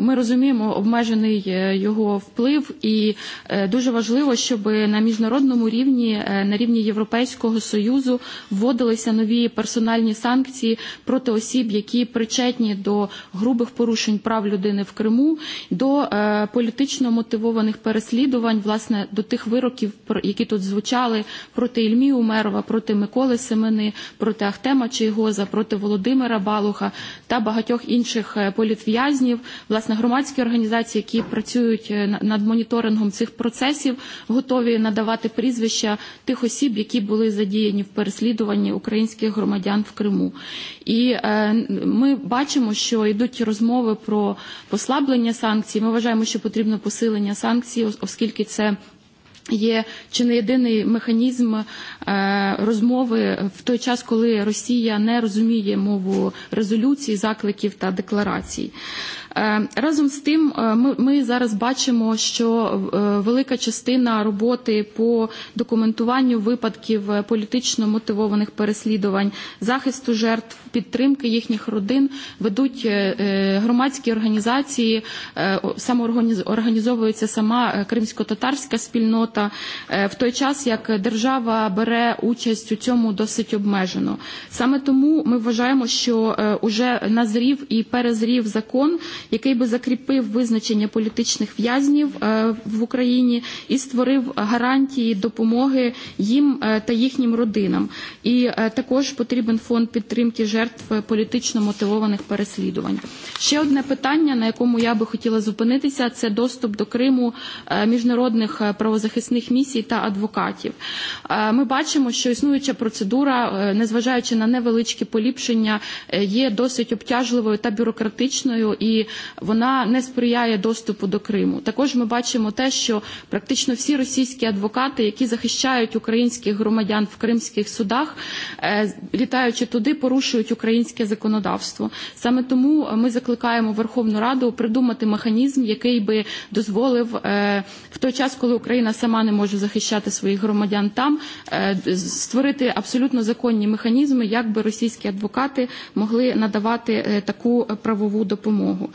ми розуміємо обмежений його вплив і дуже важливо, щоб на міжнародному рівні, на рівні Європейського Союзу вводилися нові персональні санкції проти осіб, які причетні до грубих порушень прав людини в Криму, до політично мотивованих переслідувань, власне, до тих вироків, які тут звучали проти Ільмію, Умерова, проти Миколи Семени, проти Ахтема Чайгоза, проти Володимира Балуха та багатьох інших політв'язнів. Власне, громадські організації, які працюють над моніторингом цих процесів, готові надавати прізвища тих осіб, які були задіяні в переслідуванні українських громадян в Криму. І е, ми бачимо, що йдуть розмови про послаблення санкцій. Ми вважаємо, що потрібно посилення санкцій, оскільки це є чи не єдиний механізм розмови в той час, коли Росія не розуміє мову резолюцій, закликів та декларацій. Разом з тим, ми зараз бачимо, що велика частина роботи по документуванню випадків політично мотивованих переслідувань, захисту жертв, підтримки їхніх родин ведуть громадські організації, самоорганізовується сама кримсько-татарська спільнота, в той час як держава бере участь у цьому досить обмежено. Саме тому ми вважаємо, що уже назрів і перезрів закон, який би закріпив визначення політичних в'язнів в Україні і створив гарантії допомоги їм та їхнім родинам. І також потрібен фонд підтримки жертв політично мотивованих переслідувань. Ще одне питання, на якому я би хотіла зупинитися, це доступ до Криму міжнародних правозахисних місій та адвокатів. Ми бачимо, що існуюча процедура, незважаючи на невеличкі поліпшення, є досить обтяжливою та бюрократичною і вона не сприяє доступу до Криму. Також ми бачимо те, що практично всі російські адвокати, які захищають українських громадян в кримських судах, літаючи туди, порушують українське законодавство. Саме тому ми закликаємо Верховну Раду придумати механізм, який би дозволив в той час, коли Україна сама не може захищати своїх громадян там, створити абсолютно законні механізми, як би російські адвокати могли надавати таку правову допомогу.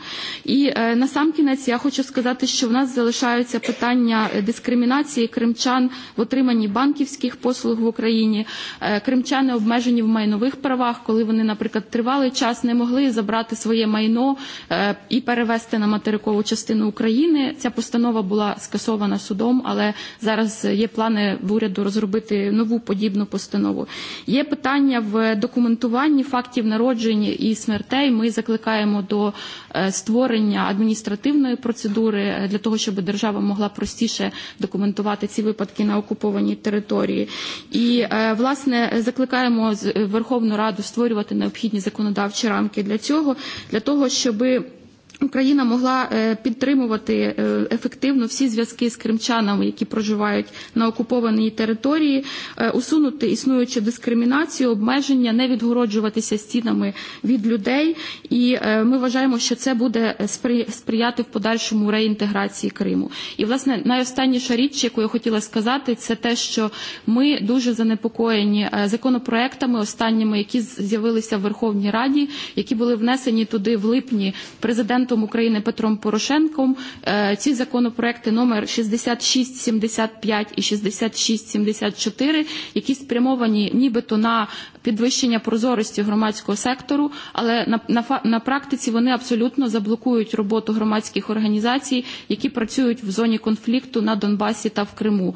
І е, насамкінець я хочу сказати, що в нас залишаються питання дискримінації кримчан в отриманні банківських послуг в Україні. Е, кримчани обмежені в майнових правах, коли вони, наприклад, тривалий час не могли забрати своє майно е, і перевести на материкову частину України. Ця постанова була скасована судом, але зараз є плани в уряду розробити нову подібну постанову. Є питання в документуванні фактів народжень і смертей. Ми закликаємо до створення адміністративної процедури для того, щоб держава могла простіше документувати ці випадки на окупованій території. І, власне, закликаємо Верховну Раду створювати необхідні законодавчі рамки для цього, для того, щоби Україна могла підтримувати ефективно всі зв'язки з кримчанами, які проживають на окупованій території, усунути існуючу дискримінацію, обмеження, не відгороджуватися стінами від людей. І ми вважаємо, що це буде сприяти в подальшому реінтеграції Криму. І, власне, найостанніша річ, яку я хотіла сказати, це те, що ми дуже занепокоєні законопроектами останніми, які з'явилися в Верховній Раді, які були внесені туди в липні президент президентом України Петром Порошенком. Э, ці законопроекти номер 6675 і 6674, які спрямовані нібито на підвищення прозорості громадського сектору, але на, на, на практиці вони абсолютно заблокують роботу громадських організацій, які працюють в зоні конфлікту на Донбасі та в Криму.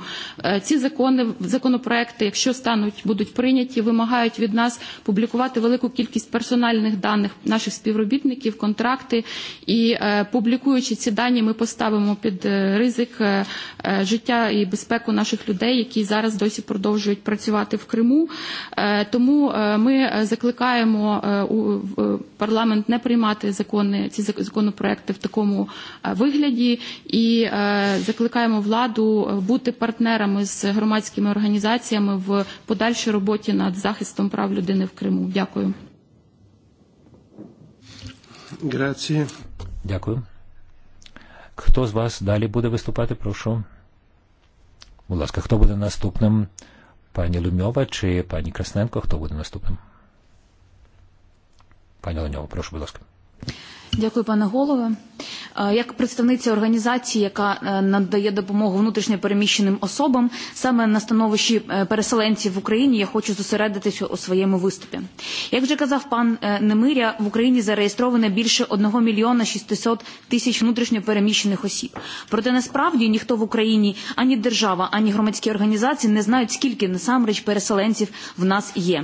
Ці закони, законопроекти, якщо стануть, будуть прийняті, вимагають від нас публікувати велику кількість персональних даних наших співробітників, контракти, і публікуючи ці дані, ми поставимо під ризик життя і безпеку наших людей, які зараз досі продовжують працювати в Криму. Тому ми закликаємо парламент не приймати закони, ці законопроекти в такому вигляді і закликаємо владу бути партнерами з громадськими організаціями в подальшій роботі над захистом прав людини в Криму. Дякую. Grazie. Дякую. Хто з вас далі буде виступати, прошу. Будь ласка, хто буде наступним? Пані Лумьова чи пані Красненко, хто буде наступним? Пані Лумьова, прошу, будь ласка. Дякую, пане голове. Як представниця організації, яка надає допомогу внутрішньо переміщеним особам, саме на становищі переселенців в Україні я хочу зосередитися у своєму виступі. Як вже казав пан Немиря, в Україні зареєстровано більше 1 мільйона 600 тисяч внутрішньо переміщених осіб. Проте насправді ніхто в Україні, ані держава, ані громадські організації не знають, скільки насамреч переселенців в нас є.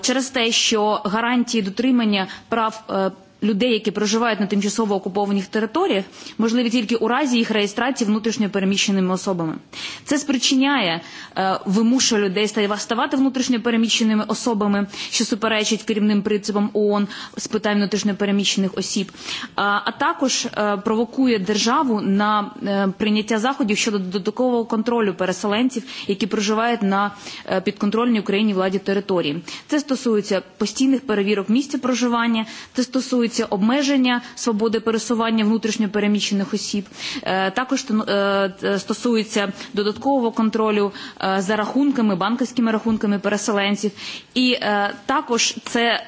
Через те, що гарантії дотримання прав людей, які проживають на тимчасово окупованих територіях, можливі тільки у разі їх реєстрації внутрішньо переміщеними особами. Це спричиняє, вимушу людей ставати внутрішньо переміщеними особами, що суперечить керівним принципам ООН з питань внутрішньо переміщених осіб, а також провокує державу на прийняття заходів щодо додаткового контролю переселенців, які проживають на підконтрольній Україні владі території. Це стосується постійних перевірок місця проживання, це стосується стосується обмеження свободи пересування внутрішньо переміщених осіб, також стосується додаткового контролю за рахунками, банківськими рахунками переселенців. І також це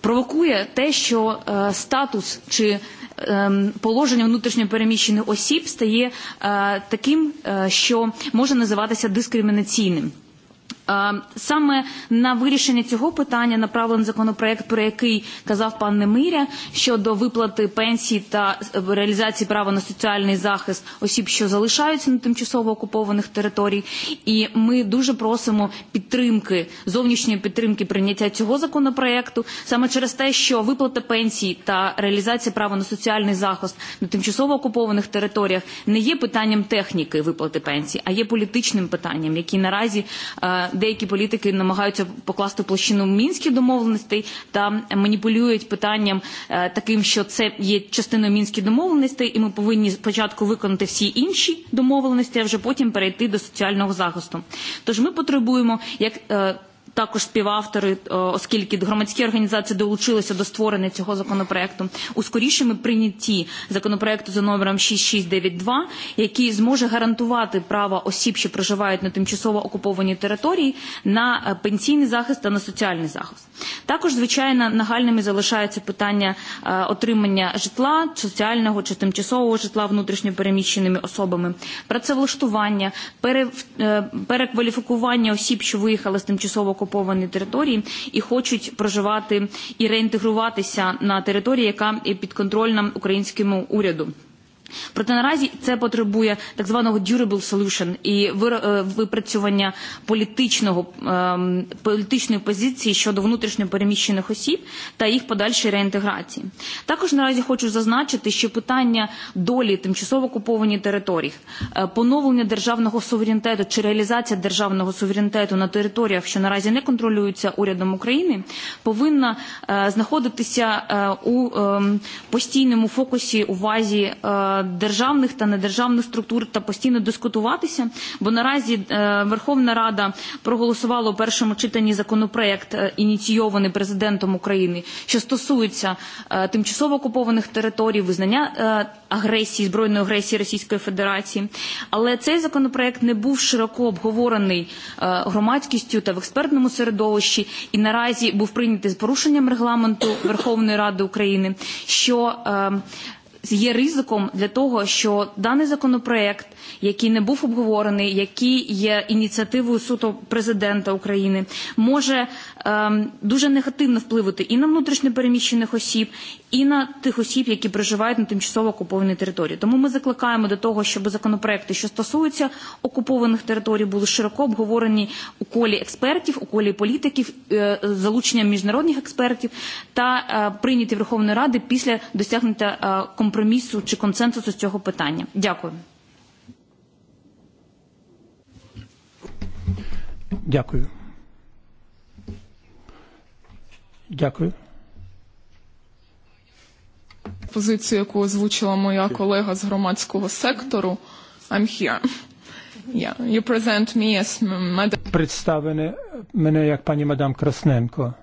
провокує те, що статус чи положення внутрішньопереміщених осіб стає таким, що може називатися дискримінаційним. Саме на вирішення цього питання направлений законопроект, про який казав пан Немиря, щодо виплати пенсій та реалізації права на соціальний захист осіб, що залишаються на тимчасово окупованих територій. І ми дуже просимо підтримки, зовнішньої підтримки прийняття цього законопроекту, саме через те, що виплата пенсій та реалізація права на соціальний захист на тимчасово окупованих територіях не є питанням техніки виплати пенсій, а є політичним питанням, який наразі деякі політики намагаються покласти площину мінських домовленостей та маніпулюють питанням таким, що це є частиною мінських домовленостей, і ми повинні спочатку виконати всі інші домовленості, а вже потім перейти до соціального захисту. Тож ми потребуємо як також співавтори, оскільки громадські організації долучилися до створення цього законопроекту у скорішому прийнятті законопроекту за номером 6692, який зможе гарантувати права осіб, що проживають на тимчасово окупованій території, на пенсійний захист та на соціальний захист. Також, звичайно, нагальними залишаються питання отримання житла, соціального чи тимчасового житла внутрішньо переміщеними особами, працевлаштування, перекваліфікування осіб, що виїхали з тимчасово окуповані території і хочуть проживати і реінтегруватися на території, яка є підконтрольна українському уряду. Проте наразі це потребує так званого durable solution і випрацювання політичного, політичної позиції щодо внутрішньо переміщених осіб та їх подальшої реінтеграції. Також наразі хочу зазначити, що питання долі тимчасово окуповані території, поновлення державного суверенітету чи реалізація державного суверенітету на територіях, що наразі не контролюються урядом України, повинна знаходитися у постійному фокусі увазі державних та недержавних структур та постійно дискутуватися, бо наразі Верховна Рада проголосувала у першому читанні законопроект, ініційований президентом України, що стосується тимчасово окупованих територій, визнання агресії, збройної агресії Російської Федерації. Але цей законопроект не був широко обговорений громадськістю та в експертному середовищі і наразі був прийнятий з порушенням регламенту Верховної Ради України, що є ризиком для того, що даний законопроект, який не був обговорений, який є ініціативою суто президента України, може ем, дуже негативно впливати і на внутрішньопереміщених осіб, і на тих осіб, які проживають на тимчасово окупованій території. Тому ми закликаємо до того, щоб законопроекти, що стосуються окупованих територій, були широко обговорені у колі експертів, у колі політиків, залученням міжнародних експертів та прийняті Верховної Ради після досягнення компромісу чи консенсусу з цього питання. Дякую. Дякую. Дякую позицію, яку озвучила моя колега з громадського сектору. I'm here. Yeah, you present me as Madam. Представлене мене як пані Мадам Красненко.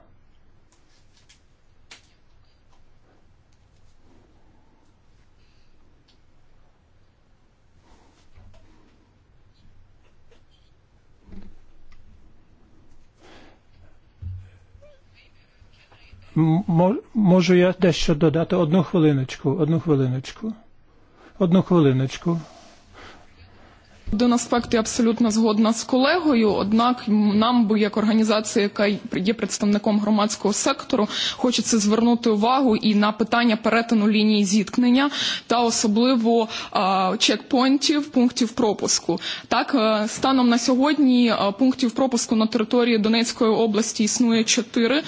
Можу я дещо додати? Одну хвилиночку, одну хвилиночку. Одну хвилиночку. Один аспект я абсолютно згодна з колегою, однак нам, би як організація, яка є представником громадського сектору, хочеться звернути увагу і на питання перетину лінії зіткнення та особливо а, чекпоінтів, пунктів пропуску. Так, станом на сьогодні пунктів пропуску на території Донецької області існує чотири,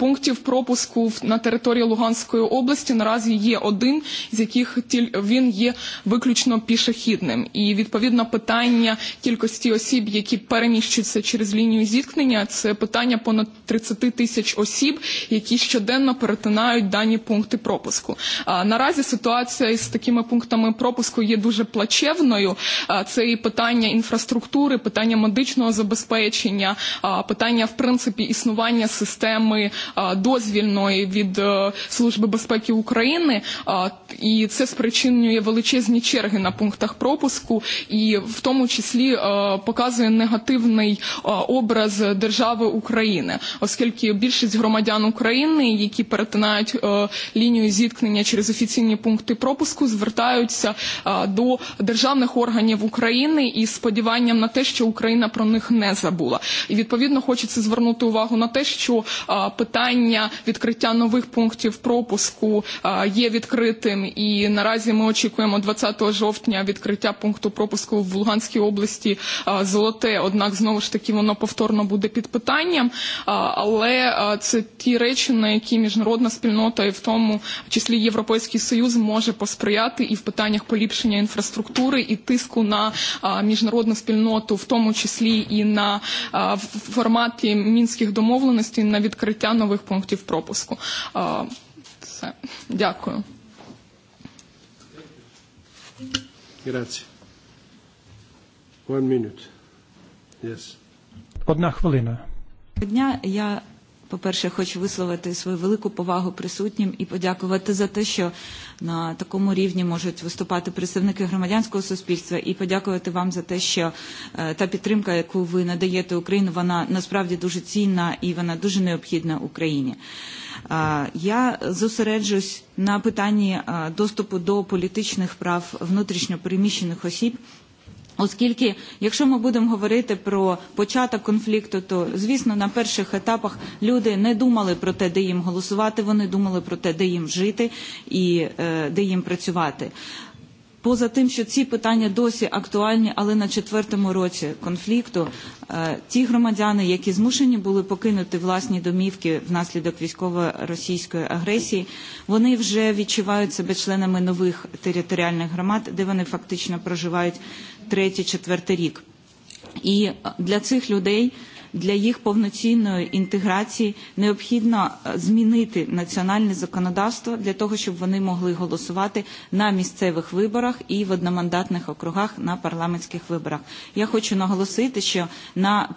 пунктів пропуску на території Луганської області наразі є один, з яких він є виключно пішохідним. І відповідно питання кількості осіб, які переміщуються через лінію зіткнення, це питання понад 30 тисяч осіб, які щоденно перетинають дані пункти пропуску. А, наразі ситуація із такими пунктами пропуску є дуже плачевною. А, це і питання інфраструктури, питання медичного забезпечення, а, питання, в принципі, існування системи дозвільної від Служби безпеки України. А, і це спричинює величезні черги на пунктах пропуску і в тому числі показує негативний образ держави України, оскільки більшість громадян України, які перетинають лінію зіткнення через офіційні пункти пропуску, звертаються до державних органів України із сподіванням на те, що Україна про них не забула. І відповідно хочеться звернути увагу на те, що питання відкриття нових пунктів пропуску є відкритим, і наразі ми очікуємо 20 жовтня відкриття пункту пропуску в в Луганській області золоте, однак знову ж таки воно повторно буде під питанням. Але це ті речі, на які міжнародна спільнота і в тому числі Європейський Союз може посприяти і в питаннях поліпшення інфраструктури і тиску на міжнародну спільноту, в тому числі і на форматі мінських домовленостей на відкриття нових пунктів пропуску. Все. Дякую. Grazie. One minute. Yes. Одна хвилина. Дня я, по-перше, хочу висловити свою велику повагу присутнім і подякувати за те, що на такому рівні можуть виступати представники громадянського суспільства, і подякувати вам за те, що та підтримка, яку ви надаєте Україну, вона насправді дуже цінна і вона дуже необхідна Україні. Я зосереджусь на питанні доступу до політичних прав внутрішньопереміщених осіб Оскільки, якщо ми будемо говорити про початок конфлікту, то, звісно, на перших етапах люди не думали про те, де їм голосувати, вони думали про те, де їм жити і е, де їм працювати. Поза тим, що ці питання досі актуальні, але на четвертому році конфлікту ті громадяни, які змушені були покинути власні домівки внаслідок військово-російської агресії, вони вже відчувають себе членами нових територіальних громад, де вони фактично проживають третій-четвертий рік. І для цих людей – для їх повноцінної інтеграції необхідно змінити національне законодавство для того, щоб вони могли голосувати на місцевих виборах і в одномандатних округах на парламентських виборах. Я хочу наголосити, що на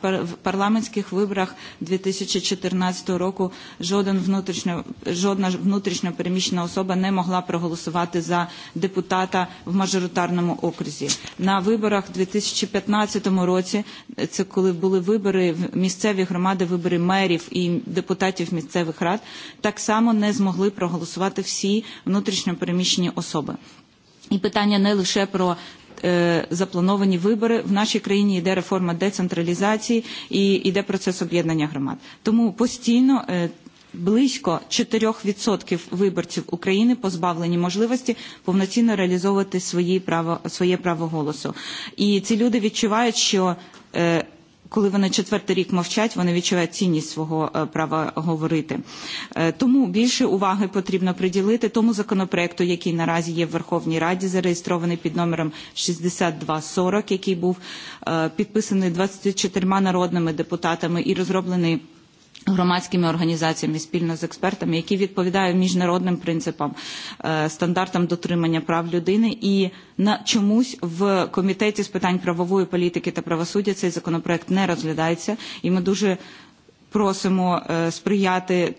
парламентських виборах 2014 року жоден внутрішньо, жодна внутрішньо переміщена особа не могла проголосувати за депутата в мажоритарному окрузі. На виборах 2015 році, це коли були вибори в місцеві громади вибори мерів і депутатів місцевих рад, так само не змогли проголосувати всі внутрішньо переміщені особи. І питання не лише про заплановані вибори. В нашій країні йде реформа децентралізації і йде процес об'єднання громад. Тому постійно близько 4% виборців України позбавлені можливості повноцінно реалізовувати свої право, своє право голосу. І ці люди відчувають, що коли вони четвертий рік мовчать, вони відчувають цінність свого права говорити. Тому більше уваги потрібно приділити тому законопроекту, який наразі є в Верховній Раді, зареєстрований під номером 6240, який був підписаний 24 народними депутатами і розроблений громадськими організаціями спільно з експертами, які відповідають міжнародним принципам, стандартам дотримання прав людини. І на чомусь в комітеті з питань правової політики та правосуддя цей законопроект не розглядається. І ми дуже просимо сприяти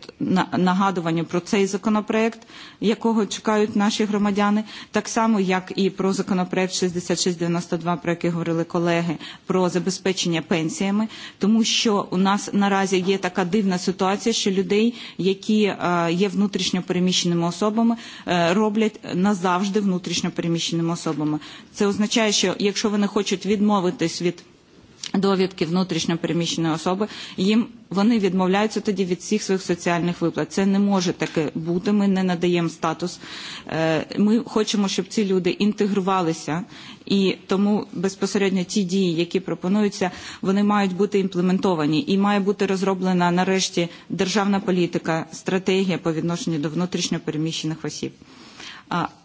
нагадуванню про цей законопроект, якого чекають наші громадяни, так само, як і про законопроект 6692, про який говорили колеги, про забезпечення пенсіями, тому що у нас наразі є така дивна ситуація, що людей, які є внутрішньо переміщеними особами, роблять назавжди внутрішньо переміщеними особами. Це означає, що якщо вони хочуть відмовитись від довідки внутрішньо переміщеної особи, їм вони відмовляються тоді від всіх своїх соціальних виплат. Це не може таке бути. Ми не надаємо статус. Ми хочемо, щоб ці люди інтегрувалися, і тому безпосередньо ті дії, які пропонуються, вони мають бути імплементовані. І має бути розроблена нарешті державна політика, стратегія по відношенню до внутрішньо переміщених осіб.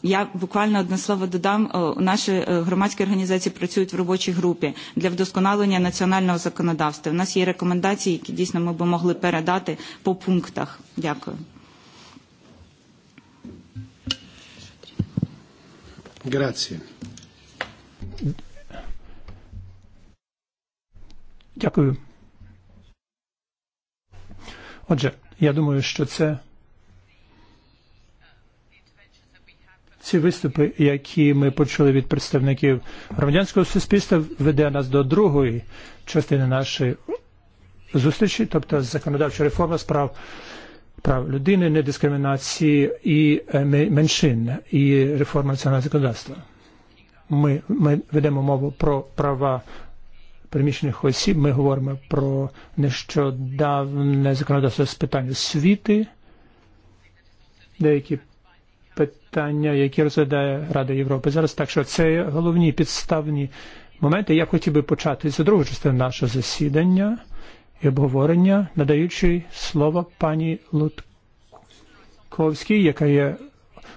Я буквально одне слово додам. Наші громадські організації працюють в робочій групі для вдосконалення національного законодавства. У нас є рекомендації, які дійсно ми б могли передати по пунктах. Дякую. Grazie. Дякую. Отже, я думаю, що це Ці виступи, які ми почули від представників громадянського суспільства, веде нас до другої частини нашої зустрічі, тобто законодавча реформа справ прав людини, недискримінації і меншин, і реформа національного законодавства. Ми, ми ведемо мову про права приміщених осіб, ми говоримо про нещодавне законодавство з питань освіти, деякі питання, які розглядає Рада Європи зараз. Так що це головні підставні моменти. Я хотів би почати з другої частини нашого засідання і обговорення, надаючи слово пані Лутковській, яка є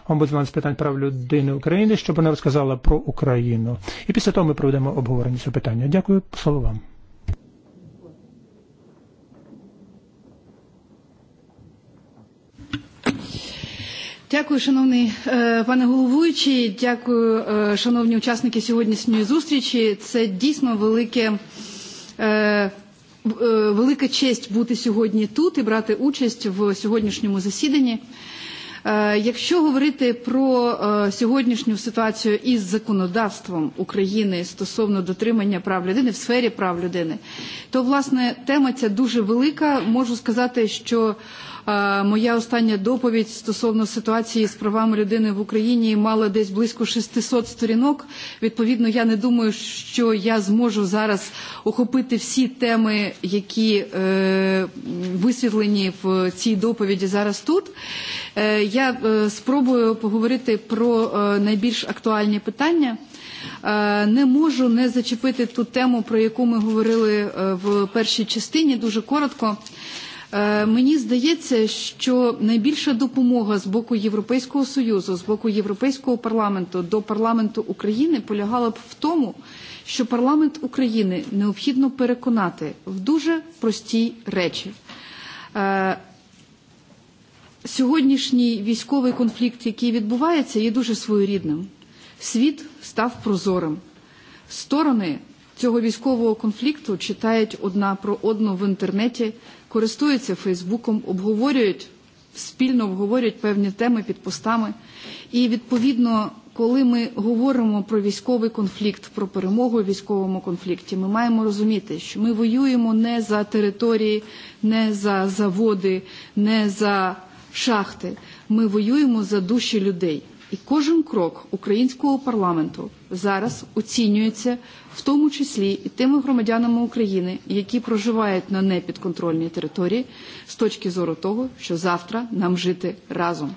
омбудсман з питань прав людини України, щоб вона розказала про Україну. І після того ми проведемо обговорення цього питання. Дякую, слово вам. Дякую, шановний пане головуючий. Дякую, шановні учасники сьогоднішньої зустрічі. Це дійсно велике велика честь бути сьогодні тут і брати участь в сьогоднішньому засіданні. Якщо говорити про сьогоднішню ситуацію із законодавством України стосовно дотримання прав людини в сфері прав людини, то власне тема ця дуже велика. Можу сказати, що Моя остання доповідь стосовно ситуації з правами людини в Україні мала десь близько 600 сторінок. Відповідно, я не думаю, що я зможу зараз охопити всі теми, які е, висвітлені в цій доповіді зараз тут. Е, я е, спробую поговорити про е, найбільш актуальні питання. Не можу не зачепити ту тему, про яку ми говорили в першій частині, дуже коротко. Мені здається, що найбільша допомога з боку Європейського Союзу, з боку Європейського парламенту до парламенту України полягала б в тому, що парламент України необхідно переконати в дуже простій речі. Сьогоднішній військовий конфлікт, який відбувається, є дуже своєрідним. Світ став прозорим. Сторони цього військового конфлікту читають одна про одну в інтернеті, користуються Фейсбуком, обговорюють, спільно обговорюють певні теми під постами. І, відповідно, коли ми говоримо про військовий конфлікт, про перемогу в військовому конфлікті, ми маємо розуміти, що ми воюємо не за території, не за заводи, не за шахти. Ми воюємо за душі людей – І кожен крок українського парламенту зараз оцінюється в тому числі і тими громадянами України, які проживають на непідконтрольній території, з точки зору того, що завтра нам жити разом.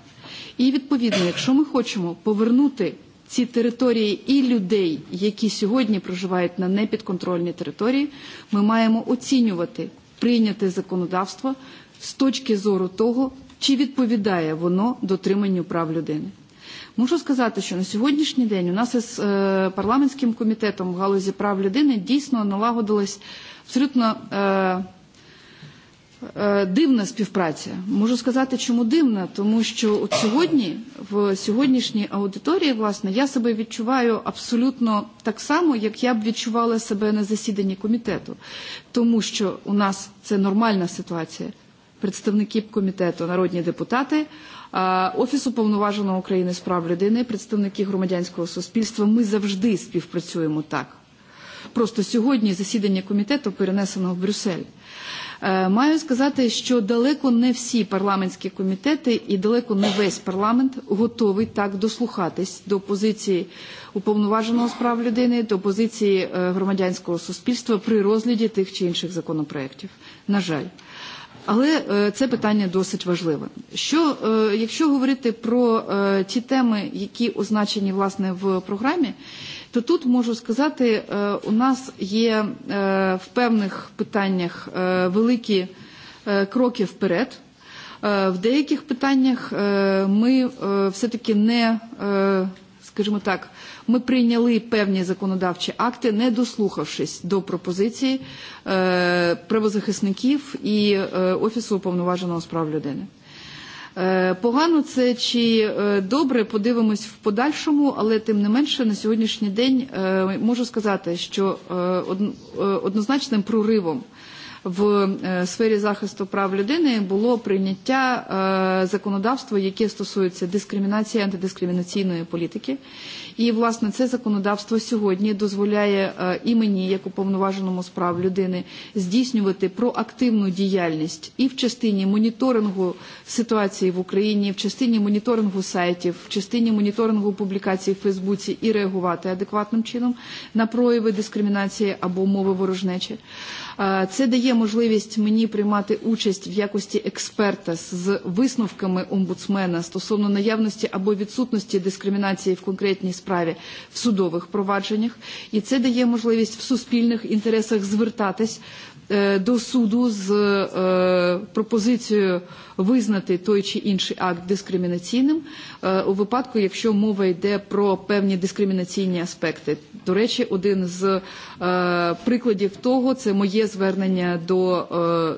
І відповідно, якщо ми хочемо повернути ці території і людей, які сьогодні проживають на непідконтрольній території, ми маємо оцінювати прийняте законодавство з точки зору того, чи відповідає воно дотриманню прав людини. Мушу сказати, що на сьогоднішній день у нас із парламентським комітетом в галузі прав людини дійсно налагодилась абсолютно дивна співпраця. Можу сказати, чому дивна, тому що от сьогодні, в сьогоднішній аудиторії, власне, я себе відчуваю абсолютно так само, як я б відчувала себе на засіданні комітету, тому що у нас це нормальна ситуація. Представники комітету, народні депутати, Офісу повноваженого України з прав людини, представники громадянського суспільства, ми завжди співпрацюємо так. Просто сьогодні засідання комітету перенесено в Брюссель. Маю сказати, що далеко не всі парламентські комітети і далеко не весь парламент готовий так дослухатись до позиції уповноваженого з прав людини, до позиції громадянського суспільства при розгляді тих чи інших законопроєктів. На жаль. Але це питання досить важливе. Що, якщо говорити про ті теми, які означені власне в програмі, то тут можу сказати, у нас є в певних питаннях великі кроки вперед. В деяких питаннях ми все-таки не скажімо так, ми прийняли певні законодавчі акти, не дослухавшись до пропозицій е, правозахисників і е, Офісу уповноваженого справ людини. Погано це чи добре, подивимось в подальшому, але тим не менше на сьогоднішній день можу сказати, що однозначним проривом в сфері захисту прав людини було прийняття законодавства, яке стосується дискримінації, антидискримінаційної політики. І, власне, це законодавство сьогодні дозволяє і мені, як уповноваженому з прав людини, здійснювати проактивну діяльність і в частині моніторингу ситуації в Україні, в частині моніторингу сайтів, в частині моніторингу публікацій в Фейсбуці і реагувати адекватним чином на прояви дискримінації або мови ворожнечі. Це дає можливість мені приймати участь в якості експерта з висновками омбудсмена стосовно наявності або відсутності дискримінації в конкретній справі в судових провадженнях. І це дає можливість в суспільних інтересах звертатись до суду з пропозицією визнати той чи інший акт дискримінаційним э, у випадку, якщо мова йде про певні дискримінаційні аспекти. До речі, один з прикладів того це моє звернення до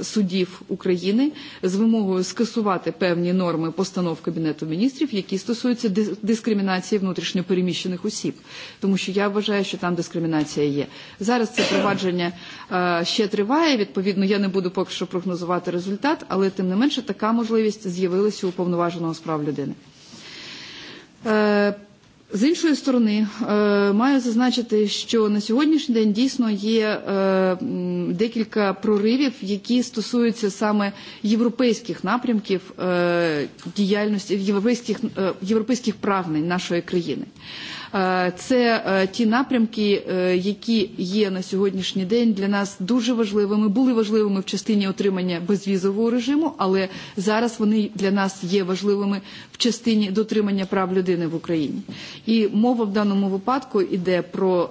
судів України з вимогою скасувати певні норми постанов Кабінету міністрів, які стосуються дискримінації внутрішньопереміщених осіб, тому що я вважаю, що там дискримінація є. Зараз це провадження ще триває. Відповідно, я не буду поки що прогнозувати результат, але тим не менше така можливість з'явилася у повноваженого справ людини. З іншої сторони, маю зазначити, що на сьогоднішній день дійсно є декілька проривів, які стосуються саме європейських напрямків діяльності, європейських, європейських прагнень нашої країни. Це ті напрямки, які є на сьогоднішній день для нас дуже важливими, були важливими в частині отримання безвізового режиму, але зараз вони для нас є важливими в частині дотримання прав людини в Україні. І мова в даному випадку йде про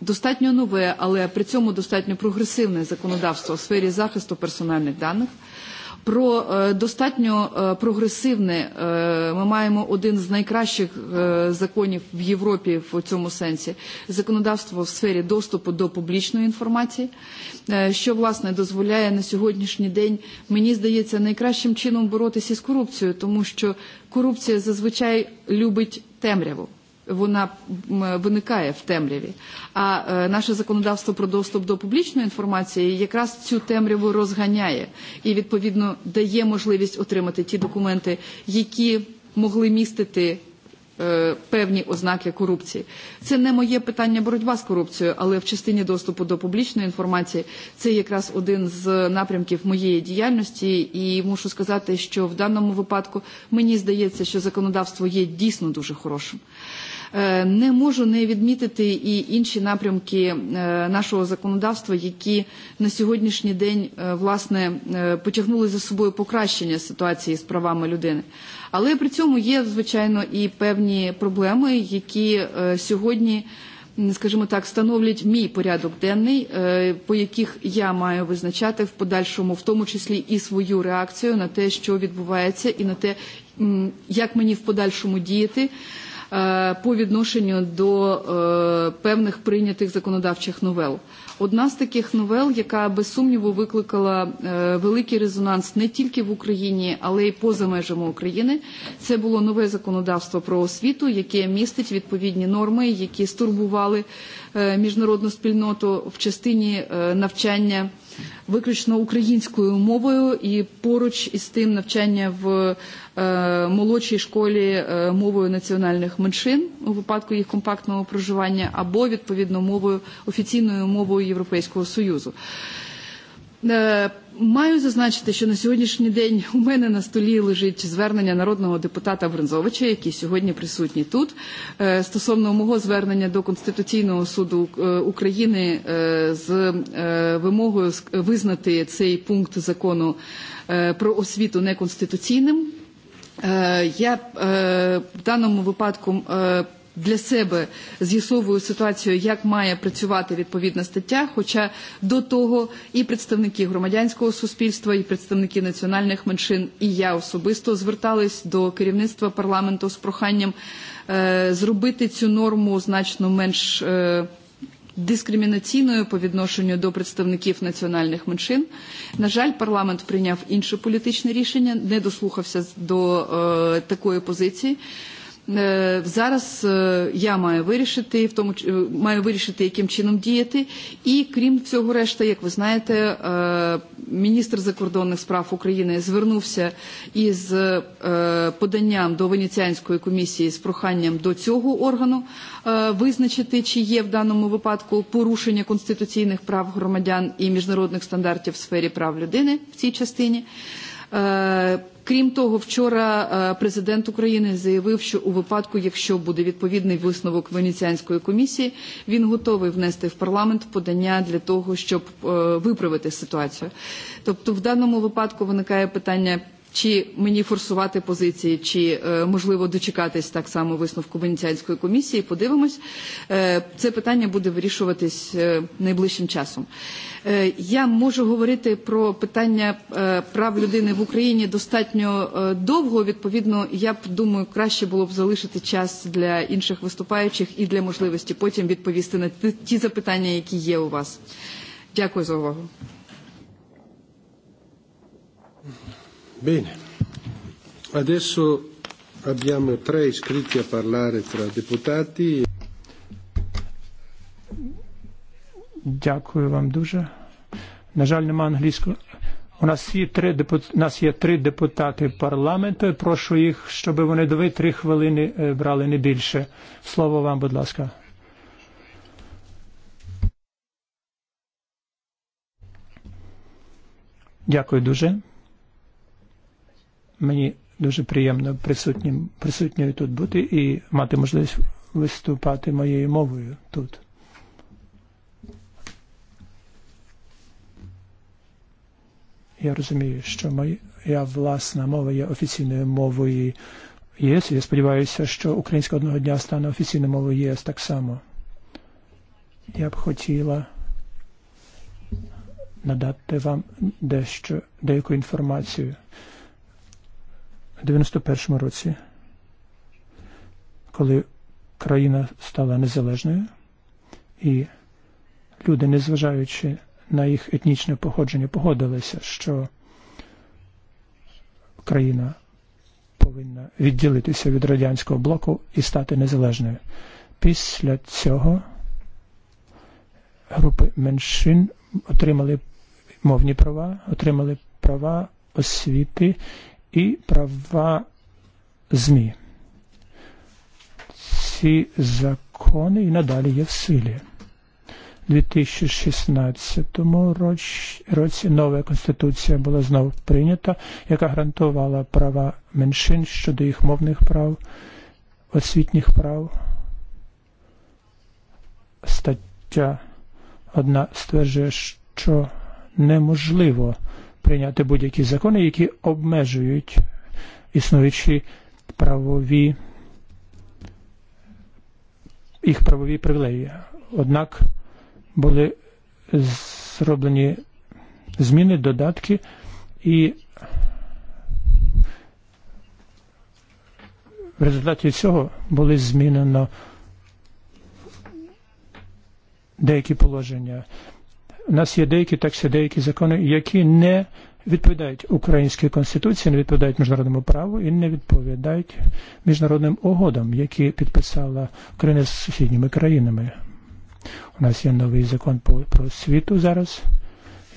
достатньо нове, але при цьому достатньо прогресивне законодавство в сфері захисту персональних даних – про достатньо прогресивне, ми маємо один з найкращих законів в Європі в цьому сенсі, законодавство в сфері доступу до публічної інформації, що, власне, дозволяє на сьогоднішній день, мені здається, найкращим чином боротися з корупцією, тому що корупція зазвичай любить темряву вона виникає в темряві. А е, наше законодавство про доступ до публічної інформації якраз цю темряву розганяє і, відповідно, дає можливість отримати ті документи, які могли містити е, певні ознаки корупції. Це не моє питання боротьба з корупцією, але в частині доступу до публічної інформації це якраз один з напрямків моєї діяльності, і мушу сказати, що в даному випадку мені здається, що законодавство є дійсно дуже хорошим. Э, не можу не відмітити і інші напрямки нашого законодавства, які на сьогоднішній день власне потягнули за собою покращення ситуації з правами людини. Але при цьому є, звичайно, і певні проблеми, які сьогодні скажімо так, становлять мій порядок денний, по яких я маю визначати в подальшому, в тому числі і свою реакцію на те, що відбувається, і на те, як мені в подальшому діяти по відношенню до певних прийнятих законодавчих новел. Одна з таких новел, яка без сумніву викликала великий резонанс не тільки в Україні, але й поза межами України, це було нове законодавство про освіту, яке містить відповідні норми, які стурбували міжнародну спільноту в частині навчання виключно українською мовою, і поруч із тим навчання в молодшій школі мовою національних меншин у випадку їх компактного проживання або відповідно мовою офіційною мовою Європейського Союзу. Э, маю зазначити, що на сьогоднішній день у мене на столі лежить звернення народного депутата Брензовича, який сьогодні присутній тут, стосовно мого звернення до Конституційного суду України з вимогою визнати цей пункт закону про освіту неконституційним. Я в даному випадку для себе з'ясовую ситуацію, як має працювати відповідна стаття, хоча до того і представники громадянського суспільства, і представники національних меншин, і я особисто звертались до керівництва парламенту з проханням е, зробити цю норму значно менш е, дискримінаційною по відношенню до представників національних меншин. На жаль, парламент прийняв інше політичне рішення, не дослухався до е, такої позиції. Зараз я маю вирішити, в тому маю вирішити, яким чином діяти. І крім всього решта, як ви знаєте, міністр закордонних справ України звернувся із поданням до Венеціанської комісії з проханням до цього органу визначити, чи є в даному випадку порушення конституційних прав громадян і міжнародних стандартів в сфері прав людини в цій частині. Крім того, вчора президент України заявив, що у випадку, якщо буде відповідний висновок Венеціанської комісії, він готовий внести в парламент подання для того, щоб виправити ситуацію. Тобто в даному випадку виникає питання Чи мені форсувати позиції, чи можливо дочекатись так само висновку Венеціанської комісії, подивимось. Це питання буде вирішуватись найближчим часом. Я можу говорити про питання прав людини в Україні достатньо довго, відповідно, я б думаю, краще було б залишити час для інших виступаючих і для можливості потім відповісти на ті запитання, які є у вас. Дякую за увагу. Bene, adesso abbiamo tre iscritti a parlare tra deputati. Дякую вам дуже. На жаль, немає англійської У нас є три депутати, нас є три депутати парламенту. прошу їх, щоб вони до три хвилини брали не більше. Слово вам, будь ласка. Дякую дуже. Мені дуже приємно присутнім, присутньою тут бути і мати можливість виступати моєю мовою тут. Я розумію, що моя власна мова є офіційною мовою ЄС. Я сподіваюся, що українська одного дня стане офіційною мовою ЄС так само. Я б хотіла надати вам дещо, деяку інформацію 91 році, коли країна стала незалежною, і люди, незважаючи на їх етнічне походження, погодилися, що країна повинна відділитися від радянського блоку і стати незалежною. Після цього групи меншин отримали мовні права, отримали права освіти i prava zmije. Ці закони і надалі є в силі. У 2016 році нова конституція була знову прийнята, яка гарантувала права меншин щодо їх мовних прав, освітніх прав. Стаття одна стверджує, що неможливо – прийняти будь-які закони, які обмежують існуючі правові їх правові привілеї. Однак були зроблені зміни, додатки і в результаті цього були змінено деякі положення нас є деякі такси, деякі закони, які не відповідають українській конституції, не відповідають міжнародному праву і не відповідають міжнародним угодам, які підписала Україна з сусідніми країнами. У нас є новий закон про світу зараз,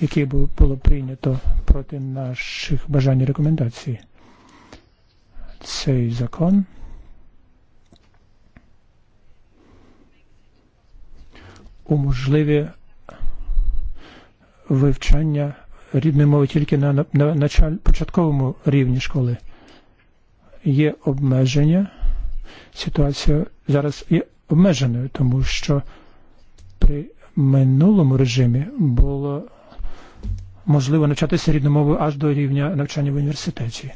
який було прийнято проти наших бажань і рекомендацій. Цей закон уможливі вивчання рідної мови тільки на, на, на початковому рівні школи. Є обмеження, ситуація зараз є обмеженою, тому що при минулому режимі було можливо навчатися рідною мовою аж до рівня навчання в університеті.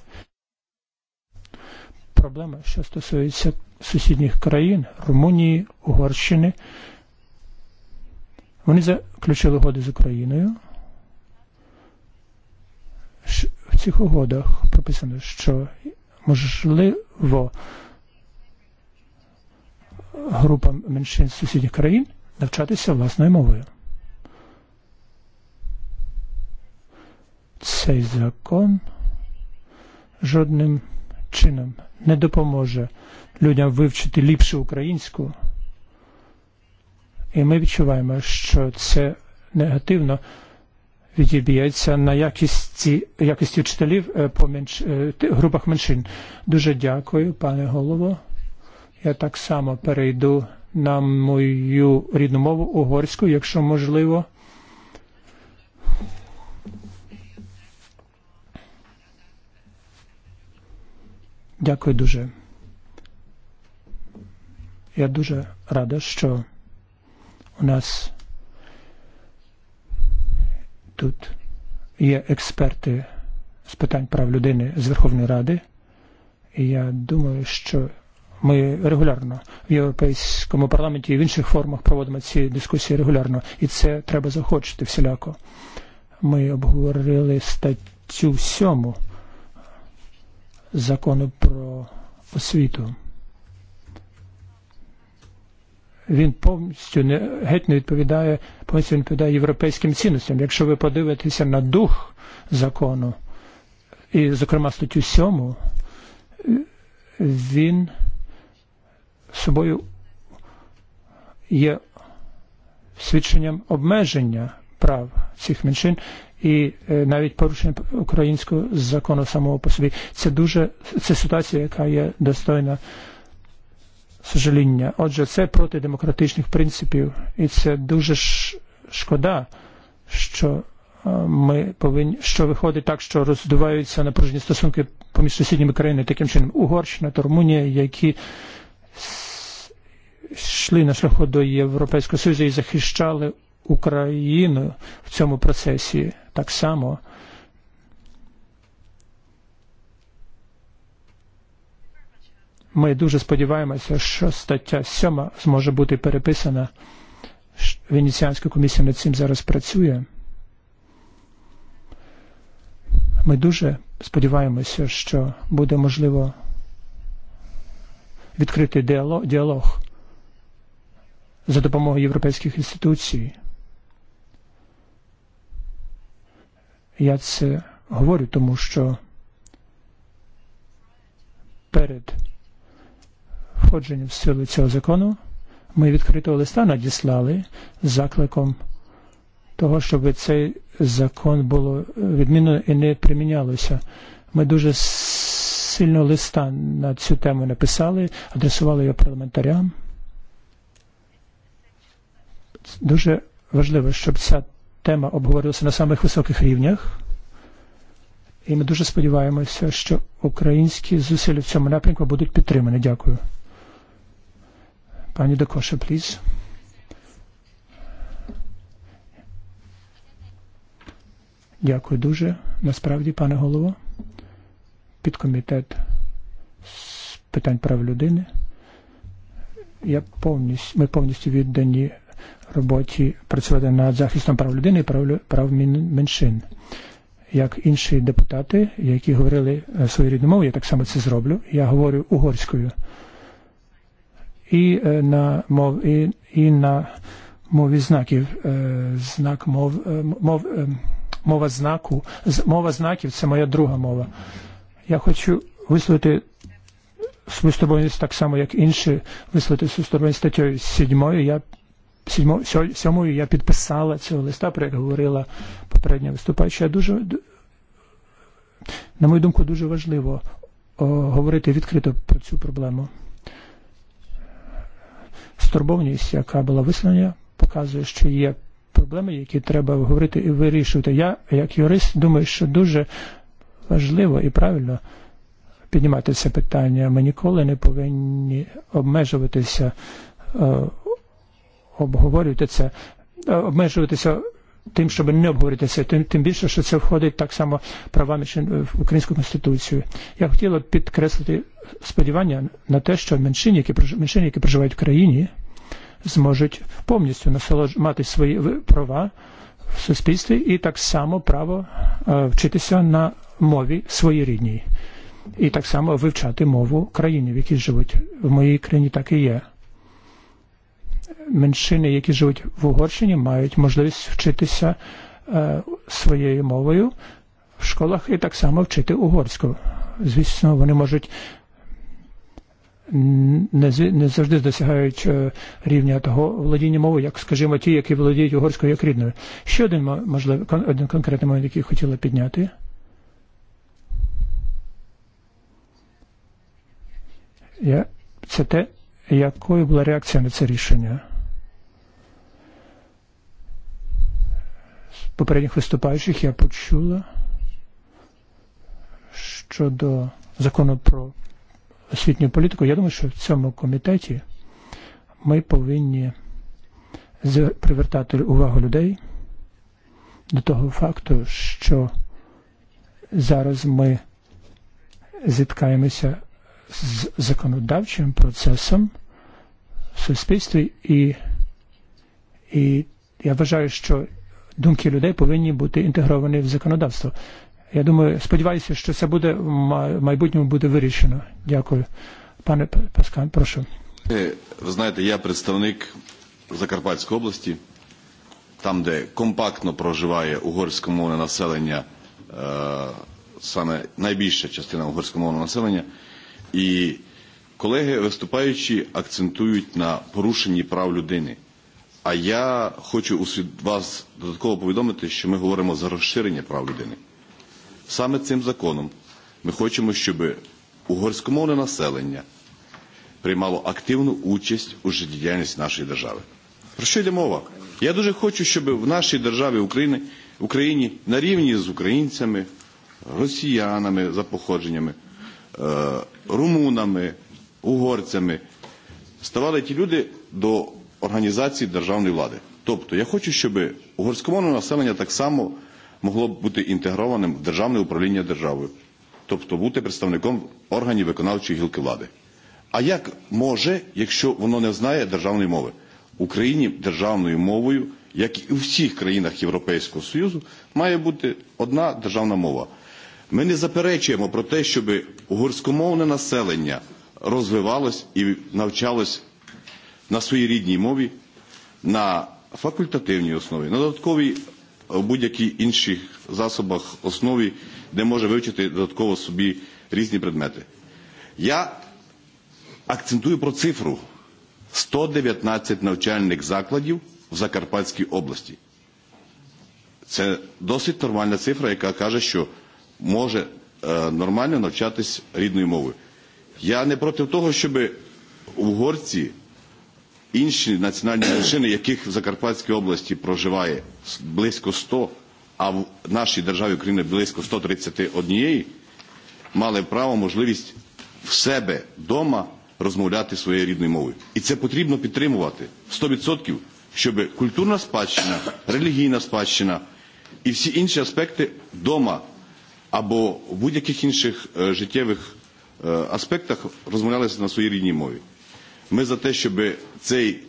Проблема, що стосується сусідніх країн, Румунії, Угорщини, Вони заключили угоди з Україною. В цих угодах прописано, що можливо група меншин з сусідніх країн навчатися власною мовою. Цей закон жодним чином не допоможе людям вивчити ліпшу українську І ми відчуваємо, що це негативно відіб'ється на якісті, якісті вчителів по менш, групах меншин. Дуже дякую, пане голово. Я так само перейду на мою рідну мову угорську, якщо можливо. Дякую дуже. Я дуже рада, що У nas тут є експерти з питань прав людини з Верховної Ради. І я думаю, що ми регулярно в Європейському парламенті і в інших формах проводимо ці дискусії регулярно, і це треба захочити всіляко. Ми обговорили статтю 7 закону про освіту він повністю не геть не відповідає, повністю не відповідає європейським цінностям. Якщо ви подивитеся на дух закону, і, зокрема, статтю 7, він собою є свідченням обмеження прав цих меншин і навіть порушення українського закону самого по собі. Це дуже це ситуація, яка є достойна сожаління. Отже, це проти демократичних принципів, і це дуже шкода, що ми повинні, що виходить так, що роздуваються напружені стосунки поміж сусідніми країнами таким чином. Угорщина та Румунія, які йшли на шляху до Європейського Союзу і захищали Україну в цьому процесі так само – Ми дуже сподіваємося, що стаття 7 зможе бути переписана. Венеціанська комісія над цим зараз працює. Ми дуже сподіваємося, що буде можливо відкрити діалог, діалог за допомогою європейських інституцій. Я це говорю, тому що перед входження в силу цього закону ми відкритого листа надіслали з закликом того, щоб цей закон було відмінно і не примінялося. Ми дуже сильно листа на цю тему написали, адресували його парламентарям. Дуже важливо, щоб ця тема обговорилася на самих високих рівнях. І ми дуже сподіваємося, що українські зусилля в цьому напрямку будуть підтримані. Дякую. Pani de Kosher, please. Дякую дуже. Насправді, пане голово, підкомітет з питань прав людини. Я повністю, ми повністю віддані роботі працювати над захистом прав людини і прав, прав меншин. Як інші депутати, які говорили свою рідну мову, я так само це зроблю. Я говорю угорською i e, na, mov, i, i na movi znaki, e, znak mov, e, mov, мова знаку, мова знаків це моя друга мова. Я хочу висловити свою висловленість так само, як інші, висловити свою висловленість статтєю сьомою. Я сьомою я підписала цього листа, про як говорила попередня виступаюча. Дуже, на мою думку, дуже важливо о, говорити відкрито про цю проблему стурбованість, яка була висловлена, показує, що є проблеми, які треба говорити і вирішувати. Я, як юрист, думаю, що дуже важливо і правильно піднімати це питання. Ми ніколи не повинні обмежуватися, обговорювати це, обмежуватися тим, щоб не обговоритися, тим, тим більше, що це входить так само правами в Українську Конституцію. Я хотіла підкреслити сподівання на те, що меншини, які, меншини, які проживають в країні, зможуть повністю насолож... мати свої права в суспільстві і так само право е, e, вчитися на мові своїй рідній. І так само вивчати мову країни, в якій живуть. В моїй країні так і є меншини, які живуть в Угорщині, мають можливість вчитися своєю мовою в школах і так само вчити угорську. Звісно, вони можуть не завжди досягають рівня того володіння мови, як, скажімо, ті, які володіють угорською як рідною. Ще один, можливо, один конкретний момент, який хотіла підняти. Я, це те, якою була реакція на це рішення. попередніх виступаючих я почула щодо закону про освітню політику. Я думаю, що в цьому комітеті ми повинні привертати увагу людей до того факту, що зараз ми зіткаємося з законодавчим процесом в суспільстві, і, і я вважаю, що думки людей повинні бути інтегровані в законодавство. Я думаю, сподіваюся, що це буде в майбутньому буде вирішено. Дякую. Пане Паскан, прошу. Ви знаєте, я представник Закарпатської області, там, де компактно проживає угорськомовне населення, саме найбільша частина угорськомовного населення. І колеги, виступаючи, акцентують на порушенні прав людини. А я хочу вас додатково повідомити, що ми говоримо за розширення прав людини. Саме цим законом ми хочемо, щоб угорськомовне населення приймало активну участь у життєдіяльності нашої держави. Про що йде мова? Я дуже хочу, щоб в нашій державі України, Україні на рівні з українцями, росіянами за походженнями, румунами, угорцями ставали ті люди, до Організації державної влади. Тобто я хочу, щоб угорськомовне населення так само могло бути інтегрованим в державне управління державою, тобто бути представником органів виконавчої гілки влади. А як може, якщо воно не знає державної мови? В Україні державною мовою, як і у всіх країнах Європейського Союзу, має бути одна державна мова. Ми не заперечуємо про те, щоб угорськомовне населення розвивалось і навчалось на своїй рідній мові, на факультативній основі, на додатковій у будь-якій інших засобах основі, де може вивчити додатково собі різні предмети. Я акцентую про цифру 119 навчальних закладів в Закарпатській області. Це досить нормальна цифра, яка каже, що може нормально навчатись рідною мовою. Я не проти того, щоб угорці інші національні меншини, яких в Закарпатській області проживає близько 100, а в нашій державі України близько 131, мали право, можливість в себе вдома розмовляти своєю рідною мовою. І це потрібно підтримувати 100%, щоб культурна спадщина, релігійна спадщина і всі інші аспекти вдома або в будь-яких інших життєвих аспектах розмовлялися на своїй рідній мові. Ми за те, щоб цей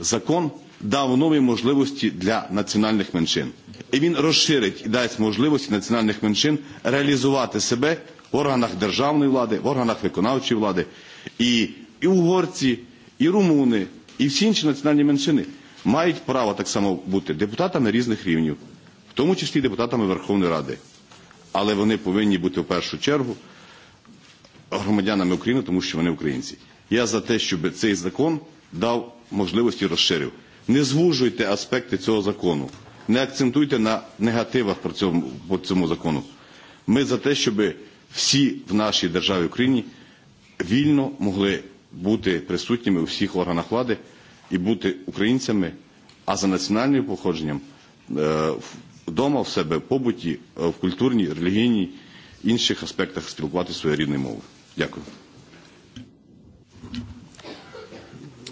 закон дав нові можливості для національних меншин. І він розширить і дасть можливості національних меншин реалізувати себе в органах державної влади, в органах виконавчої влади. І, і угорці, і румуни, і всі інші національні меншини мають право так само бути депутатами різних рівнів, в тому числі депутатами Верховної Ради. Але вони повинні бути в першу чергу громадянами України, тому що вони українці. Я за те, щоб цей закон дав можливості розширив. Не звужуйте аспекти цього закону, не акцентуйте на негативах цьому, по цьому закону. Ми за те, щоб всі в нашій державі Україні вільно могли бути присутніми у всіх органах влади і бути українцями, а за національним походженням вдома в себе, в побуті, в культурній, релігійній, інших аспектах спілкуватися своєю рідною мовою. Дякую.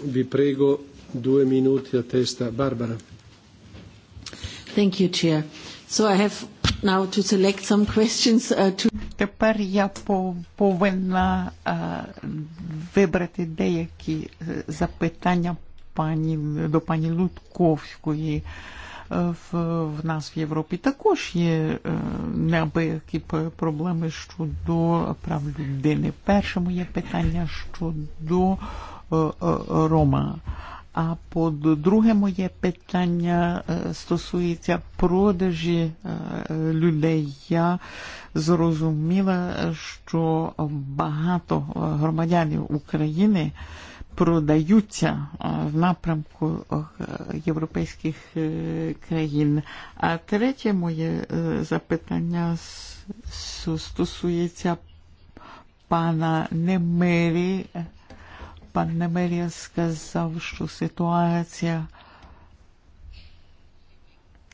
vi prego due minuti a testa. Barbara. Thank you, Chair. So I have now to select some questions uh, to... Тепер я повинна вибрати деякі запитання пані, до пані Лутковської. В, в нас в Європі також є неабиякі проблеми щодо прав людини. Перше моє питання щодо Рома. А по друге моє питання стосується продажі людей. Я зрозуміла, що багато громадян України продаються в напрямку європейських країн. А третє моє запитання стосується пана Немері Pan Немерія сказав, що ситуація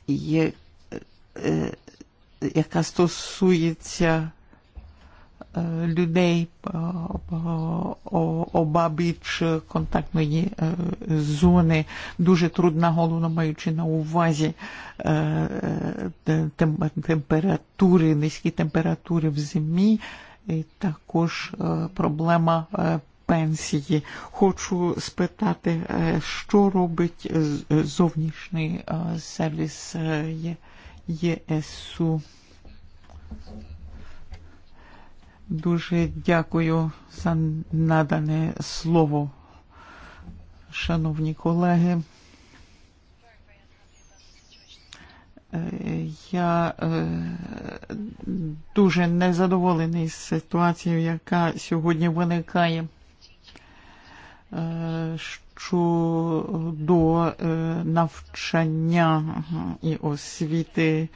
є, э, яка стосується людей обабіч контактної зони дуже трудна головно маючи на увазі температури, низькі температури в зимі, також проблема пенсії. Хочу спитати, що робить зовнішній сервіс ЄСУ. Дуже дякую за надане слово, шановні колеги. Я дуже незадоволений ситуацією, яка сьогодні виникає щодо навчання і освіти,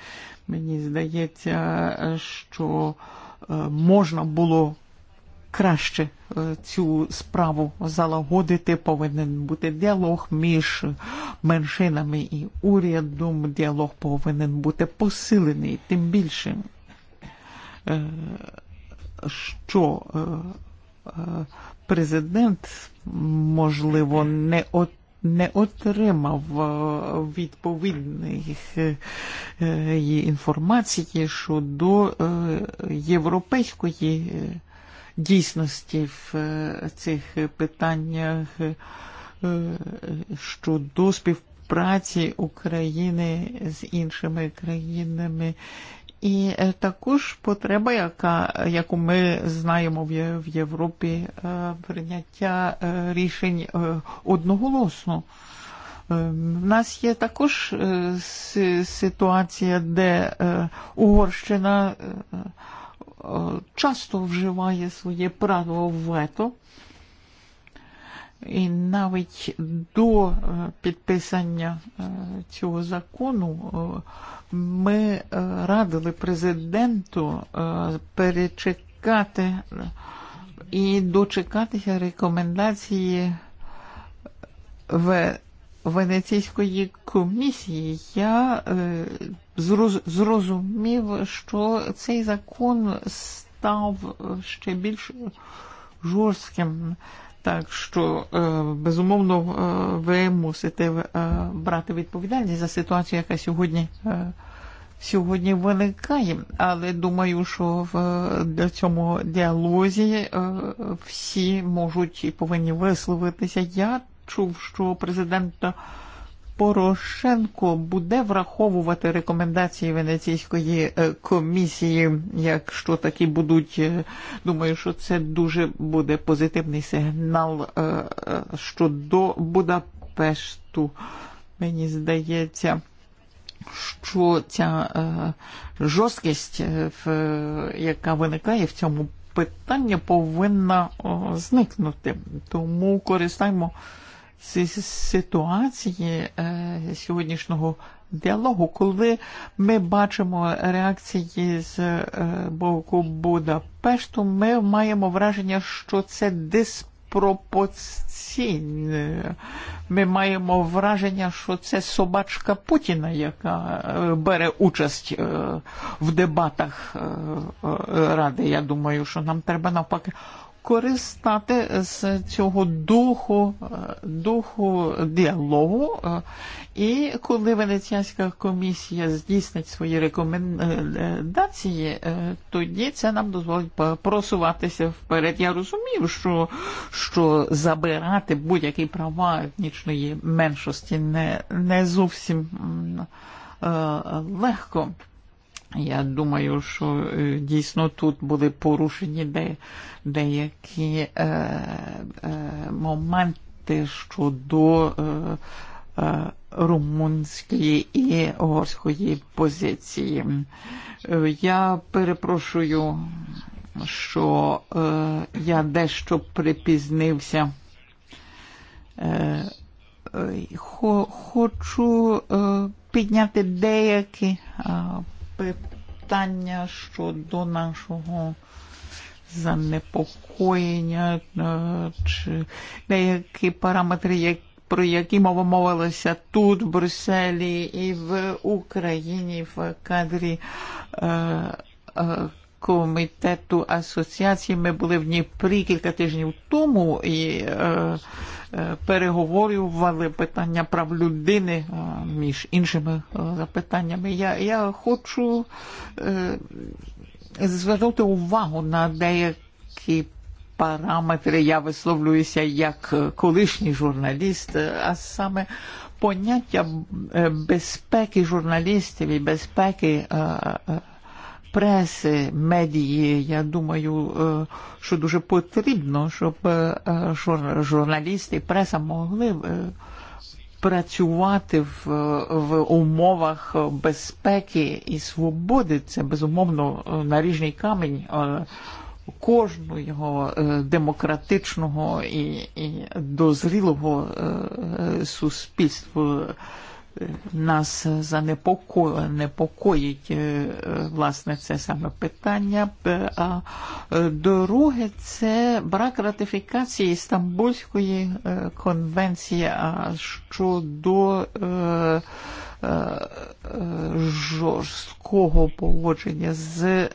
мені здається, що можна було краще цю справу залагодити, повинен бути діалог між меншинами і урядом, діалог повинен бути посилений, тим більше, що президент, можливо, не от не отримав відповідної інформації щодо європейської дійсності в цих питаннях щодо співпраці України з іншими країнами І також потреба, яка, яку ми знаємо в Європі, прийняття рішень одноголосно. В нас є також ситуація, де Угорщина часто вживає своє право в вето. І навіть до підписання цього закону ми радили президенту перечекати і дочекатися рекомендації в Венеційської комісії. Я зрозумів, що цей закон став ще більш жорстким. Так що, э, безумовно, э, ви мусите э, брати відповідальність за ситуацію, яка сьогодні, сьогодні виникає. Але думаю, що в для цьому діалозі всі можуть і повинні висловитися. Я чув, що президент Порошенко буде враховувати рекомендації Венеційської комісії, якщо такі будуть, думаю, що це дуже буде позитивний сигнал щодо Будапешту. Мені здається, що ця жорсткість, яка виникає в цьому питання, повинна зникнути. Тому користаємо в сьогоднішнього э, діалогу, коли ми бачимо реакції з э, боку Будапешту, ми маємо враження, що це диспропорційне. Ми маємо враження, що це собачка Путіна, яка бере участь в дебатах Ради. Я думаю, що нам треба навпаки користати з цього духу, духу діалогу. І коли Венеціанська комісія здійснить свої рекомендації, тоді це нам дозволить просуватися вперед. Я розумів, що, що забирати будь-які права етнічної меншості не, не зовсім легко. Я думаю, що э, дійсно тут були порушені де, деякі е, е, э, э, моменти щодо е, е, румунської і угорської позиції. Я перепрошую, що е, я дещо припізнився. Е, е, хочу е, підняти деякі. Е, питання щодо нашого занепокоєння чи деякі параметри, які про які мова мовилася тут, в Брюсселі і в Україні в кадрі е, е, комітету асоціації. Ми були в Дніпрі кілька тижнів тому і е, е, переговорювали питання прав людини е, між іншими запитаннями. Я, я хочу звернути увагу на деякі параметри. Я висловлююся як колишній журналіст, а саме поняття безпеки журналістів і безпеки преси, медії, я думаю, що э, дуже потрібно, щоб журналісти і преса могли працювати в, в умовах безпеки і свободи. Це безумовно наріжний камінь кожного демократичного і, і дозрілого суспільства нас занепоко... непокоїть власне це саме питання. А друге це брак ратифікації Стамбульської конвенції щодо жорсткого поводження з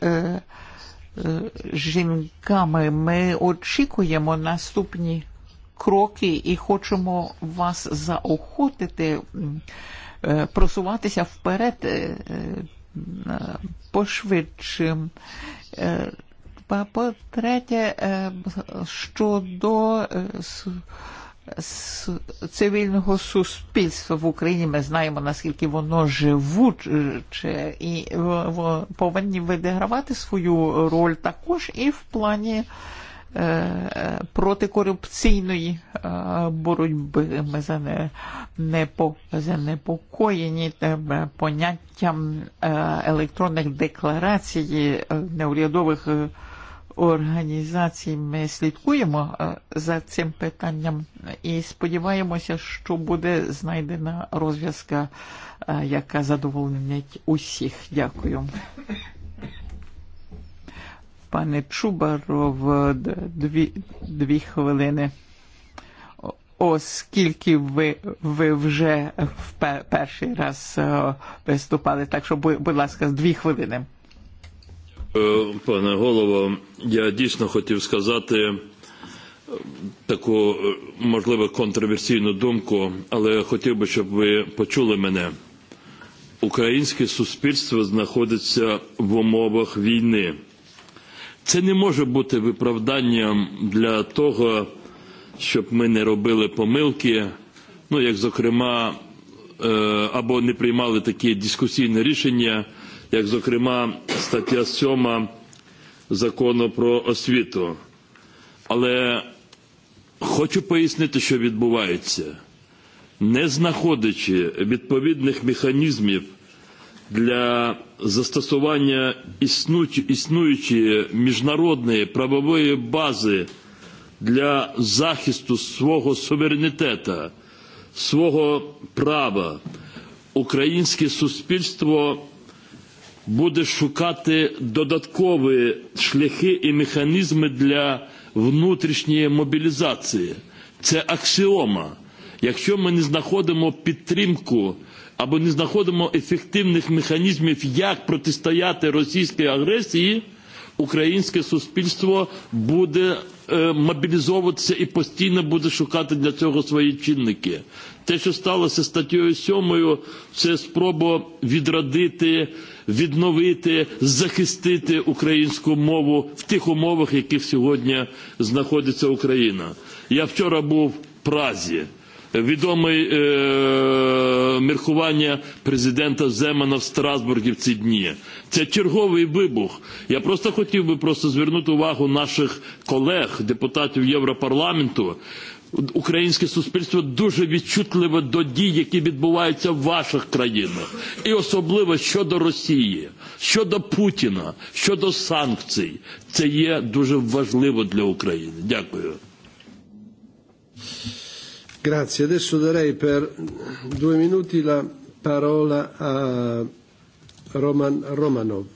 жінками. Ми очікуємо наступні кроки і хочемо вас заохотити, просуватися вперед пошвидшим. По-третє, щодо цивільного суспільства в Україні ми знаємо наскільки воно живуче і повинні відігравати свою роль також і в плані протикорупційної боротьби. Ми за занепокоєні поняттям електронних декларацій неурядових організацій ми слідкуємо за цим питанням і сподіваємося, що буде знайдена розв'язка, яка задовольнить усіх. Дякую. Пане Чубаров, дві, дві хвилини. Оскільки ви, ви вже в перший раз виступали, так що, будь ласка, дві хвилини. Пане голово, я дійсно хотів сказати таку, можливо, контроверсійну думку, але хотів би, щоб ви почули мене. Українське суспільство знаходиться в умовах війни – Це не може бути виправданням для того, щоб ми не робили помилки, ну, як, зокрема, або не приймали такі дискусійні рішення, як, зокрема, стаття 7 закону про освіту. Але хочу пояснити, що відбувається. Не знаходячи відповідних механізмів для застосування існуючі міжнародної правової бази для захисту свого суверенітету, свого права, українське суспільство буде шукати додаткові шляхи і механізми для внутрішньої мобілізації. Це аксіома. Якщо ми не знаходимо підтримку або не знаходимо ефективних механізмів, як протистояти російській агресії, українське суспільство буде мобілізовуватися і постійно буде шукати для цього свої чинники. Те, що сталося статтєю сьомою, це спроба відродити, відновити, захистити українську мову в тих умовах, в яких сьогодні знаходиться Україна. Я вчора був в Празі відомий е, міркування президента Земана в Страсбургі в ці дні. Це черговий вибух. Я просто хотів би просто звернути увагу наших колег, депутатів Європарламенту, Українське суспільство дуже відчутливе до дій, які відбуваються в ваших країнах, і особливо щодо Росії, щодо Путіна, щодо санкцій. Це є дуже важливо для України. Дякую. Grazie. Adesso darei per due minuti la parola a Roman Romanov.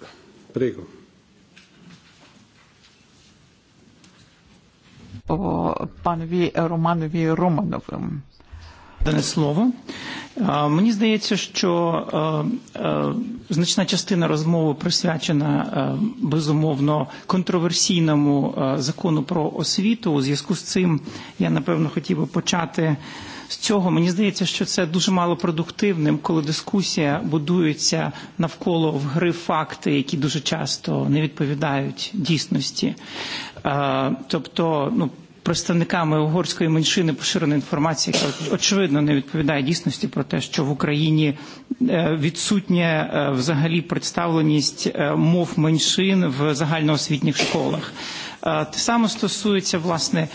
Prego. О, Romanovi Романові Дане слово. Мені здається, що значна частина розмови присвячена безумовно контроверсійному закону про освіту. У зв'язку з цим я напевно хотів би почати з цього. Мені здається, що це дуже мало продуктивним, коли дискусія будується навколо в гри факти, які дуже часто не відповідають дійсності. Тобто, ну представниками угорської меншини поширена інформація, яка очевидно не відповідає дійсності про те, що в Україні відсутня взагалі представленість мов меншин в загальноосвітніх школах. Те саме стосується власне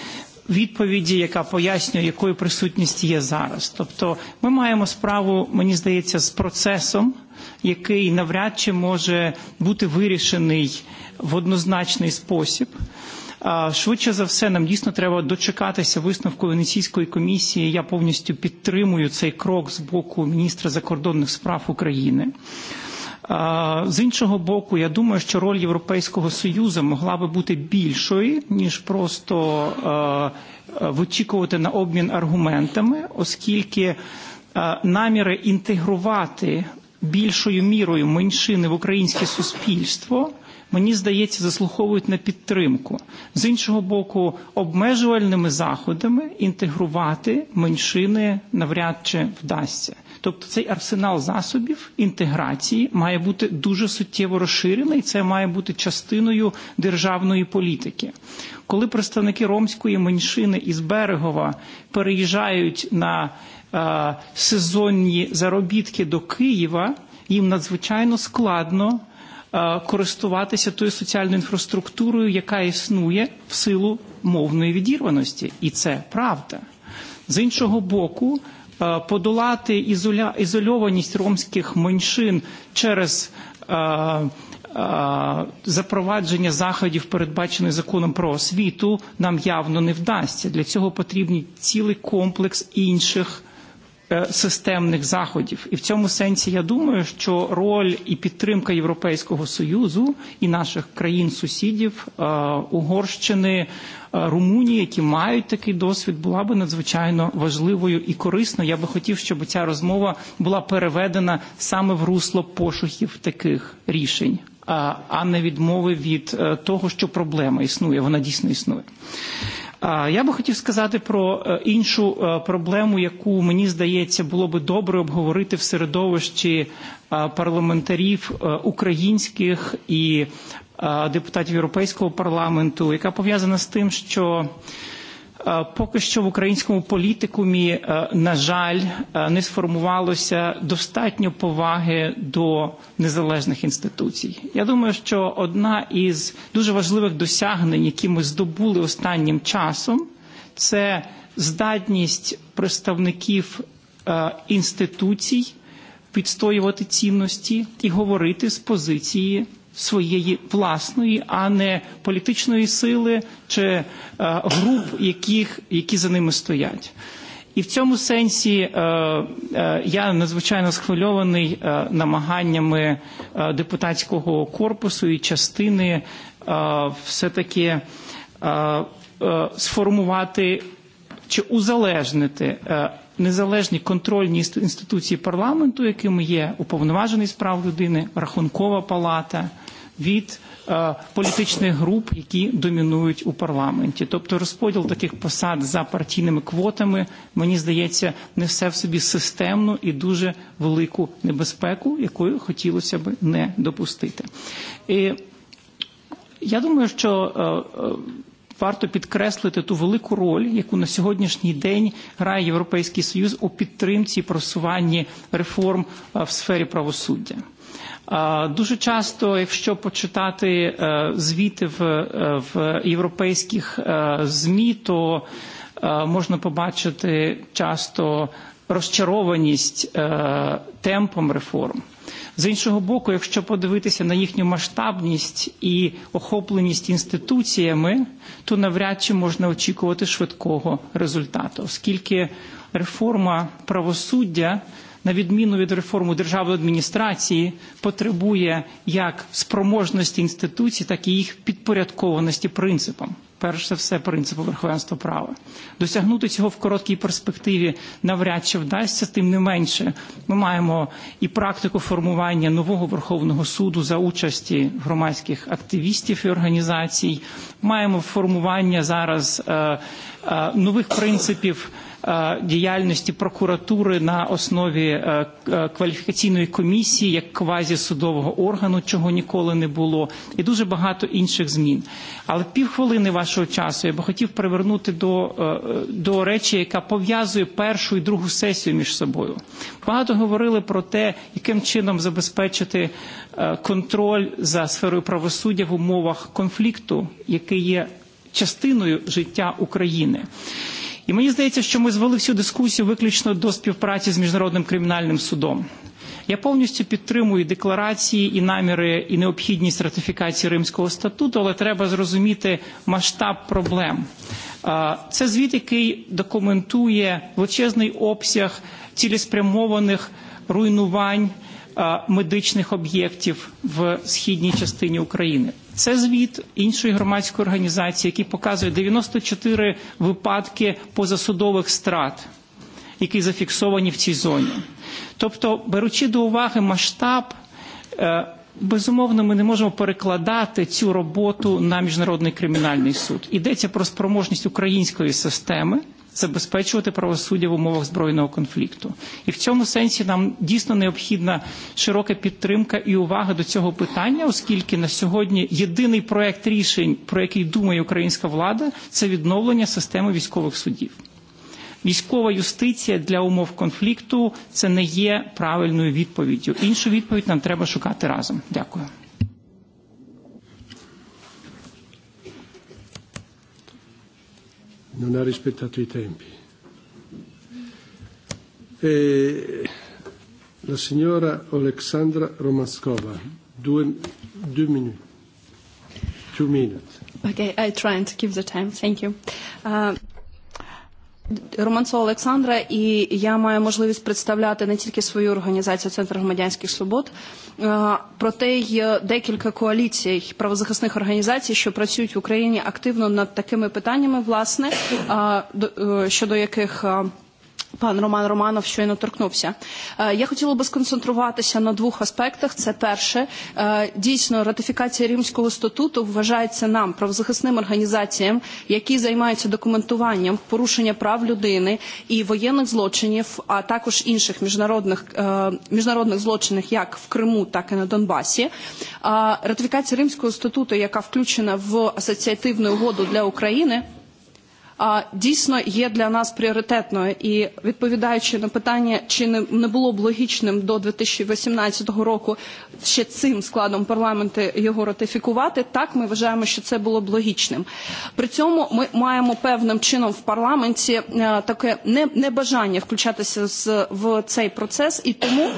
відповіді, яка пояснює, якої присутністю є зараз. Тобто ми маємо справу, мені здається, з процесом, який навряд чи може бути вирішений в однозначний спосіб. Швидше за все, нам дійсно треба дочекатися висновку Венеційської комісії. Я повністю підтримую цей крок з боку міністра закордонних справ України. З іншого боку, я думаю, що роль Європейського Союзу могла би бути більшою, ніж просто вичікувати на обмін аргументами, оскільки наміри інтегрувати більшою мірою меншини в українське суспільство – мені здається, заслуховують на підтримку. З іншого боку, обмежувальними заходами інтегрувати меншини навряд чи вдасться. Тобто цей арсенал засобів інтеграції має бути дуже суттєво розширений, це має бути частиною державної політики. Коли представники ромської меншини із Берегова переїжджають на е, сезонні заробітки до Києва, їм надзвичайно складно користуватися тою соціальною інфраструктурою, яка існує в силу мовної відірваності. І це правда. З іншого боку, подолати ізольованість ромських меншин через запровадження заходів, передбачених законом про освіту, нам явно не вдасться. Для цього потрібен цілий комплекс інших системних заходів. І в цьому сенсі я думаю, що роль і підтримка Європейського Союзу і наших країн-сусідів Угорщини, Румунії, які мають такий досвід, була би надзвичайно важливою і корисною. Я би хотів, щоб ця розмова була переведена саме в русло пошуків таких рішень а не відмови від того, що проблема існує, вона дійсно існує. Я би хотів сказати про іншу проблему, яку, мені здається, було би добре обговорити в середовищі парламентарів українських і депутатів Європейського парламенту, яка пов'язана з тим, що Поки що в українському політикумі, на жаль, не сформувалося достатньо поваги до незалежних інституцій. Я думаю, що одна із дуже важливих досягнень, які ми здобули останнім часом, це здатність представників інституцій відстоювати цінності і говорити з позиції своєї власної, а не політичної сили чи груп, яких, які за ними стоять. І в цьому сенсі я надзвичайно схвильований намаганнями депутатського корпусу і частини все-таки сформувати чи узалежнити незалежні контрольні інституції парламенту, якими є уповноважений з прав людини, рахункова палата від е, політичних груп, які домінують у парламенті. Тобто розподіл таких посад за партійними квотами, мені здається, несе в собі системну і дуже велику небезпеку, якої хотілося б не допустити. І я думаю, що е, е, Варто підкреслити ту велику роль, яку на сьогоднішній день грає Європейський Союз у підтримці і просуванні реформ в сфері правосуддя. Дуже часто, якщо почитати звіти в, в європейських ЗМІ, то можна побачити часто розчарованість темпом реформ. З іншого боку, якщо подивитися на їхню масштабність і охопленість інституціями, то навряд чи можна очікувати швидкого результату, оскільки реформа правосуддя на відміну від реформи державної адміністрації, потребує як спроможності інституцій, так і їх підпорядкованості принципам. Перш за все, принципу верховенства права. Досягнути цього в короткій перспективі навряд чи вдасться, тим не менше. Ми маємо і практику формування нового Верховного суду за участі громадських активістів і організацій. Маємо формування зараз е, е, нових принципів Э, діяльності прокуратури на основі э, э, кваліфікаційної комісії як судового органу, чого ніколи не було, і дуже багато інших змін. Але півхвилини вашого часу я би хотів привернути до, до речі, яка пов'язує першу і другу сесію між собою. Багато говорили про те, яким чином забезпечити контроль за сферою правосуддя в умовах конфлікту, який є частиною життя України. І мені здається, що ми звели всю дискусію виключно до співпраці з Міжнародним кримінальним судом. Я повністю підтримую декларації і наміри і необхідність ратифікації Римського статуту, але треба зрозуміти масштаб проблем. Це звіт, який документує величезний обсяг цілеспрямованих руйнувань медичних об'єктів в східній частині України. Це звіт іншої громадської організації, який показує 94 випадки позасудових страт, які зафіксовані в цій зоні. Тобто, беручи до уваги масштаб, Безумовно, ми не можемо перекладати цю роботу на міжнародний кримінальний суд. Йдеться про спроможність української системи забезпечувати правосуддя в умовах збройного конфлікту. І в цьому сенсі нам дійсно необхідна широка підтримка і увага до цього питання, оскільки на сьогодні єдиний проект рішень, про який думає українська влада, це відновлення системи військових судів. Військова юстиція для умов конфлікту це не є правильною відповіддю. Іншу відповідь нам треба шукати разом. Дякую. non ha rispettato i tempi. E la signora Oleksandra Romaskova, due, due minuti. Two minutes. Okay, I try and keep the time. Thank you. Uh, Романцова Олександра, і я маю можливість представляти не тільки свою організацію Центр громадянських свобод, проте є декілька коаліцій правозахисних організацій, що працюють в Україні активно над такими питаннями, власне, щодо яких Пан Роман Романов щойно торкнувся. Я хотіла би сконцентруватися на двох аспектах. Це перше, дійсно, ратифікація Римського статуту вважається нам, правозахисним організаціям, які займаються документуванням порушення прав людини і воєнних злочинів, а також інших міжнародних, міжнародних злочинів як в Криму, так і на Донбасі. Ратифікація Римського статуту, яка включена в асоціативну угоду для України – дійсно є для нас пріоритетною. І відповідаючи на питання, чи не було б логічним до 2018 року ще цим складом парламенту його ратифікувати, так ми вважаємо, що це було б логічним. При цьому ми маємо певним чином в парламенті таке небажання включатися в цей процес, і тому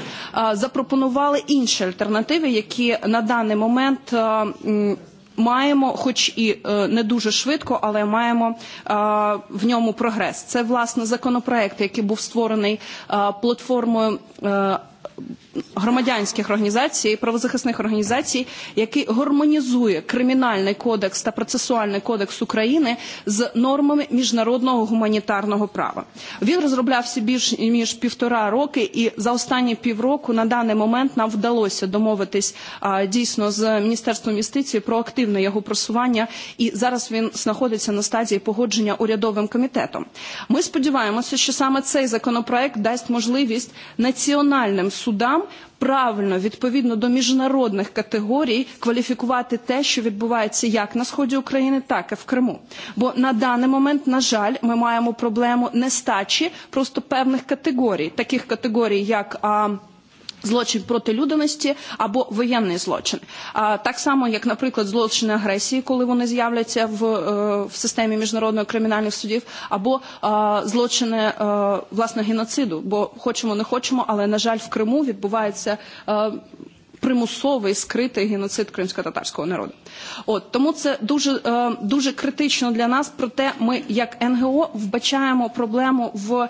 запропонували інші альтернативи, які на даний момент маємо, хоч і не дуже швидко, але маємо в ньому прогрес. Це, власне, законопроект, який був створений платформою громадянських організацій, правозахисних організацій, який гармонізує кримінальний кодекс та процесуальний кодекс України з нормами міжнародного гуманітарного права. Він розроблявся більш ніж півтора роки, і за останні півроку на даний момент нам вдалося домовитись дійсно з Міністерством юстиції про активне його просування, і зараз він знаходиться на стадії погодження урядовим комітетом. Ми сподіваємося, що саме цей законопроект дасть можливість національним судам судам правильно відповідно до міжнародних категорій кваліфікувати те, що відбувається як на сході України, так і в Криму. Бо на даний момент, на жаль, ми маємо проблему нестачі просто певних категорій, таких категорій, як а, злочин проти людяності або воєнний злочин. А так само, як, наприклад, злочини агресії, коли вони з'являться в, в системі міжнародних кримінальних судів, або а, злочини а, власне геноциду, бо хочемо не хочемо, але на жаль, в Криму відбувається а, примусовий скритий геноцид кримсько-татарського народу. От, тому це дуже, дуже критично для нас, проте ми як НГО вбачаємо проблему в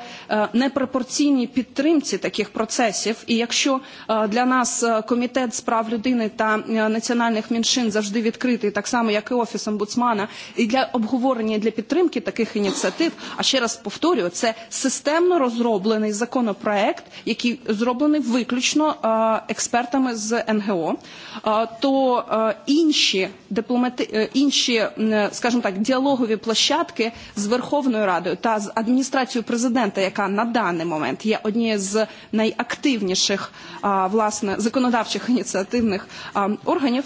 непропорційній підтримці таких процесів. І якщо для нас Комітет з прав людини та національних меншин завжди відкритий, так само як і Офіс омбудсмана, і для обговорення і для підтримки таких ініціатив, а ще раз повторюю, це системно розроблений законопроект, який зроблений виключно експертами з НГО, то e, інші дипломати... E, інші, скажімо так, діалогові площадки з Верховною Радою та з адміністрацією президента, яка на даний момент є однією з найактивніших власне законодавчих ініціативних органів,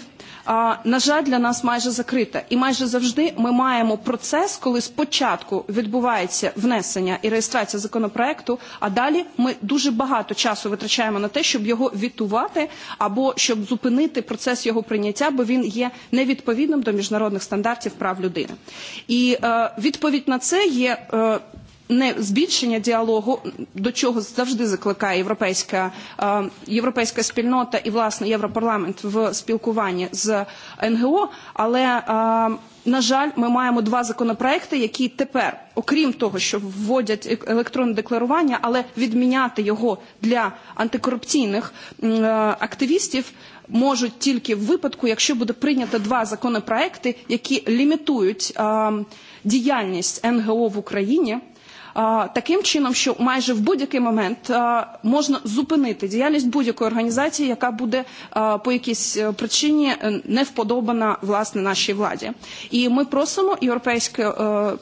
на жаль, для нас майже закрита. І майже завжди ми маємо процес, коли спочатку відбувається внесення і реєстрація законопроекту, а далі ми дуже багато часу витрачаємо на те, щоб його вітувати або щоб зупинити процес його прийняття, бо він є невідповідним до міжнародних стандартів прав людини. І е, відповідь на це є е, не збільшення діалогу, до чого завжди закликає європейська, європейська спільнота і, власне, Європарламент в спілкуванні з НГО, але, на жаль, ми маємо два законопроекти, які тепер, окрім того, що вводять електронне декларування, але відміняти його для антикорупційних активістів можуть тільки в випадку, якщо буде прийнято два законопроекти, які лімітують діяльність НГО в Україні – таким чином, що майже в будь-який момент можна зупинити діяльність будь-якої організації, яка буде по якійсь причині не вподобана власне нашій владі. І ми просимо європейську,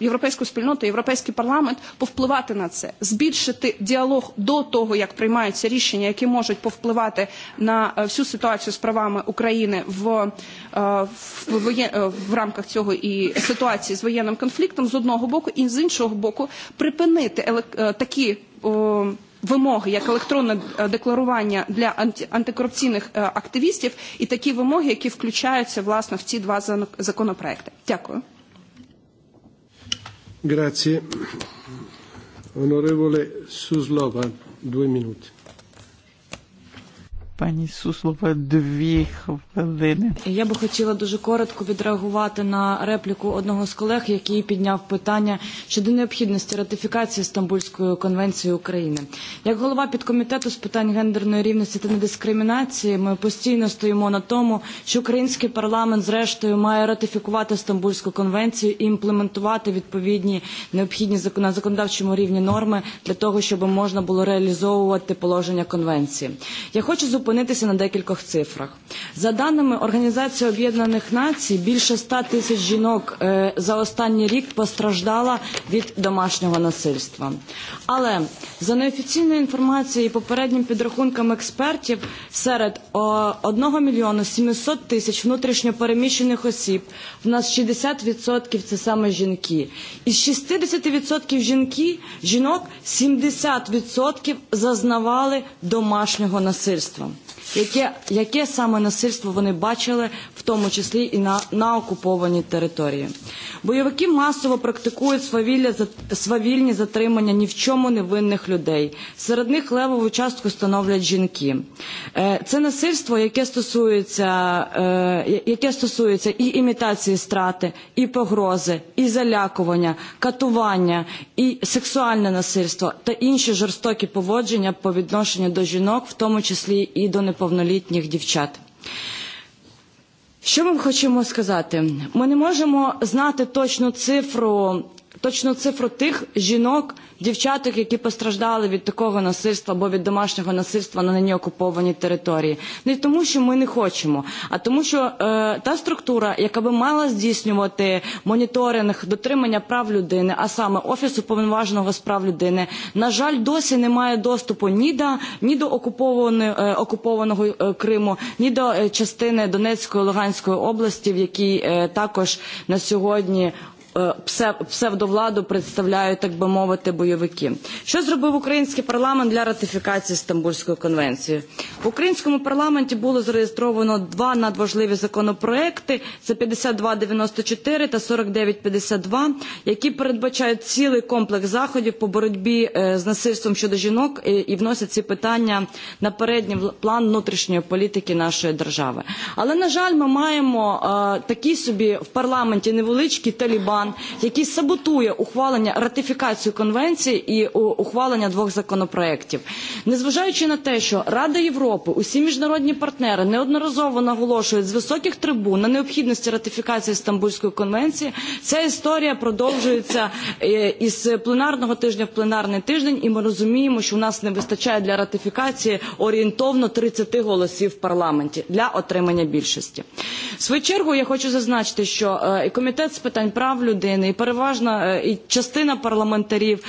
європейську спільноту, європейський парламент повпливати на це, збільшити діалог до того, як приймаються рішення, які можуть повпливати на всю ситуацію з правами України в, в, в, в рамках цього і ситуації з воєнним конфліктом з одного боку, і з іншого боку, припинити припинити э, такі вимоги, як електронне э, декларування для антикорупційних э, активістів і такі вимоги, які включаються власне в ці два законопроекти. Дякую. Grazie. Onorevole Suslova, due minuti. Пані Суслова, дві хвилини. Я би хотіла дуже коротко відреагувати на репліку одного з колег, який підняв питання щодо необхідності ратифікації Стамбульської конвенції України. Як голова підкомітету з питань гендерної рівності та недискримінації, ми постійно стоїмо на тому, що український парламент зрештою має ратифікувати Стамбульську конвенцію і імплементувати відповідні необхідні на законодавчому рівні норми для того, щоб можна було реалізовувати положення конвенції. Я хочу зупинити зупинитися на декількох цифрах. За даними Організації Об'єднаних Націй, більше 100 тисяч жінок за останній рік постраждала від домашнього насильства. Але за неофіційною інформацією і попереднім підрахунком експертів, серед 1 мільйону 700 тисяч внутрішньопереміщених осіб в нас 60% це саме жінки. Із 60% жінки, жінок 70% зазнавали домашнього насильства. Яке, яке саме насильство вони бачили, в тому числі і на, на окупованій території. Бойовики масово практикують свавілля, свавільні затримання ні в чому невинних людей. Серед них левову частку становлять жінки. Це насильство, яке стосується, яке стосується і імітації страти, і погрози, і залякування, катування, і сексуальне насильство та інші жорстокі поводження по відношенню до жінок, в тому числі і до неповнолітніх повнолітніх дівчат. Що ми хочемо сказати? Ми не можемо знати точну цифру точно цифру тих жінок, дівчаток, які постраждали від такого насильства або від домашнього насильства на нині окупованій території. Не тому, що ми не хочемо, а тому, що е, та структура, яка би мала здійснювати моніторинг дотримання прав людини, а саме Офіс уповноваженого з прав людини, на жаль, досі не має доступу ні до, ні до окупованого, е, окупованого е, Криму, ні до е, частини Донецької, Луганської області, в якій е, також на сьогодні псевдовладу представляють, так би мовити, бойовики. Що зробив український парламент для ратифікації Стамбульської конвенції? В українському парламенті було зареєстровано два надважливі законопроекти – це 5294 та 4952, які передбачають цілий комплекс заходів по боротьбі з насильством щодо жінок і вносять ці питання на передній план внутрішньої політики нашої держави. Але, на жаль, ми маємо такі собі в парламенті невеличкі талібани, план, який саботує ухвалення ратифікацію конвенції і ухвалення двох законопроєктів. Незважаючи на те, що Рада Європи, усі міжнародні партнери неодноразово наголошують з високих трибун на необхідності ратифікації Стамбульської конвенції, ця історія продовжується із пленарного тижня в пленарний тиждень, і ми розуміємо, що у нас не вистачає для ратифікації орієнтовно 30 голосів в парламенті для отримання більшості. В свою чергу я хочу зазначити, що Комітет з питань прав людини, і переважна і частина парламентарів.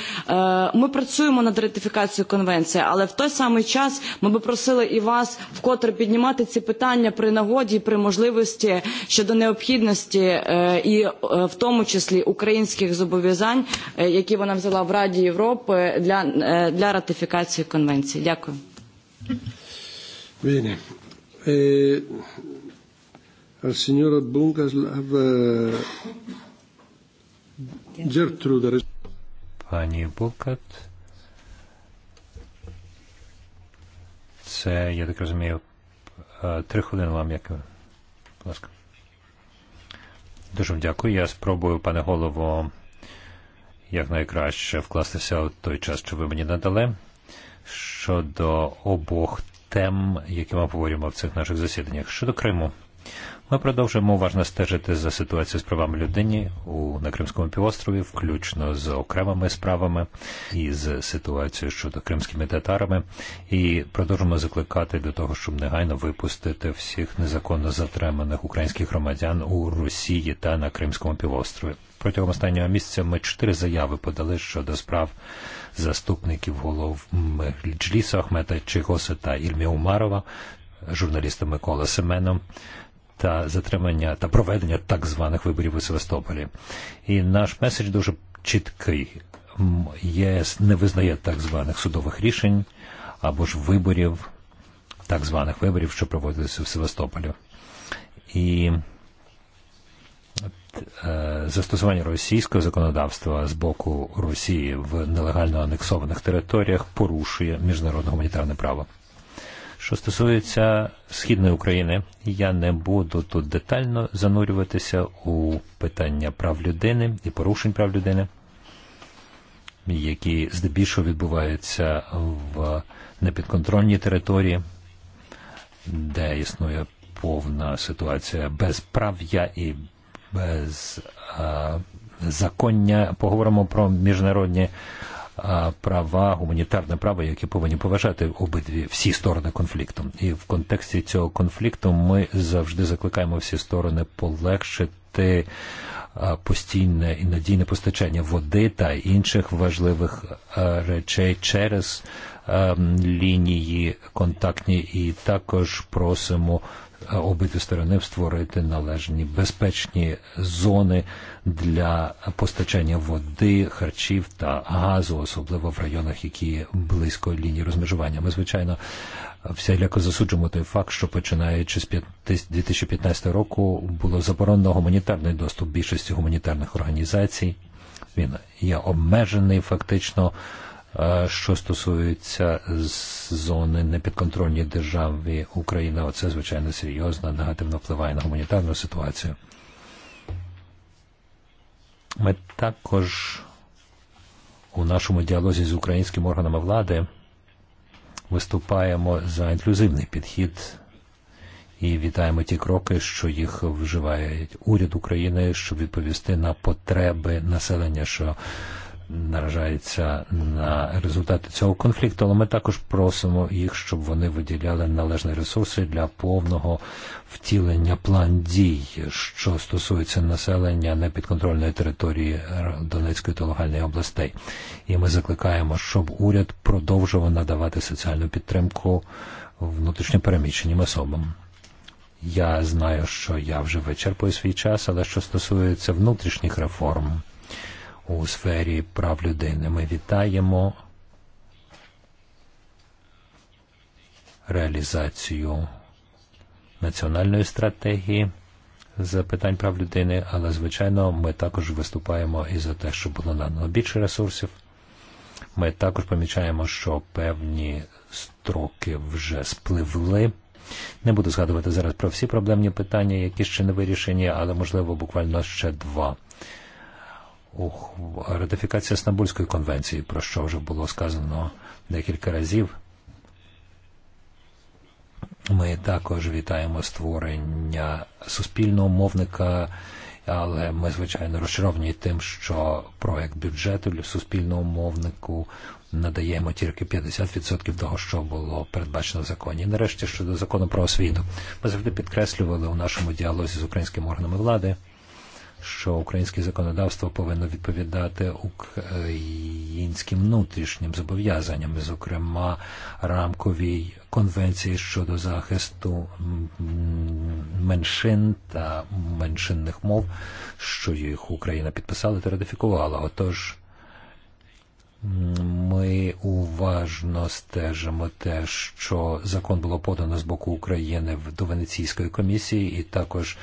Ми працюємо над ратифікацією конвенції, але в той самий час ми би просили і вас вкотре піднімати ці питання при нагоді, при можливості щодо необхідності і в тому числі українських зобов'язань, які вона взяла в Раді Європи для, для ратифікації конвенції. Дякую. Bene. Eh, al signor Bungas eh, Gertrude. Пані Букат. Це, я так розумію, три хвилини вам, як будь ласка. Дуже дякую. Я спробую, пане голово, якнайкраще вкластися у той час, що ви мені надали. Щодо обох тем, які ми поговоримо в цих наших засіданнях. Щодо Криму. Ми продовжуємо уважно стежити за ситуацією з правами людини у на Кримському півострові, включно з окремими справами і з ситуацією щодо кримськими татарами, і продовжимо закликати до того, щоб негайно випустити всіх незаконно затриманих українських громадян у Росії та на Кримському півострові. Протягом останнього місяця ми чотири заяви подали щодо справ заступників голов Меджлісу Ахмета Чигоса та Ільмі Умарова, журналіста Микола Семеном, та затримання та проведення так званих виборів у Севастополі. І наш меседж дуже чіткий. ЄС не визнає так званих судових рішень або ж виборів, так званих виборів, що проводилися в Севастополі. І застосування російського законодавства з боку Росії в нелегально анексованих територіях порушує міжнародне гуманітарне право. Що стосується Східної України, я не буду тут детально занурюватися у питання прав людини і порушень прав людини, які здебільшого відбуваються в непідконтрольній території, де існує повна ситуація безправ'я і без а, законня. Поговоримо про міжнародні права, гуманітарне право, яке повинні поважати обидві всі сторони конфлікту. І в контексті цього конфлікту ми завжди закликаємо всі сторони полегшити постійне і надійне постачання води та інших важливих речей через лінії контактні і також просимо обидві сторони створити належні безпечні зони для постачання води, харчів та газу, особливо в районах, які близько лінії розмежування. Ми, звичайно, всіляко засуджуємо той факт, що починаючи з 2015 року було заборонено гуманітарний доступ більшості гуманітарних організацій. Він є обмежений фактично Що стосується зони непідконтрольної держави Україна, оце звичайно серйозно негативно впливає на гуманітарну ситуацію. Ми також у нашому діалозі з українськими органами влади виступаємо за інклюзивний підхід і вітаємо ті кроки, що їх вживає уряд України, щоб відповісти на потреби населення, що наражається на результати цього конфлікту, але ми також просимо їх, щоб вони виділяли належні ресурси для повного втілення план дій, що стосується населення непідконтрольної території Донецької та Луганської областей. І ми закликаємо, щоб уряд продовжував надавати соціальну підтримку внутрішньопереміщеним особам. Я знаю, що я вже вичерпую свій час, але що стосується внутрішніх реформ, у сфері прав людини. Ми вітаємо реалізацію національної стратегії з питань прав людини, але, звичайно, ми також виступаємо і за те, щоб було надано більше ресурсів. Ми також помічаємо, що певні строки вже спливли. Не буду згадувати зараз про всі проблемні питання, які ще не вирішені, але можливо буквально ще два ратифікація Стамбульської конвенції, про що вже було сказано декілька разів. Ми також вітаємо створення суспільного мовника, але ми, звичайно, розчаровані тим, що проект бюджету для суспільного мовнику надаємо тільки 50% того, що було передбачено в законі. І нарешті щодо закону про освіту. Ми завжди підкреслювали у нашому діалозі з українськими органами влади, що українське законодавство повинно відповідати українським внутрішнім зобов'язанням, зокрема рамковій конвенції щодо захисту меншин та меншинних мов, що їх Україна підписала та ратифікувала. Отож, Ми уважно стежимо те, що закон було подано з боку України до Венеційської комісії, і також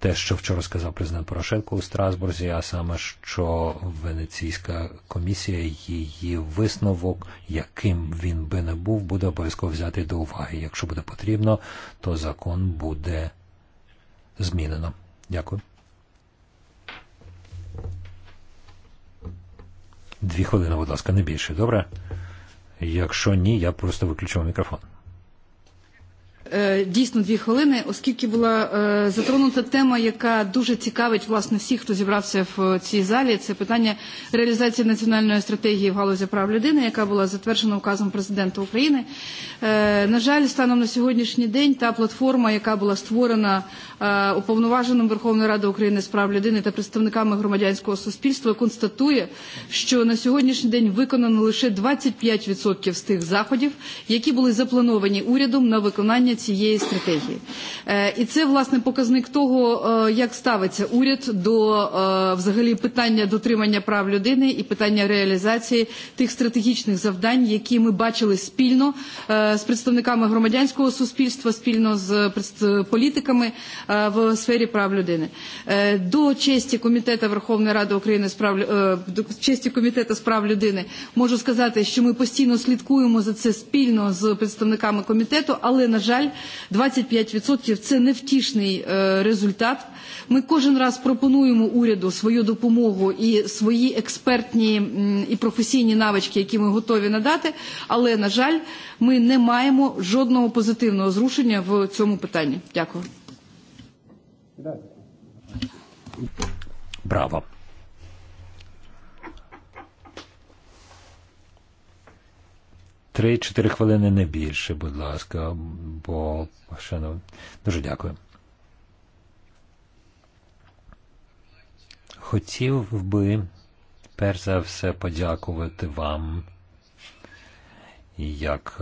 те, що вчора сказав президент Порошенко у Страсбурзі, а саме що Венеційська комісія її висновок, яким він би не був, буде обов'язково взяти до уваги. Якщо буде потрібно, то закон буде змінено. Дякую. Дві хвилини, будь ласка, не більше, добре? Якщо ні, я просто виключу мікрофон дійсно дві хвилини, оскільки була затронута тема, яка дуже цікавить власне всіх, хто зібрався в цій залі. Це питання реалізації національної стратегії в галузі прав людини, яка була затверджена указом президента України. На жаль, станом на сьогоднішній день та платформа, яка була створена уповноваженим Верховної Ради України з прав людини та представниками громадянського суспільства, констатує, що на сьогоднішній день виконано лише 25% з тих заходів, які були заплановані урядом на виконання цієї стратегії. І це, власне, показник того, як ставиться уряд до взагалі питання дотримання прав людини і питання реалізації тих стратегічних завдань, які ми бачили спільно з представниками громадянського суспільства, спільно з політиками в сфері прав людини. До честі Комітету Верховної Ради України з прав, до честі Комітету з прав людини можу сказати, що ми постійно слідкуємо за це спільно з представниками комітету, але, на жаль, 25% – це не втішний результат. Ми кожен раз пропонуємо уряду свою допомогу і свої експертні і професійні навички, які ми готові надати, але, на жаль, ми не маємо жодного позитивного зрушення в цьому питанні. Дякую. Браво. 3-4 хвилини не більше, будь ласка, бо шанов... дуже дякую. Хотів би перш за все подякувати вам як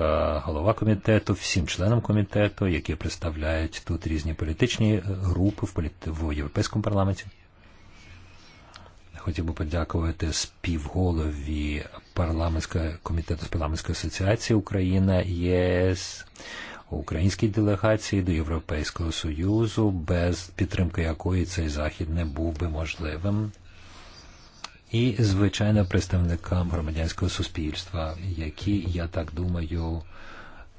голова комітету, всім членам комітету, які представляють тут різні політичні групи в, політ... в Європейському парламенті хотів би подякувати співголові парламентського комітету з парламентської асоціації Україна ЄС українській делегації до Європейського Союзу, без підтримки якої цей захід не був би можливим. І, звичайно, представникам громадянського суспільства, які, я так думаю,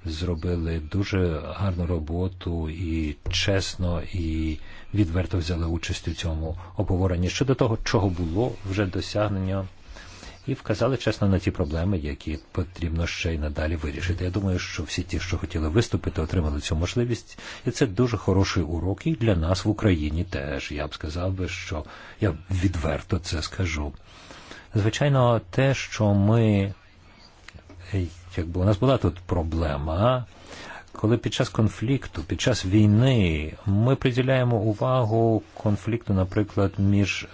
зробили дуже гарну роботу і чесно, і відверто взяли участь у цьому обговоренні щодо того, чого було вже досягнення, і вказали чесно на ті проблеми, які потрібно ще й надалі вирішити. Я думаю, що всі ті, що хотіли виступити, отримали цю можливість, і це дуже хороший урок і для нас в Україні теж. Я б сказав би, що я відверто це скажу. Звичайно, те, що ми якби у нас була тут проблема, коли під час конфлікту, під час війни ми приділяємо увагу конфлікту, наприклад, між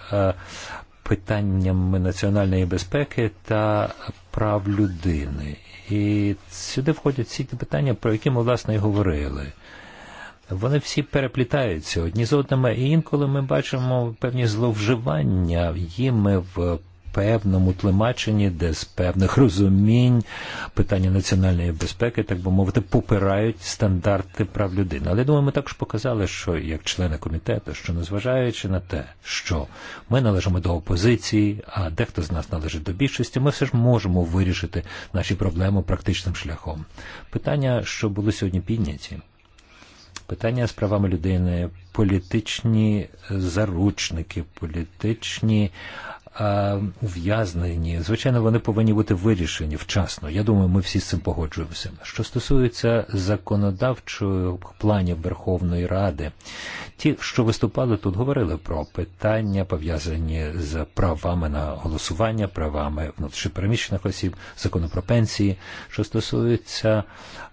питаннями національної безпеки та прав людини. І сюди входять всі ті питання, про які ми власне і говорили. Вони всі переплітаються одні з одними, і інколи ми бачимо певні зловживання їми в певному тлумаченні, де з певних розумінь питання національної безпеки, так би мовити, попирають стандарти прав людини. Але думаю, ми також показали, що як члени комітету, що незважаючи на те, що ми належимо до опозиції, а дехто з нас належить до більшості, ми все ж можемо вирішити наші проблеми практичним шляхом. Питання, що були сьогодні підняті. Питання з правами людини, політичні заручники, політичні ув'язнені, звичайно, вони повинні бути вирішені вчасно. Я думаю, ми всі з цим погоджуємося. Що стосується законодавчого планів Верховної Ради, ті, що виступали тут, говорили про питання, пов'язані з правами на голосування, правами внутрішньопереміщених осіб, закону про пенсії. Що стосується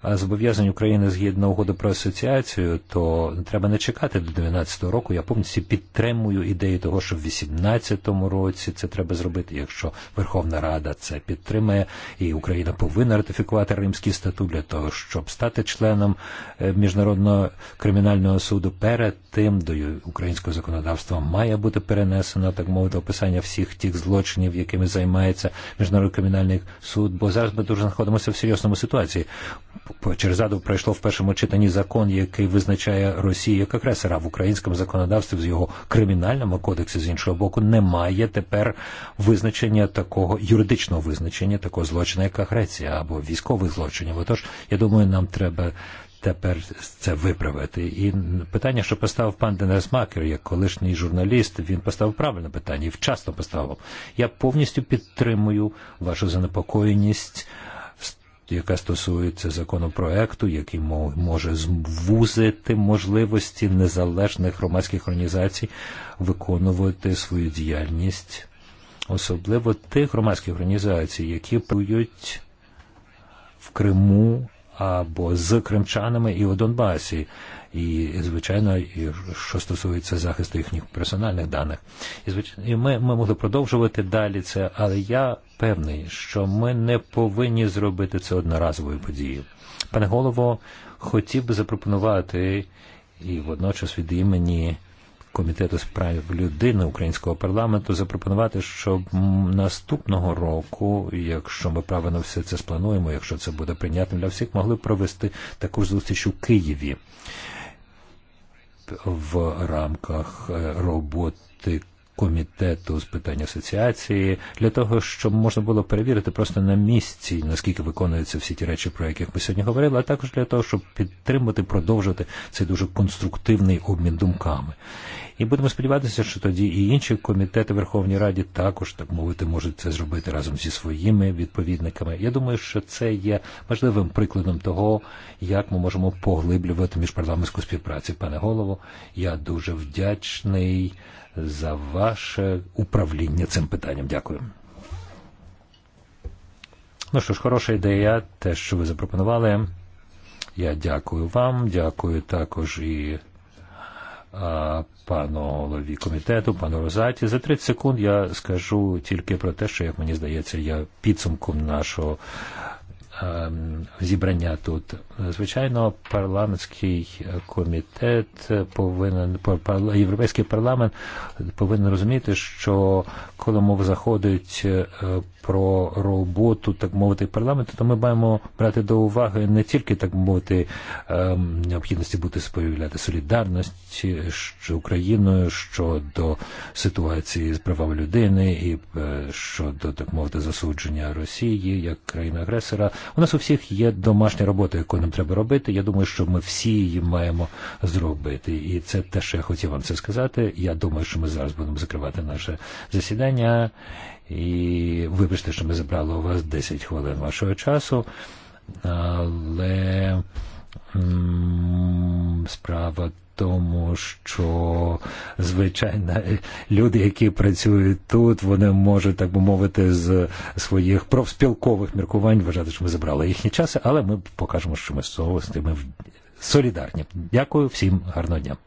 зобов'язань України згідно угоди про асоціацію, то треба не чекати до 2012 року. Я повністю підтримую ідею того, що в 2018 році це треба зробити, якщо Верховна Рада це підтримає, і Україна повинна ратифікувати Римський статут для того, щоб стати членом міжнародного кримінального суду. Перед тим до українського законодавства має бути перенесено, так мовити, описання всіх тих злочинів, якими займається міжнародний кримінальний суд. Бо зараз ми дуже знаходимося в серйозному ситуації. Через заду пройшло в першому читанні закон, який визначає Росію як агресора в українському законодавстві з його кримінальному кодексі з іншого боку. Немає тепер ДР визначення такого юридичного визначення такого злочину, як агресія або військових злочинів. Отож, я думаю, нам треба тепер це виправити. І питання, що поставив пан Макер, як колишній журналіст, він поставив правильне питання і вчасно поставив. Я повністю підтримую вашу занепокоєність яка стосується законопроекту, який може звузити можливості незалежних громадських організацій виконувати свою діяльність особливо тих громадських організацій, які працюють в Криму або з кримчанами і у Донбасі. І, звичайно, і що стосується захисту їхніх персональних даних. І, звичайно, і ми, ми могли продовжувати далі це, але я певний, що ми не повинні зробити це одноразовою подією. Пане голово, хотів би запропонувати і водночас від імені Комітету з прав людини Українського парламенту запропонувати, щоб наступного року, якщо ми правильно все це сплануємо, якщо це буде прийнятним для всіх, могли провести таку зустріч у Києві в рамках роботи комітету з питань асоціації для того, щоб можна було перевірити просто на місці, наскільки виконуються всі ті речі, про яких ми сьогодні говорили, а також для того, щоб підтримати, продовжити цей дуже конструктивний обмін думками. І будемо сподіватися, що тоді і інші комітети Верховної Раді також, так мовити, можуть це зробити разом зі своїми відповідниками. Я думаю, що це є важливим прикладом того, як ми можемо поглиблювати міжпарламентську співпрацю. Пане голово, я дуже вдячний за ваше управління цим питанням. Дякую. Ну що ж, хороша ідея, те, що ви запропонували. Я дякую вам, дякую також і панові комітету, пану Розаті. За 30 секунд я скажу тільки про те, що, як мені здається, я підсумком нашого зібрання тут. Звичайно, парламентський комітет повинен, Європейський парламент повинен розуміти, що коли мова заходить про роботу, так мовити, парламенту, то ми маємо брати до уваги не тільки, так мовити, необхідності бути сповіляти солідарності з Україною щодо ситуації з правами людини і щодо, так мовити, засудження Росії як країни-агресора, У нас у всіх є домашня робота, яку нам треба робити. Я думаю, що ми всі її маємо зробити. І це те, що я хотів вам це сказати. Я думаю, що ми зараз будемо закривати наше засідання. І вибачте, що ми забрали у вас 10 хвилин вашого часу. Але справа тому що звичайно люди, які працюють тут, вони можуть, так би мовити, з своїх профспілкових міркувань вважати, що ми забрали їхні часи, але ми покажемо, що ми з цього з тими солідарні. Дякую всім, гарного дня.